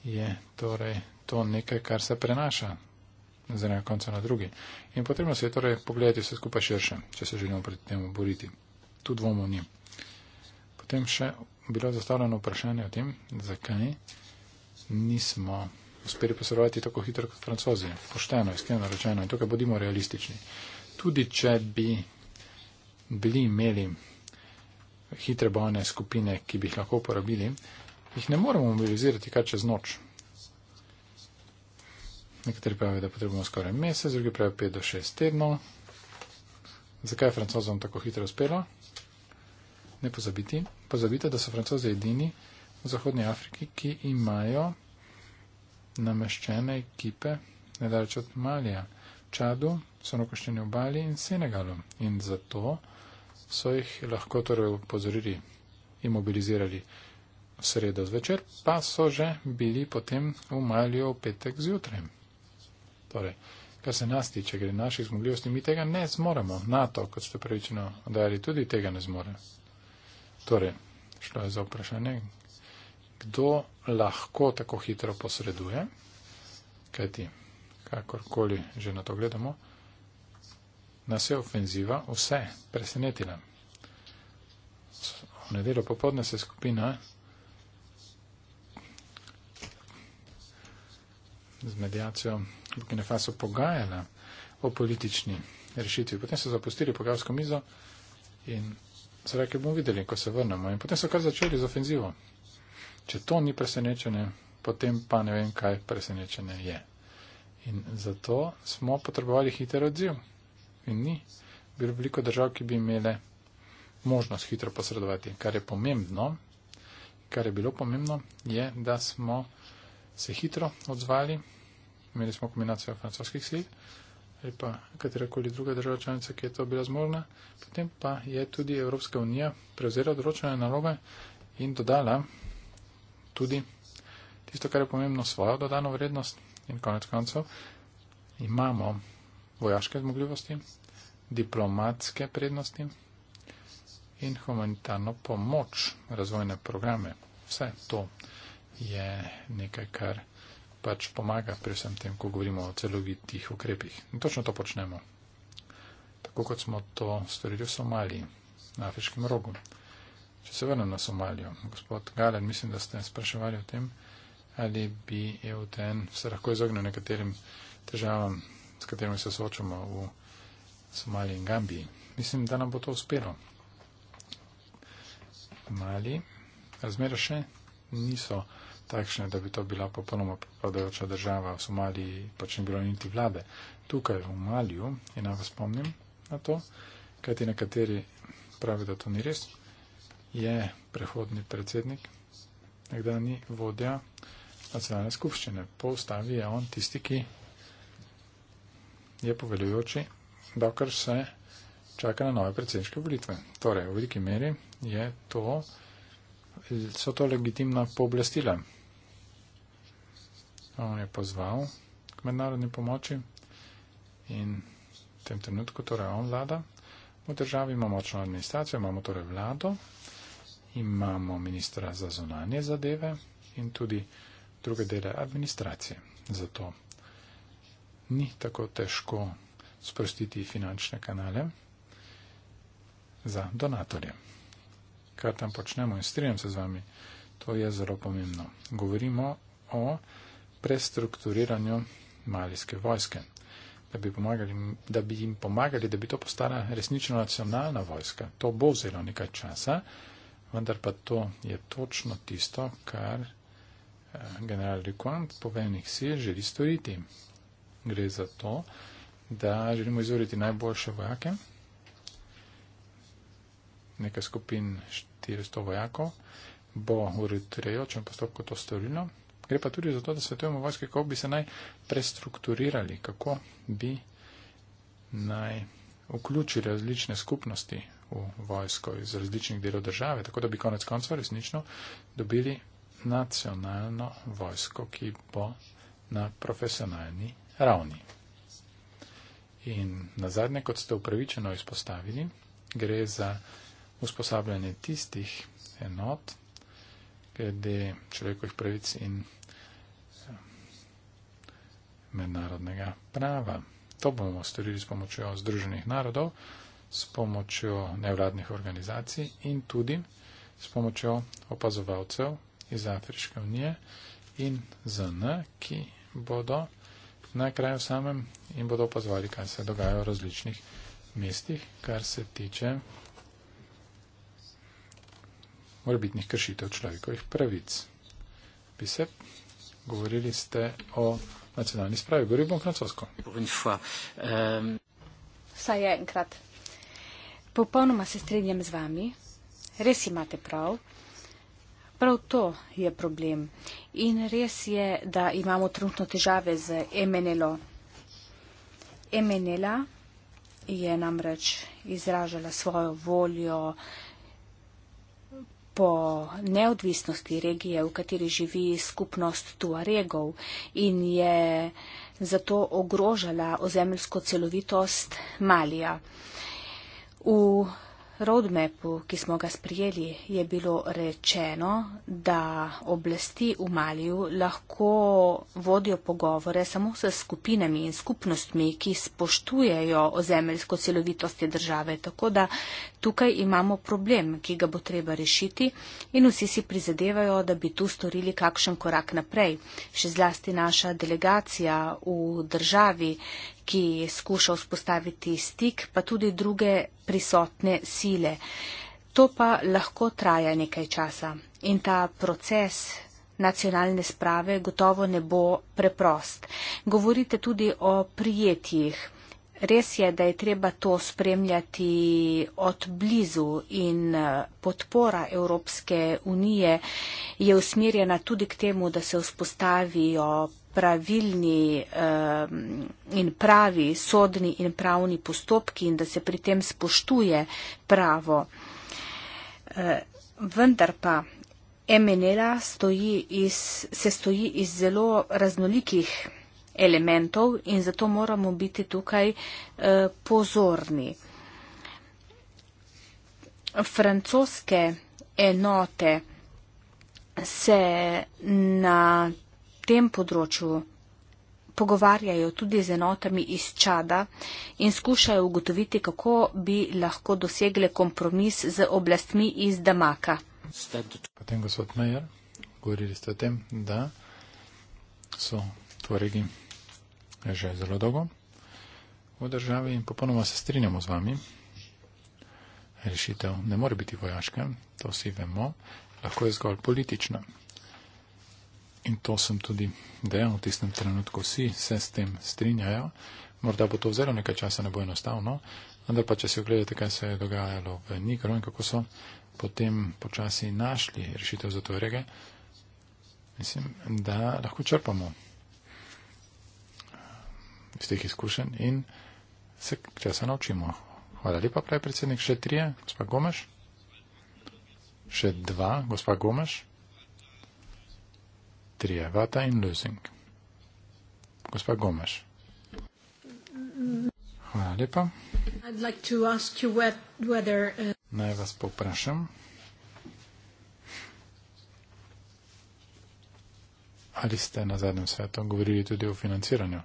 je torej to nekaj, kar se prenaša z enega konca na drugi. In potrebno se je torej pogledati vse skupaj širše, če se želimo pred tem boriti. Tu dvomov ni. Potem še bilo zastavljeno vprašanje o tem, zakaj nismo uspeli posredovati tako hitro kot francozi. Pošteno, iskreno rečeno. In tukaj bodimo realistični. Uh, tudi če bi bili imeli hitre bojne skupine, ki bi jih lahko uporabili, jih ne moremo mobilizirati kar čez noč. Nekateri pravijo, da potrebujemo skoraj mesec, drugi pravijo 5 do 6 tednov. Zakaj je francozom tako hitro uspelo? Ne pozabiti, pozabite, da so francozi edini v Zahodnji Afriki, ki imajo nameščene ekipe, ne da reče od Malija, Čadu, sonokošnjeni obali in Senegalu. In zato so jih lahko torej upozorili in mobilizirali v sredo zvečer, pa so že bili potem v Malijo v petek zjutraj. Torej, kar se nas tiče, gre naših zmogljivosti, mi tega ne zmoremo. NATO, kot ste pravično dajali, tudi tega ne zmore. Torej, šlo je za vprašanje, kdo lahko tako hitro posreduje, kajti kakorkoli že na to gledamo nas je ofenziva vse presenetila. V nedeljo popodne se skupina z medijacijo Bukine Faso pogajala o politični rešitvi. Potem so zapustili pogajalsko mizo in so rekli, bomo videli, ko se vrnemo. In potem so kar začeli z ofenzivo. Če to ni presenečenje, potem pa ne vem, kaj presenečenje je. In zato smo potrebovali hiter odziv in ni bilo veliko držav, ki bi imele možnost hitro posredovati. Kar je pomembno, kar je bilo pomembno, je, da smo se hitro odzvali, imeli smo kombinacijo francoskih sil ali pa katerakoli druga država članica, ki je to bila zmorna. Potem pa je tudi Evropska unija prevzela odročene naloge in dodala tudi tisto, kar je pomembno, svojo dodano vrednost in konec koncev imamo vojaške zmogljivosti, diplomatske prednosti in humanitarno pomoč, razvojne programe. Vse to je nekaj, kar pač pomaga pri vsem tem, ko govorimo o celovitih ukrepih. In točno to počnemo. Tako kot smo to storili v Somaliji, na Afriškem rogu. Če se vrnem na Somalijo, gospod Galen, mislim, da ste spraševali o tem, ali bi EUTN se lahko izognil nekaterim težavam s katerimi se soočamo v Somaliji in Gambiji. Mislim, da nam bo to uspelo. Mali razmere še niso takšne, da bi to bila popolnoma podajoča država v Somaliji, pa če ne bilo niti vlade. Tukaj v Maliju, in naj vas spomnim na to, kajti nekateri pravijo, da to ni res, je prehodni predsednik, nekdani vodja nacionalne skupščine. Po ustavi je on tisti, ki je poveljujoči, dokler se čaka na nove predsedniške volitve. Torej, v veliki meri je to, so to legitimna pooblastila. On je pozval k mednarodni pomoči in v tem trenutku torej on vlada. V državi imamo močno administracijo, imamo torej vlado, imamo ministra za zonanje zadeve in tudi druge dele administracije. Zato ni tako težko sprostiti finančne kanale za donatorje. Kar tam počnemo in strinjam se z vami, to je zelo pomembno. Govorimo o prestrukturiranju malijske vojske, da bi, pomagali, da bi jim pomagali, da bi to postala resnično nacionalna vojska. To bo vzelo nekaj časa, vendar pa to je točno tisto, kar eh, general Rikwant, poveljnik sil, želi storiti gre za to, da želimo izuriti najboljše vojake, nekaj skupin 400 vojakov, bo v retrejočem postopku to storilo. Gre pa tudi za to, da svetujemo vojske, kako bi se naj prestrukturirali, kako bi naj vključili različne skupnosti v vojsko iz različnih delov države, tako da bi konec koncev resnično dobili nacionalno vojsko, ki bo na profesionalni ravni. In na zadnje, kot ste upravičeno izpostavili, gre za usposabljanje tistih enot, glede človekovih pravic in eh, mednarodnega prava. To bomo storili s pomočjo Združenih narodov, s pomočjo nevladnih organizacij in tudi s pomočjo opazovalcev iz Afriške unije in ZN, ki bodo na kraju samem in bodo opazovali, kaj se dogaja v različnih mestih, kar se tiče morbitnih kršitev človekovih pravic. Bi se govorili ste o nacionalni spravi. Govoril bom francosko. Euh, Vsaj enkrat. Popolnoma se strinjam z vami. Res imate prav. Prav to je problem. In res je, da imamo trenutno težave z emenelo. Emenela je namreč izražala svojo voljo po neodvisnosti regije, v kateri živi skupnost Tuaregov in je zato ogrožala ozemeljsko celovitost Malija. V roadmapu, ki smo ga sprijeli, je bilo rečeno, da oblasti v Maliju lahko vodijo pogovore samo s skupinami in skupnostmi, ki spoštujejo ozemeljsko celovitost te države. Tako da tukaj imamo problem, ki ga bo treba rešiti in vsi si prizadevajo, da bi tu storili kakšen korak naprej. Še zlasti naša delegacija v državi ki skuša vzpostaviti stik, pa tudi druge prisotne sile. To pa lahko traja nekaj časa in ta proces nacionalne sprave gotovo ne bo preprost. Govorite tudi o prijetjih. Res je, da je treba to spremljati od blizu in eh, podpora Evropske unije je usmerjena tudi k temu, da se vzpostavijo pravilni ehm, in pravi sodni in pravni postopki in da se pri tem spoštuje pravo. Ehm, vendar pa MNL-a se stoji iz zelo raznolikih elementov in zato moramo biti tukaj eh, pozorni. Francoske enote se na tem področju pogovarjajo tudi z enotami iz Čada in skušajo ugotoviti, kako bi lahko dosegle kompromis z oblastmi iz Damaka. Potem gospod Mejer, govorili ste o tem, da so to regi že zelo dolgo v državi in popolnoma se strinjamo z vami. Rešitev ne more biti vojaška, to vsi vemo, lahko je zgolj politična in to sem tudi dejal v tistem trenutku, vsi se s tem strinjajo. Morda bo to vzelo nekaj časa, ne bo enostavno, vendar pa če si ogledate, kaj se je dogajalo v Nigru in kako so potem počasi našli rešitev za to rege, mislim, da lahko črpamo iz teh izkušenj in se časa naučimo. Hvala lepa, pravi predsednik. Še trije, gospod Gomeš. Še dva, gospod Gomeš trije, vata in losing. Gospa Gomeš. Hvala lepa. Like whether, uh... Naj vas poprašam. Ali ste na zadnjem svetu govorili tudi o financiranju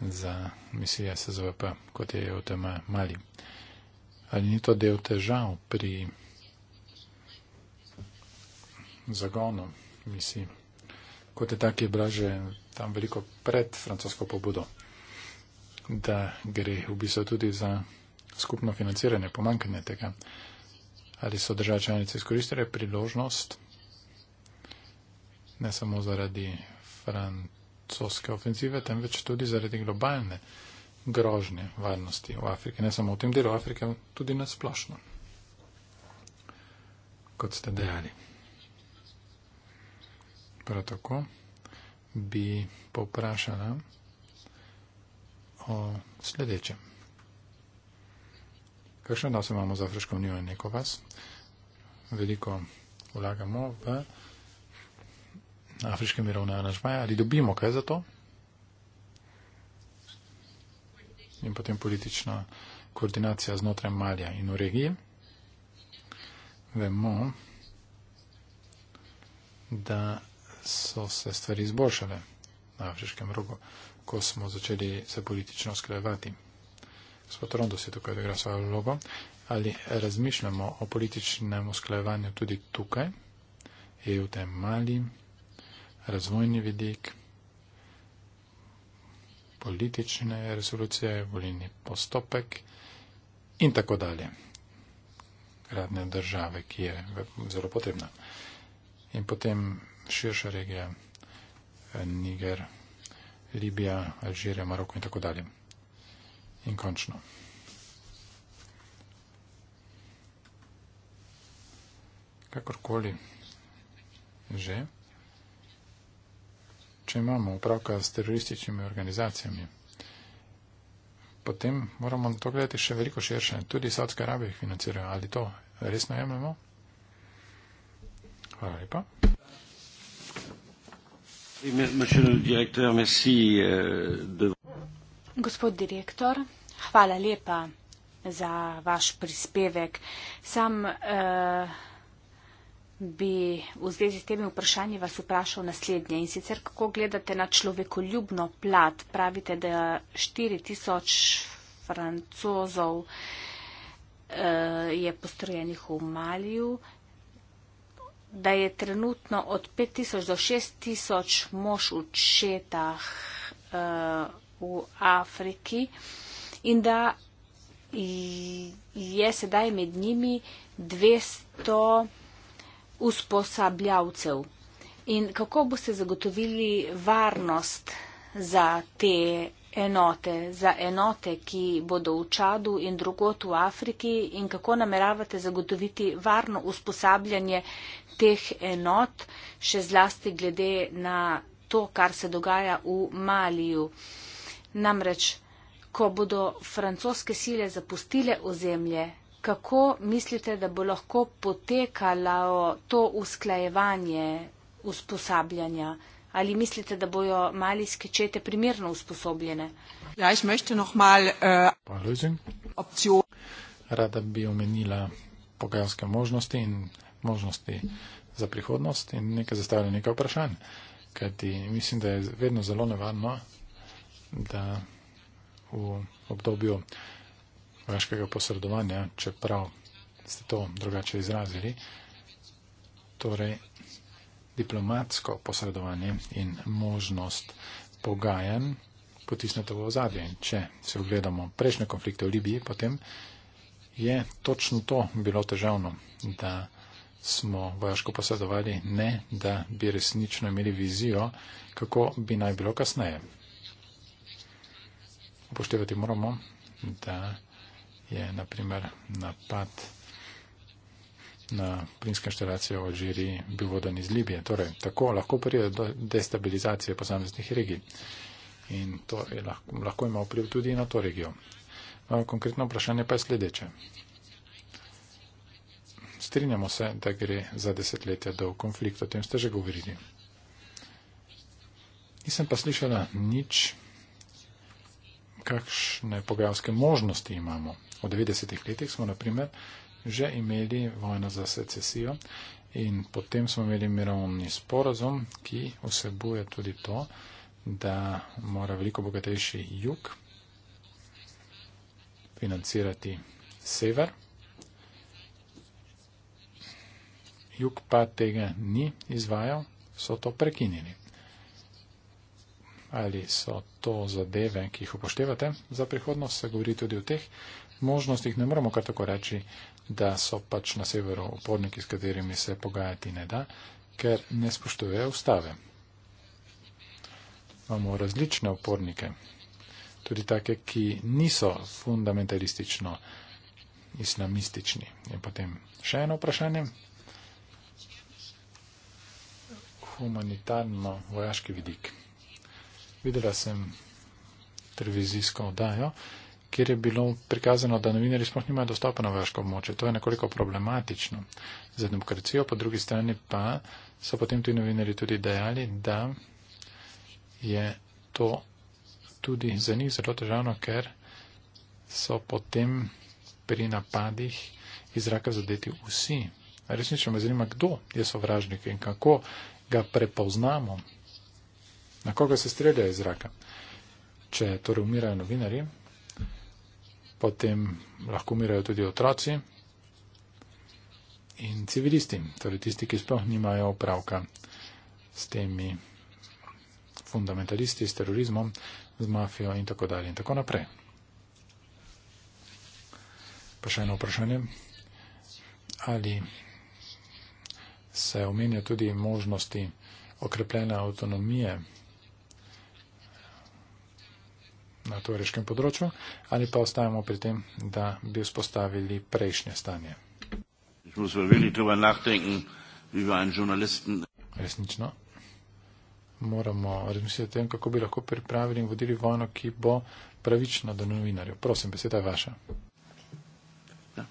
za misije SZVP, kot je v e tem mali? Ali ni to del težav pri zagonu misij? kot je tak, je bila že tam veliko pred francosko pobudo, da gre v bistvu tudi za skupno financiranje, pomankanje tega. Ali so države članice izkoristile priložnost, ne samo zaradi francoske ofenzive, temveč tudi zaradi globalne grožnje varnosti v Afriki, ne samo v tem delu Afrike, tudi nasplošno, kot ste dejali. Ja prav tako bi poprašala o sledečem. Kakšen nas imamo za Afriško unijo in neko vas? Veliko vlagamo v Afriške mirovne aranžmaje. Ali dobimo kaj za to? In potem politična koordinacija znotraj Malja in v regiji. Vemo, da so se stvari izboljšale na afriškem rogu, ko smo začeli se politično skrajevati. Gospod Rondo si tukaj odigra svojo vlogo. Ali razmišljamo o političnem usklajevanju tudi tukaj? Je v tem mali razvojni vidik politične resolucije, volilni postopek in tako dalje. Gradne države, ki je zelo potrebna. In potem širša regija, eh, Niger, Libija, Alžirija, Maroko in tako dalje. In končno. Kakorkoli že, če imamo upravka s terorističnimi organizacijami, potem moramo na to gledati še veliko širše. Tudi Saudska Arabija jih financira. Ali to resno jemljamo? Hvala lepa. Euh, Gospod direktor, hvala lepa za vaš prispevek. Sam eh, bi v zvezi s temi vprašanji vas vprašal naslednje. In sicer, kako gledate na človekoljubno plat? Pravite, da 4000 francozov eh, je postrojenih v Maliju, da je trenutno od 5000 do 6000 mož v četah uh, v Afriki in da je sedaj med njimi 200 usposabljavcev. In kako boste zagotovili varnost za te enote, za enote, ki bodo v Čadu in drugot v Afriki in kako nameravate zagotoviti varno usposabljanje teh enot, še zlasti glede na to, kar se dogaja v Maliju. Namreč, ko bodo francoske sile zapustile ozemlje, kako mislite, da bo lahko potekalo to usklajevanje usposabljanja? Ali mislite, da bojo malijske čete primerno usposobljene? Ja, jaz mešte nohmal. Äh, Rada bi omenila pogajalske možnosti in možnosti za prihodnost in nekaj zastavila nekaj vprašanj. Kajti mislim, da je vedno zelo nevarno, da v obdobju vaškega posredovanja, čeprav ste to drugače izrazili, torej diplomatsko posredovanje in možnost pogajanj potisnete v ozadje. Če se ogledamo prejšnje konflikte v Libiji, potem je točno to bilo težavno, da smo vojaško posredovali, ne da bi resnično imeli vizijo, kako bi naj bilo kasneje. Upoštevati moramo, da je naprimer napad na plinske inštalacije v Alžiriji bil vodan iz Libije. Torej, tako lahko pride do destabilizacije posameznih regij. In to je lahko, lahko ima vpliv tudi na to regijo. No, konkretno vprašanje pa je sledeče. Strinjamo se, da gre za desetletja dolg konflikt, o tem ste že govorili. Nisem pa slišala nič, kakšne pogajalske možnosti imamo. V 90-ih letih smo naprimer že imeli vojno za secesijo in potem smo imeli mirovni sporazum, ki vsebuje tudi to, da mora veliko bogatejši jug financirati sever. Jug pa tega ni izvajal, so to prekinili. Ali so to zadeve, ki jih upoštevate za prihodnost, se govori tudi o teh možnostih, ne moramo kar tako reči, da so pač na severu oporniki, s katerimi se pogajati ne da, ker ne spoštujejo ustave. Imamo različne opornike, tudi take, ki niso fundamentalistično islamistični. In potem še eno vprašanje. Humanitarno vojaški vidik. Videla sem televizijsko oddajo, kjer je bilo prikazano, da novinari sploh nimajo dostopa na vaško območje. To je nekoliko problematično za demokracijo, po drugi strani pa so potem tudi novinari tudi dejali, da je to tudi za njih zelo težavno, ker so potem pri napadih iz raka zadeti vsi. Resnično me zanima, kdo je sovražnik in kako ga prepoznamo, na koga se streljajo iz raka. Če torej umirajo novinarji, potem lahko umirajo tudi otroci in civilisti, torej tisti, ki sploh nimajo opravka s temi fundamentalisti, s terorizmom, z mafijo in tako dalje in tako naprej. Pa še eno vprašanje. Ali se omenja tudi možnosti okrepljene avtonomije na turiškem področju ali pa ostajamo pri tem, da bi vzpostavili prejšnje stanje. Resnično. Moramo razmisliti o tem, kako bi lahko pripravili in vodili vojno, ki bo pravična do novinarjev. Prosim, beseda je vaša. Ja.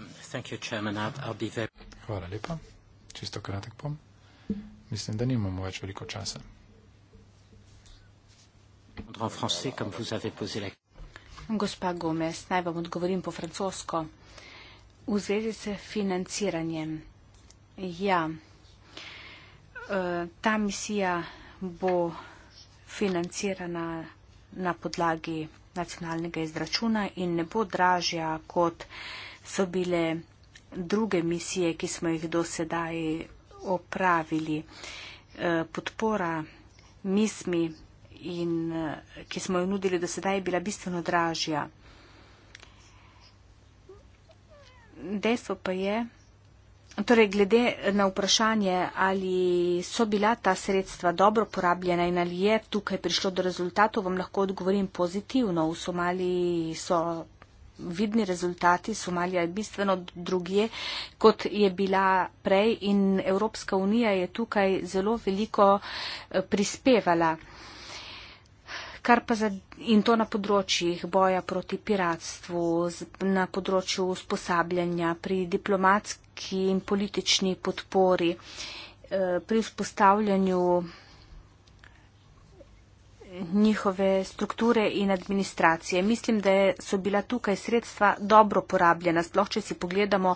Um, Hvala lepa. Čisto kratek bom. Mislim, da nimamo več veliko časa. Gospa Gomez, naj vam odgovorim po francosko. V zvezi s financiranjem. Ja, e, ta misija bo financirana na podlagi nacionalnega izračuna in ne bo dražja, kot so bile druge misije, ki smo jih do sedaj opravili. E, podpora misiji in eh, ki smo jo nudili do sedaj, je bila bistveno dražja. Dejstvo pa je, torej glede na vprašanje, ali so bila ta sredstva dobro porabljena in ali je tukaj prišlo do rezultatov, vam lahko odgovorim pozitivno. V Somaliji so vidni rezultati, Somalija je bistveno drugje, kot je bila prej in Evropska unija je tukaj zelo veliko eh, prispevala kar pa za, in to na področjih boja proti piratstvu, na področju usposabljanja, pri diplomatski in politični podpori, eh, pri vzpostavljanju njihove strukture in administracije. Mislim, da so bila tukaj sredstva dobro porabljena, sploh če si pogledamo,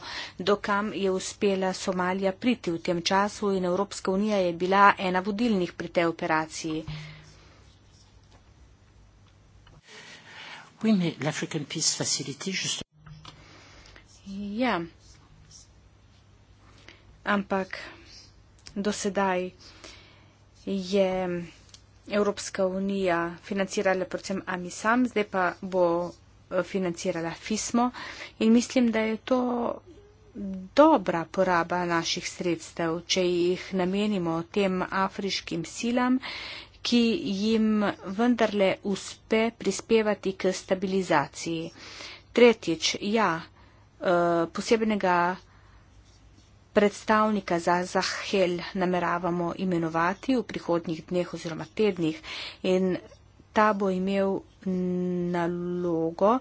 dokam je uspela Somalija priti v tem času in Evropska unija je bila ena vodilnih pri tej operaciji. Mm. Oui, mais l'African Peace Facility, justement. Ja, ampak do sedaj je Evropska unija financirala predvsem AMISAM, zdaj pa bo eh, financirala FISMO in mislim, da je to dobra poraba naših sredstev, če jih namenimo tem afriškim silam, ki jim vendarle uspe prispevati k stabilizaciji. Tretjič, ja, eh, posebnega predstavnika za Zahel nameravamo imenovati v prihodnjih dneh oziroma tednih in ta bo imel nalogo,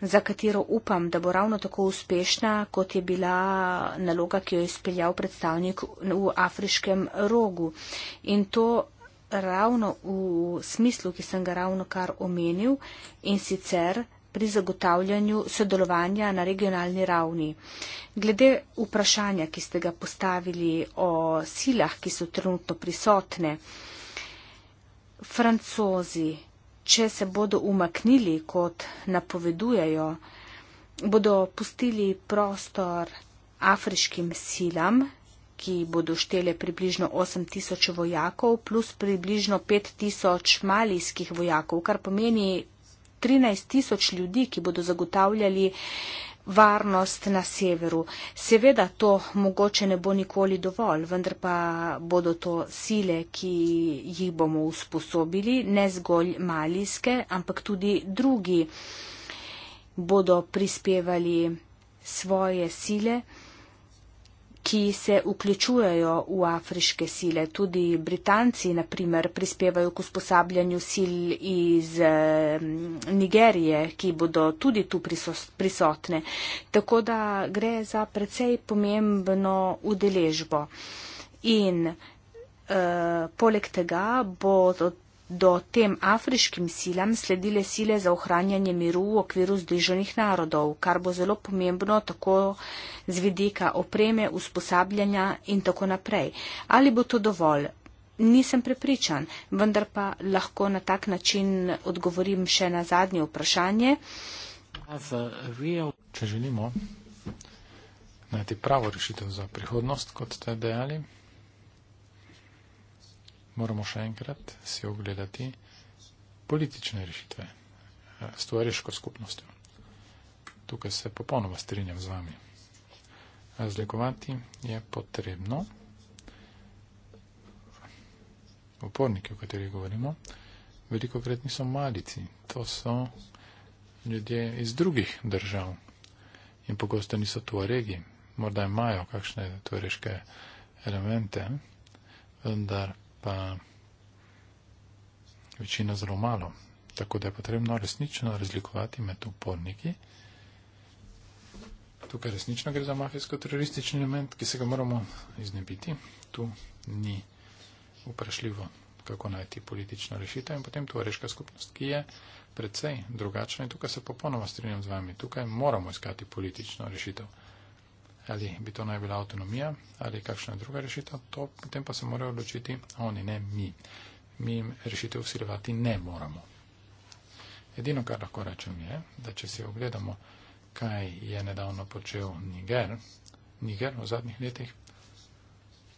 za katero upam, da bo ravno tako uspešna, kot je bila naloga, ki jo je izpeljal predstavnik v afriškem rogu. In to ravno v smislu, ki sem ga ravno kar omenil in sicer pri zagotavljanju sodelovanja na regionalni ravni. Glede vprašanja, ki ste ga postavili o silah, ki so trenutno prisotne, francozi, če se bodo umaknili, kot napovedujejo, bodo pustili prostor afriškim silam, ki bodo štele približno 8 tisoč vojakov plus približno 5 tisoč malijskih vojakov, kar pomeni 13 tisoč ljudi, ki bodo zagotavljali varnost na severu. Seveda to mogoče ne bo nikoli dovolj, vendar pa bodo to sile, ki jih bomo usposobili, ne zgolj malijske, ampak tudi drugi bodo prispevali svoje sile ki se vključujejo v afriške sile. Tudi Britanci, naprimer, prispevajo k usposabljanju sil iz Nigerije, ki bodo tudi tu prisotne. Tako da gre za precej pomembno udeležbo. In uh, poleg tega bodo Do tem afriškim silam sledile sile za ohranjanje miru v okviru Združenih narodov, kar bo zelo pomembno tako z vidika opreme, usposabljanja in tako naprej. Ali bo to dovolj? Nisem prepričan, vendar pa lahko na tak način odgovorim še na zadnje vprašanje. Če želimo najti pravo rešitev za prihodnost, kot ste dejali moramo še enkrat si ogledati politične rešitve eh, s tvoriško skupnostjo. Tukaj se popolnoma strinjam z vami. Razlikovati je potrebno uporniki, o katerih govorimo, veliko krat niso malici. To so ljudje iz drugih držav in pogosto niso tuaregi. Morda imajo kakšne tuareške elemente, vendar pa večina zelo malo. Tako da je potrebno resnično razlikovati med uporniki. Tukaj resnično gre za mafijsko-teroristični element, ki se ga moramo iznebiti. Tu ni vprašljivo, kako najti politično rešitev in potem tu reška skupnost, ki je predvsej drugačna in tukaj se popolnoma strinjam z vami. Tukaj moramo iskati politično rešitev ali bi to naj bila avtonomija ali kakšna druga rešitev, to potem pa se morajo odločiti oni, ne mi. Mi jim rešitev usiljevati ne moramo. Edino, kar lahko rečem, je, da če si ogledamo, kaj je nedavno počel Niger, Niger v zadnjih letih,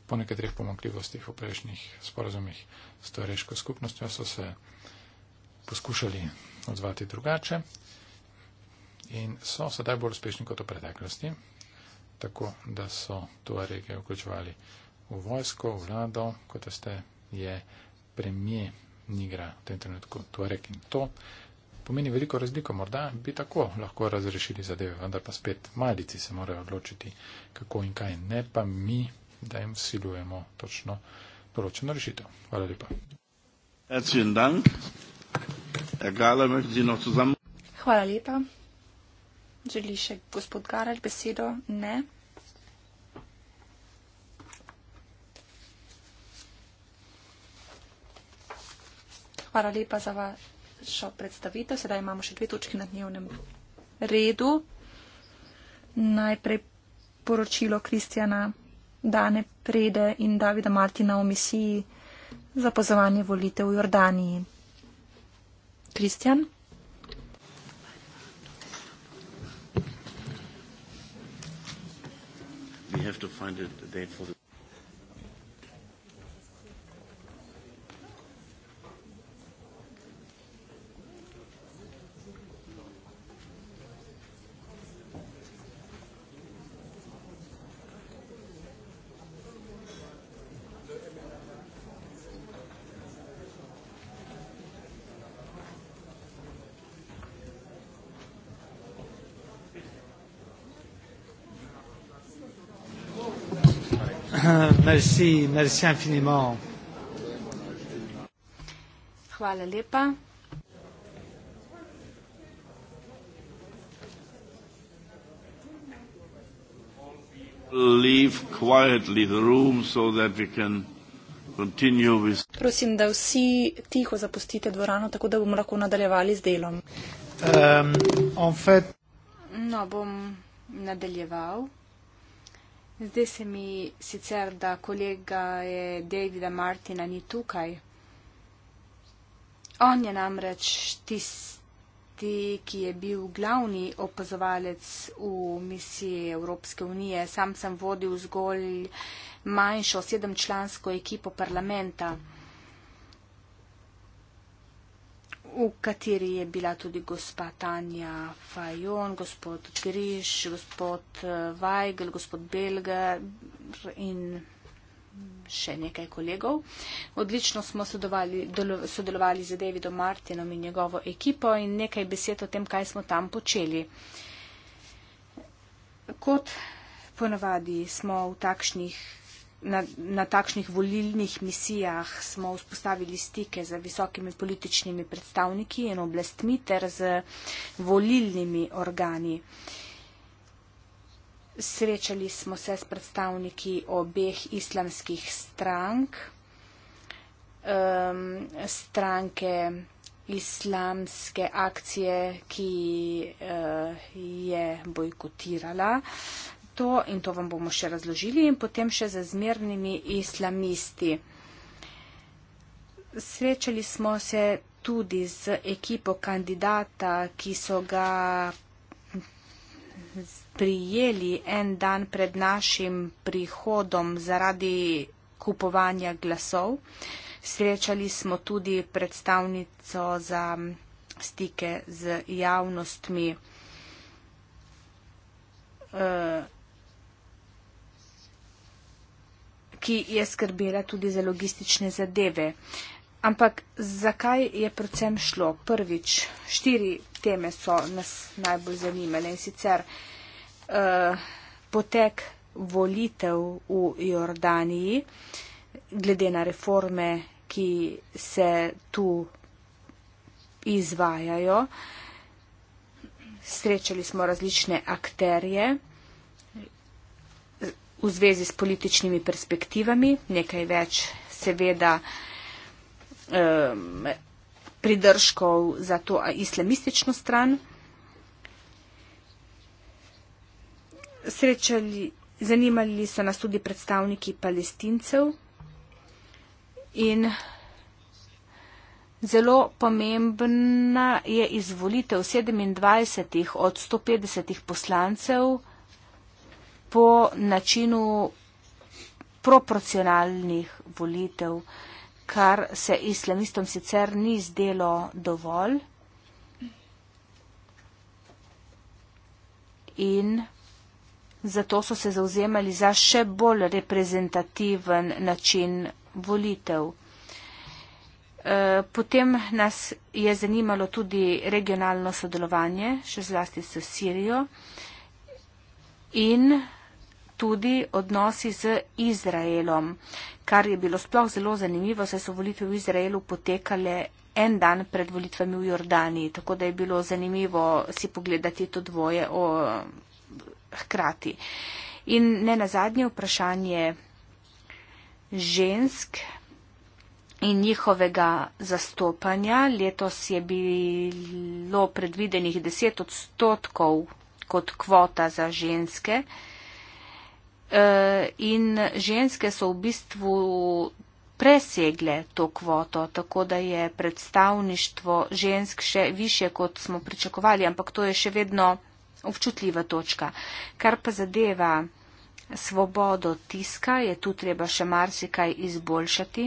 po nekaterih pomankljivostih v prejšnjih sporazumih s to reško skupnostjo, so se poskušali odzvati drugače in so sedaj bolj uspešni kot v preteklosti tako da so Tuarege vključevali v vojsko, v vlado, kot ste je premije Nigra v tem trenutku Tuareg in to. Pomeni veliko razliko, morda bi tako lahko razrešili zadeve, vendar pa spet malici se morajo odločiti, kako in kaj, ne pa mi, da jim silujemo točno določeno rešitev. Hvala lepa. Hvala lepa. Želi še gospod Garaj besedo? Ne. Hvala lepa za vašo predstavitev. Sedaj imamo še dve točki na dnevnem redu. Najprej poročilo Kristjana Dane Prede in Davida Martina o misiji za pozvanje volitev v Jordaniji. Kristjan? have to find a date for the Merci, merci infiniment. Hvala lepa. Prosim, da vsi tiho zapustite dvorano, tako da bomo lahko nadaljevali z delom. Um, en fait... No, bom nadaljeval. Zdaj se mi sicer, da kolega je eh, Davida Martina ni tukaj. On je namreč tisti, ki je bil glavni opazovalec v misiji Evropske unije. Sam sem vodil zgolj manjšo sedemčlansko ekipo parlamenta. Mm -hmm. v kateri je bila tudi gospa Tanja Fajon, gospod Griš, gospod Vajgl, eh, gospod Belger in še nekaj kolegov. Odlično smo sodelovali, sodelovali z Davidom Martinom in njegovo ekipo in nekaj besed o tem, kaj smo tam počeli. Kot ponavadi smo v takšnih na, na takšnih volilnih misijah smo vzpostavili stike z visokimi političnimi predstavniki in oblastmi ter z volilnimi organi. Srečali smo se s predstavniki obeh islamskih strank, um, stranke islamske akcije, ki uh, je bojkotirala to in to vam bomo še razložili in potem še za zmernimi islamisti. Srečali smo se tudi z ekipo kandidata, ki so ga prijeli en dan pred našim prihodom zaradi kupovanja glasov. Srečali smo tudi predstavnico za stike z javnostmi. Eh, ki je skrbela tudi za logistične zadeve. Ampak zakaj je predvsem šlo? Prvič, štiri teme so nas najbolj zanimale in sicer eh, potek volitev v Jordaniji, glede na reforme, ki se tu izvajajo. Srečali smo različne akterje v zvezi s političnimi perspektivami, nekaj več seveda um, pridržkov za to islamistično stran. Srečali, zanimali so nas tudi predstavniki palestincev in zelo pomembna je izvolitev 27 od 150 poslancev po načinu proporcionalnih volitev, kar se islamistom sicer ni zdelo dovolj. In zato so se zauzemali za še bolj reprezentativen način volitev. E, potem nas je zanimalo tudi regionalno sodelovanje, še zlasti s Sirijo. In tudi odnosi z Izraelom, kar je bilo sploh zelo zanimivo, saj so volitve v Izraelu potekale en dan pred volitvami v Jordaniji, tako da je bilo zanimivo si pogledati to dvoje o, hkrati. In ne na zadnje vprašanje žensk in njihovega zastopanja. Letos je bilo predvidenih 10 odstotkov kot kvota za ženske. Eh, in ženske so v bistvu presegle to kvoto, tako da je predstavništvo žensk še više, kot smo pričakovali, ampak to je še vedno občutljiva točka. Kar pa zadeva svobodo tiska, je tu treba še marsikaj izboljšati.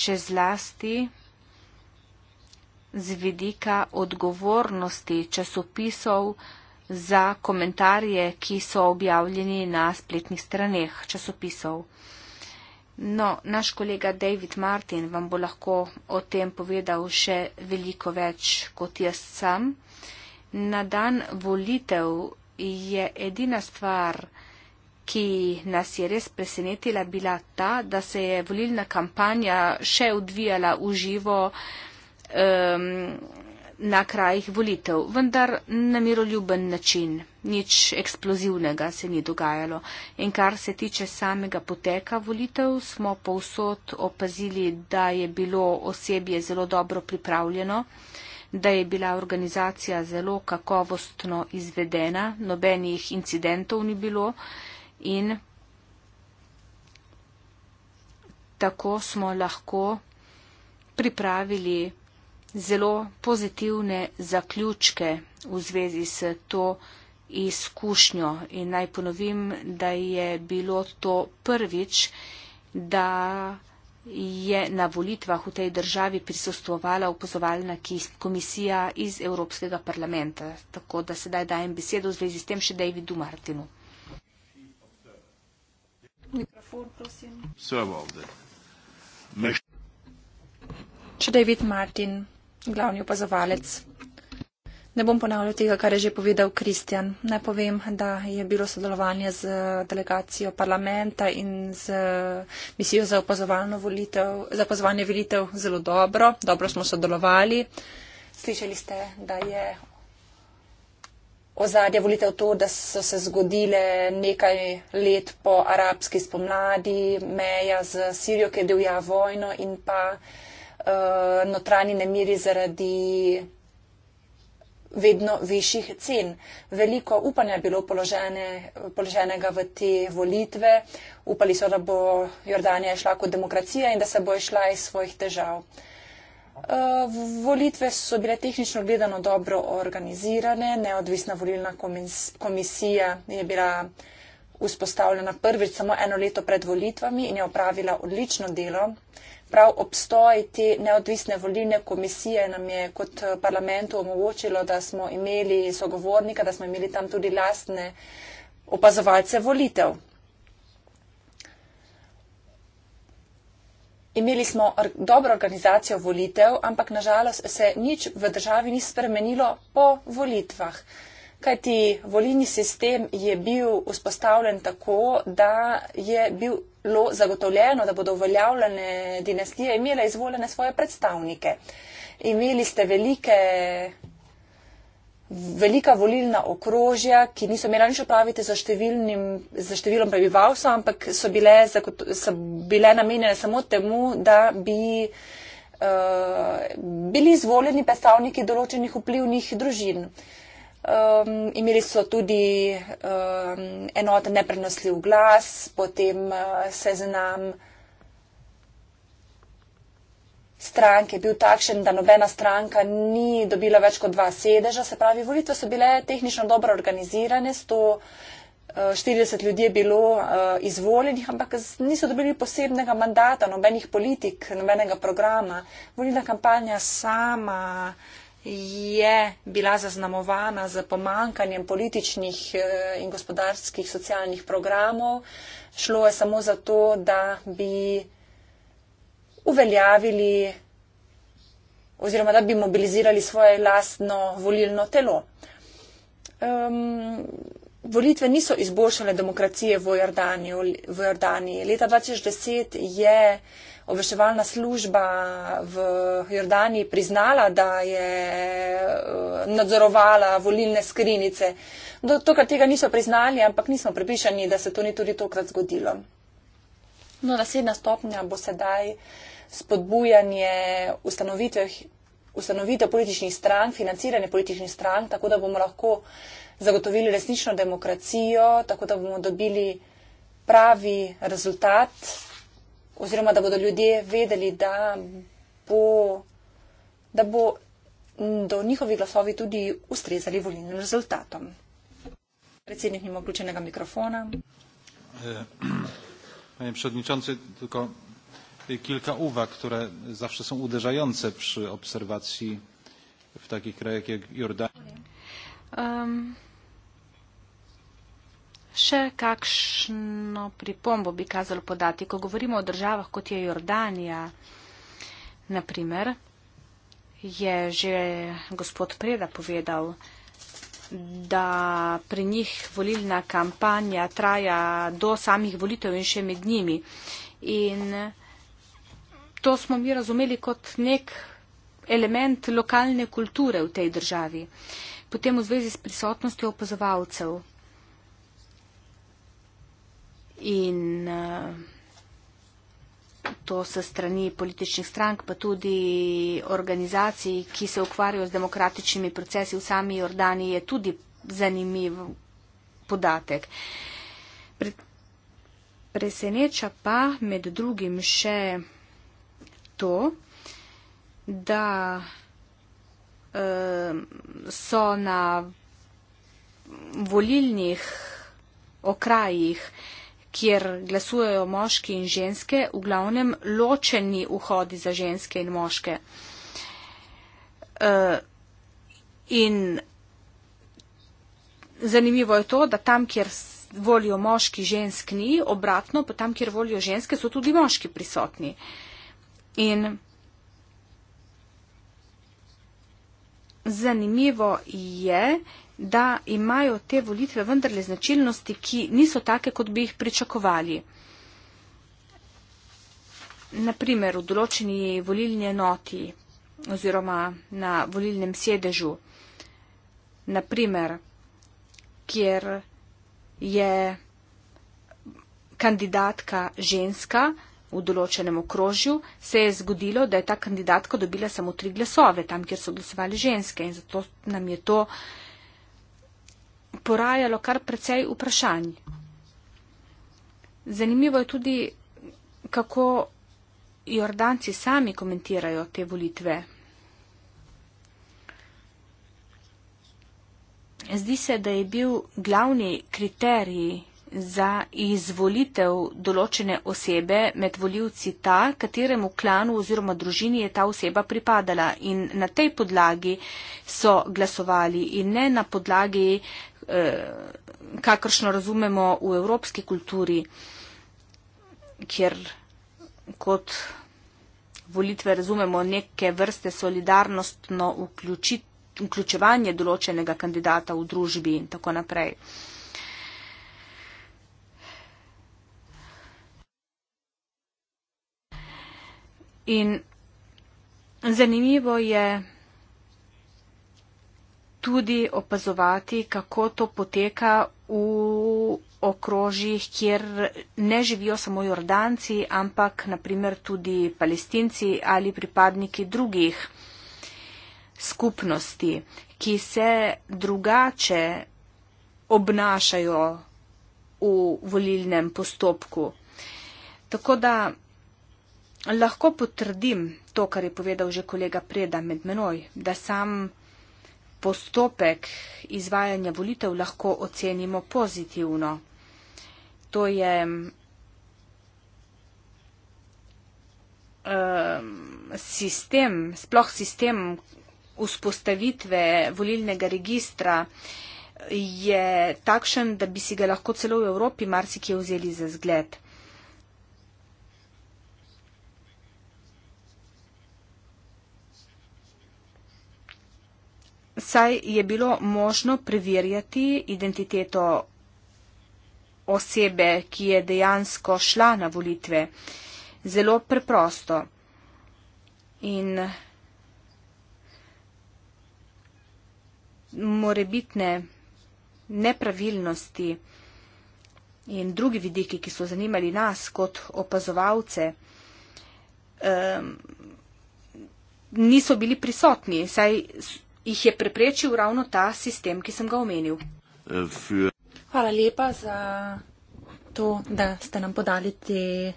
Še zlasti z vidika odgovornosti časopisov, za komentarje, ki so objavljeni na spletnih straneh časopisov. No, naš kolega David Martin vam bo lahko o tem povedal še veliko več kot jaz sam. Na dan volitev je edina stvar, ki nas je res presenetila, bila ta, da se je volilna kampanja še odvijala v živo. Um, na krajih volitev, vendar na miroljuben način. Nič eksplozivnega se ni dogajalo. In kar se tiče samega poteka volitev, smo povsod opazili, da je bilo osebje zelo dobro pripravljeno, da je bila organizacija zelo kakovostno izvedena, nobenih incidentov ni bilo in tako smo lahko pripravili zelo pozitivne zaključke v zvezi s to izkušnjo. In naj ponovim, da je bilo to prvič, da je na volitvah v tej državi prisostovala upozovalna komisija iz Evropskega parlamenta. Tako da sedaj dajem besedo v zvezi s tem še Davidu Martinu. Mikrofon, prosim. Če David Martin, glavni opazovalec. Ne bom ponavljal tega, kar je že povedal Kristjan. Ne povem, da je bilo sodelovanje z delegacijo parlamenta in z misijo za, volitev, za opazovanje volitev zelo dobro. Dobro smo sodelovali. Slišali ste, da je ozadje volitev to, da so se zgodile nekaj let po arabski spomladi, meja z Sirijo, ki je divja vojno in pa uh, eh, notranji nemiri zaradi vedno višjih cen. Veliko upanja je bilo položene, položenega v te volitve. Upali so, da bo Jordanija šla kot demokracija in da se bo išla iz svojih težav. Eh, volitve so bile tehnično gledano dobro organizirane, neodvisna volilna komisija je bila vzpostavljena prvič samo eno leto pred volitvami in je opravila odlično delo prav obstoj te neodvisne volilne komisije nam je kot eh, parlamentu omogočilo, da smo imeli sogovornika, da smo imeli tam tudi lastne opazovalce volitev. Imeli smo dobro organizacijo volitev, ampak nažalost se nič v državi ni spremenilo po volitvah kajti volilni sistem je bil vzpostavljen tako, da je bilo zagotovljeno, da bodo uveljavljene dinastije imele izvoljene svoje predstavnike. Imeli ste velike, velika volilna okrožja, ki niso imela nič opraviti za, številnim, za številom prebivalstva, ampak so bile, so bile namenjene samo temu, da bi uh, bili izvoljeni predstavniki določenih vplivnih družin. Uh, Um, imeli so tudi um, enoten neprenosljiv glas, potem uh, seznam stranke je bil takšen, da nobena stranka ni dobila več kot dva sedeža. Se pravi, volitve so bile tehnično dobro organizirane, 140 uh, ljudi je bilo uh, izvoljenih, ampak niso dobili posebnega mandata, nobenih politik, nobenega programa. Volilna kampanja sama je bila zaznamovana z pomankanjem političnih eh, in gospodarskih socialnih programov. Šlo je samo za to, da bi uveljavili oziroma da bi mobilizirali svoje lastno volilno telo. Um, volitve niso izboljšale demokracije v Jordaniji. V Jordaniji. Leta 2010 je obveščevalna služba v Jordani priznala, da je eh, nadzorovala volilne skrinice. Do tokrat tega niso priznali, ampak nismo pripišani, da se to ni tudi tokrat zgodilo. No, naslednja stopnja bo sedaj spodbujanje ustanovitev političnih strank, financiranje političnih strank, tako da bomo lahko zagotovili resnično demokracijo, tako da bomo dobili pravi rezultat oziroma da bodo ljudje vedeli, da bo, da bo do njihovi glasovi tudi ustrezali volilnim rezultatom. Predsednik nima vključenega mikrofona. Eh, panie przewodniczący, tylko kilka uwag, które zawsze są uderzające przy obserwacji w takich krajach jak Jordania. Um. Še kakšno pripombo bi kazalo podati, ko govorimo o državah, kot je Jordanija, naprimer, je že gospod Preda povedal, da pri njih volilna kampanja traja do samih volitev in še med njimi. In to smo mi razumeli kot nek element lokalne kulture v tej državi. Potem v zvezi s prisotnostjo opazovalcev in eh, to se strani političnih strank, pa tudi organizacij, ki se ukvarjajo z demokratičnimi procesi v sami Jordani, je tudi zanimiv podatek. Preseneča pa med drugim še to, da eh, so na volilnih okrajih kjer glasujejo moški in ženske, v glavnem ločeni vhodi za ženske in moške. Eh, in zanimivo je to, da tam, kjer volijo moški, žensk ni, obratno pa tam, kjer volijo ženske, so tudi moški prisotni. In zanimivo je, da imajo te volitve vendarle značilnosti, ki niso take, kot bi jih pričakovali. Naprimer, v določeni volilni enoti oziroma na volilnem sedežu, naprimer, kjer je kandidatka ženska, v določenem okrožju se je zgodilo, da je ta kandidatka dobila samo tri glasove, tam, kjer so glasovali ženske. In zato nam je to porajalo kar precej vprašanj. Zanimivo je tudi, kako Jordanci sami komentirajo te volitve. Zdi se, da je bil glavni kriterij za izvolitev določene osebe med voljivci ta, kateremu klanu oziroma družini je ta oseba pripadala. In na tej podlagi so glasovali in ne na podlagi, eh, kakršno razumemo v evropski kulturi, kjer kot volitve razumemo neke vrste solidarnostno vključitev vključevanje določenega kandidata v družbi in tako naprej. In zanimivo je tudi opazovati, kako to poteka v okrožjih, kjer ne živijo samo Jordanci, ampak naprimer tudi palestinci ali pripadniki drugih skupnosti, ki se drugače obnašajo v volilnem postopku. Tako da lahko potrdim to, kar je povedal že kolega Preda med menoj, da sam postopek izvajanja volitev lahko ocenimo pozitivno. To je um, sistem, sploh sistem vzpostavitve volilnega registra je takšen, da bi si ga lahko celo v Evropi marsikje vzeli za zgled. saj je bilo možno preverjati identiteto osebe, ki je dejansko šla na volitve. Zelo preprosto. In morebitne nepravilnosti in drugi vidiki, ki so zanimali nas kot opazovalce, um, niso bili prisotni, saj jih je preprečil ravno ta sistem, ki sem ga omenil. Hvala lepa za to, da ste nam podali te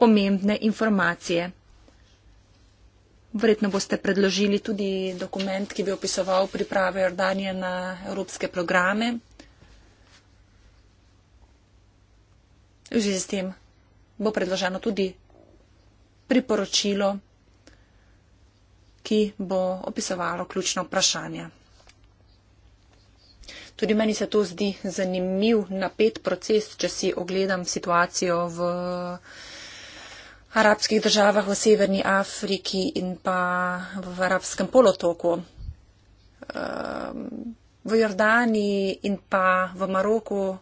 pomembne informacije. Verjetno boste predložili tudi dokument, ki bi opisoval priprave Jordanije na evropske programe. V zvezi s tem bo predloženo tudi priporočilo ki bo opisovalo ključno vprašanje. Tudi meni se to zdi zanimiv napet proces, če si ogledam situacijo v arabskih državah v Severni Afriki in pa v arabskem polotoku, ehm, v Jordani in pa v Maroku.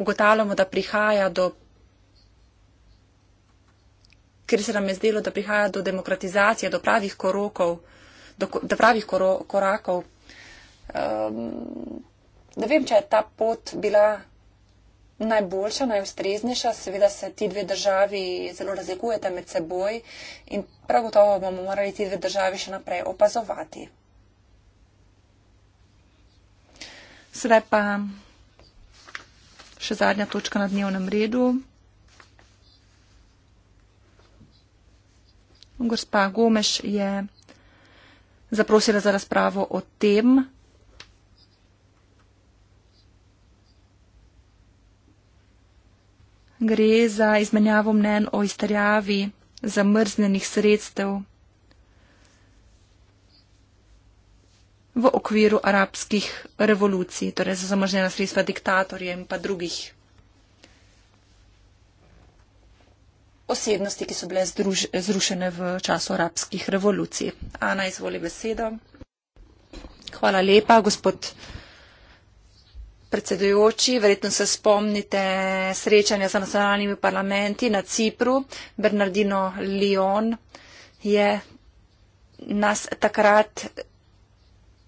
Ugotavljamo, da prihaja do ker se nam je zdelo, da prihaja do demokratizacije, do pravih, korokov, do, do pravih koro, korakov. Um, ne vem, če je ta pot bila najboljša, najustreznejša. Seveda se ti dve državi zelo razlikujete med seboj in prav gotovo bomo morali ti dve državi še naprej opazovati. Sedaj pa še zadnja točka na dnevnem redu. Gospa Gomeš je zaprosila za razpravo o tem, gre za izmenjavo mnen o izterjavi zamrznenih sredstev v okviru arabskih revolucij, torej za zamrznjena sredstva diktatorjev in pa drugih osebnosti, ki so bile združ, zrušene v času arabskih revolucij. Ana, izvoli besedo. Hvala lepa, gospod predsedujoči. Verjetno se spomnite srečanja z nacionalnimi parlamenti na Cipru. Bernardino Leon je nas takrat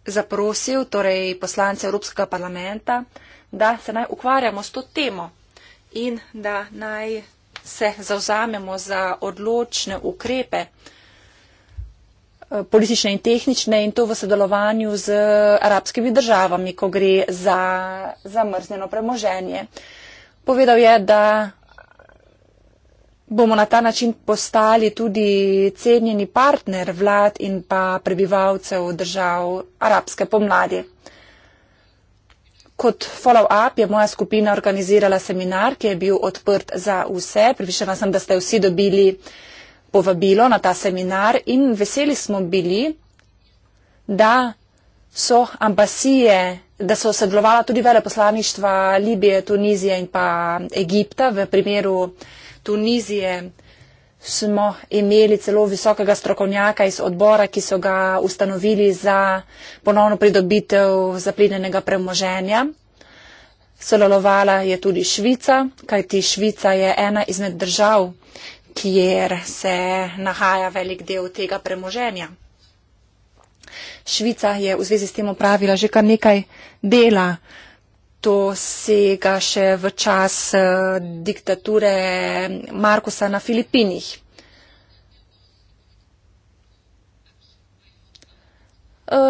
zaprosil, torej poslance Evropskega parlamenta, da se naj ukvarjamo s to temo in da naj se zauzamemo za odločne ukrepe, eh, politične in tehnične, in to v sodelovanju z arabskimi državami, ko gre za zamrznjeno premoženje. Povedal je, da bomo na ta način postali tudi cenjeni partner vlad in pa prebivalcev držav arabske pomladi. Kot follow-up je moja skupina organizirala seminar, ki je bil odprt za vse. Pripišena sem, da ste vsi dobili povabilo na ta seminar in veseli smo bili, da so ambasije, da so sodelovala tudi veleposlaništva Libije, Tunizije in pa Egipta v primeru Tunizije smo imeli celo visokega strokovnjaka iz odbora, ki so ga ustanovili za ponovno pridobitev zaplinjenega premoženja. Sodelovala je tudi Švica, kajti Švica je ena izmed držav, kjer se nahaja velik del tega premoženja. Švica je v zvezi s tem opravila že kar nekaj dela. Uh, to sega še v čas eh, diktature Markusa na Filipinih. Eh,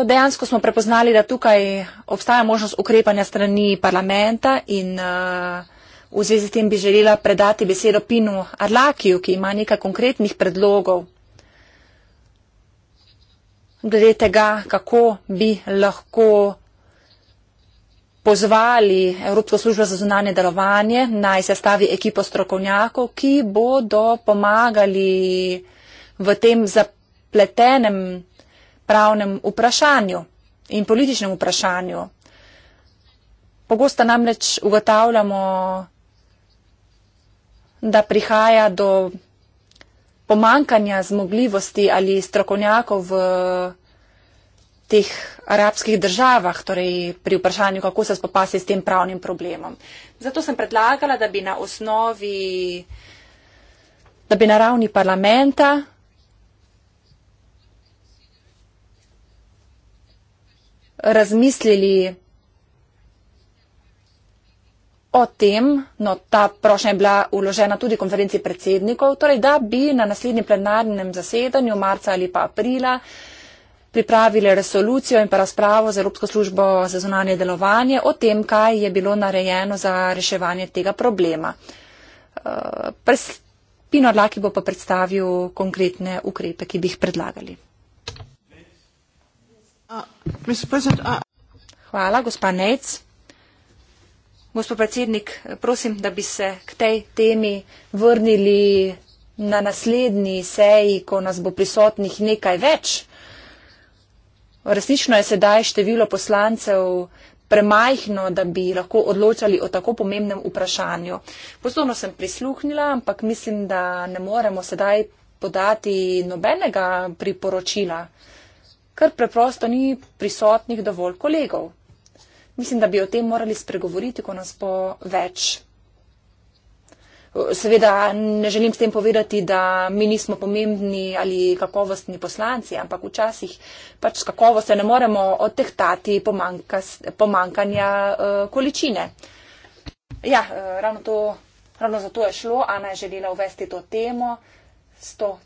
dejansko smo prepoznali, da tukaj obstaja možnost ukrepanja strani parlamenta in eh, v zvezi s tem bi želela predati besedo Pinu Arlakiju, ki ima nekaj konkretnih predlogov glede tega, kako bi lahko pozvali Evropsko službo za zunanje delovanje, naj sestavi ekipo strokovnjakov, ki bodo pomagali v tem zapletenem pravnem vprašanju in političnem vprašanju. Pogosto namreč ugotavljamo, da prihaja do pomankanja zmogljivosti ali strokovnjakov v teh arabskih državah, torej pri vprašanju, kako se spopasti s tem pravnim problemom. Zato sem predlagala, da bi na osnovi, da bi na ravni parlamenta razmislili o tem, no ta prošnja je bila uložena tudi konferenci predsednikov, torej da bi na naslednjem plenarnem zasedanju marca ali pa aprila pripravile resolucijo in pa razpravo z Evropsko službo za zunanje delovanje o tem, kaj je bilo narejeno za reševanje tega problema. Eh, Pino Arlaki bo pa predstavil konkretne ukrepe, ki bi jih predlagali. Uh, uh, Hvala, gospa Nec. Gospod predsednik, prosim, da bi se k tej temi vrnili na naslednji seji, ko nas bo prisotnih nekaj več. Resnično je sedaj število poslancev premajhno, da bi lahko odločali o tako pomembnem vprašanju. Poslovno sem prisluhnila, ampak mislim, da ne moremo sedaj podati nobenega priporočila, ker preprosto ni prisotnih dovolj kolegov. Mislim, da bi o tem morali spregovoriti, ko nas bo več. Seveda ne želim s tem povedati, da mi nismo pomembni ali kakovostni poslanci, ampak včasih pač kakovo se ne moremo odtehtati pomanka, pomankanja uh, količine. Ja, uh, ravno, to, ravno za to je šlo. Ana je želela uvesti to temo. S to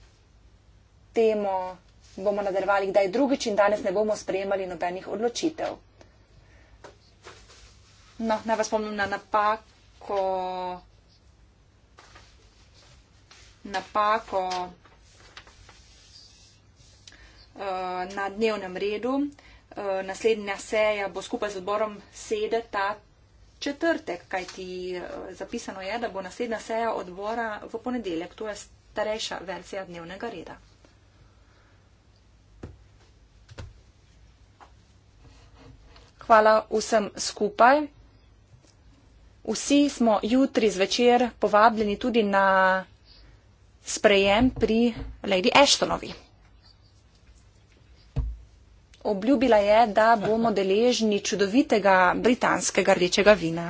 temo bomo nadaljevali kdaj drugič in danes ne bomo sprejemali nobenih odločitev. No, naj vas spomnim na napako napako uh, na dnevnem redu. Uh, naslednja seja bo skupaj z odborom sede ta četrtek, kajti uh, zapisano je, da bo naslednja seja odbora v ponedeljek. To je starejša versija dnevnega reda. Hvala vsem skupaj. Vsi smo jutri zvečer povabljeni tudi na sprejem pri Lady Ashtonovi. Obljubila je, da bomo deležni čudovitega britanskega rdečega vina.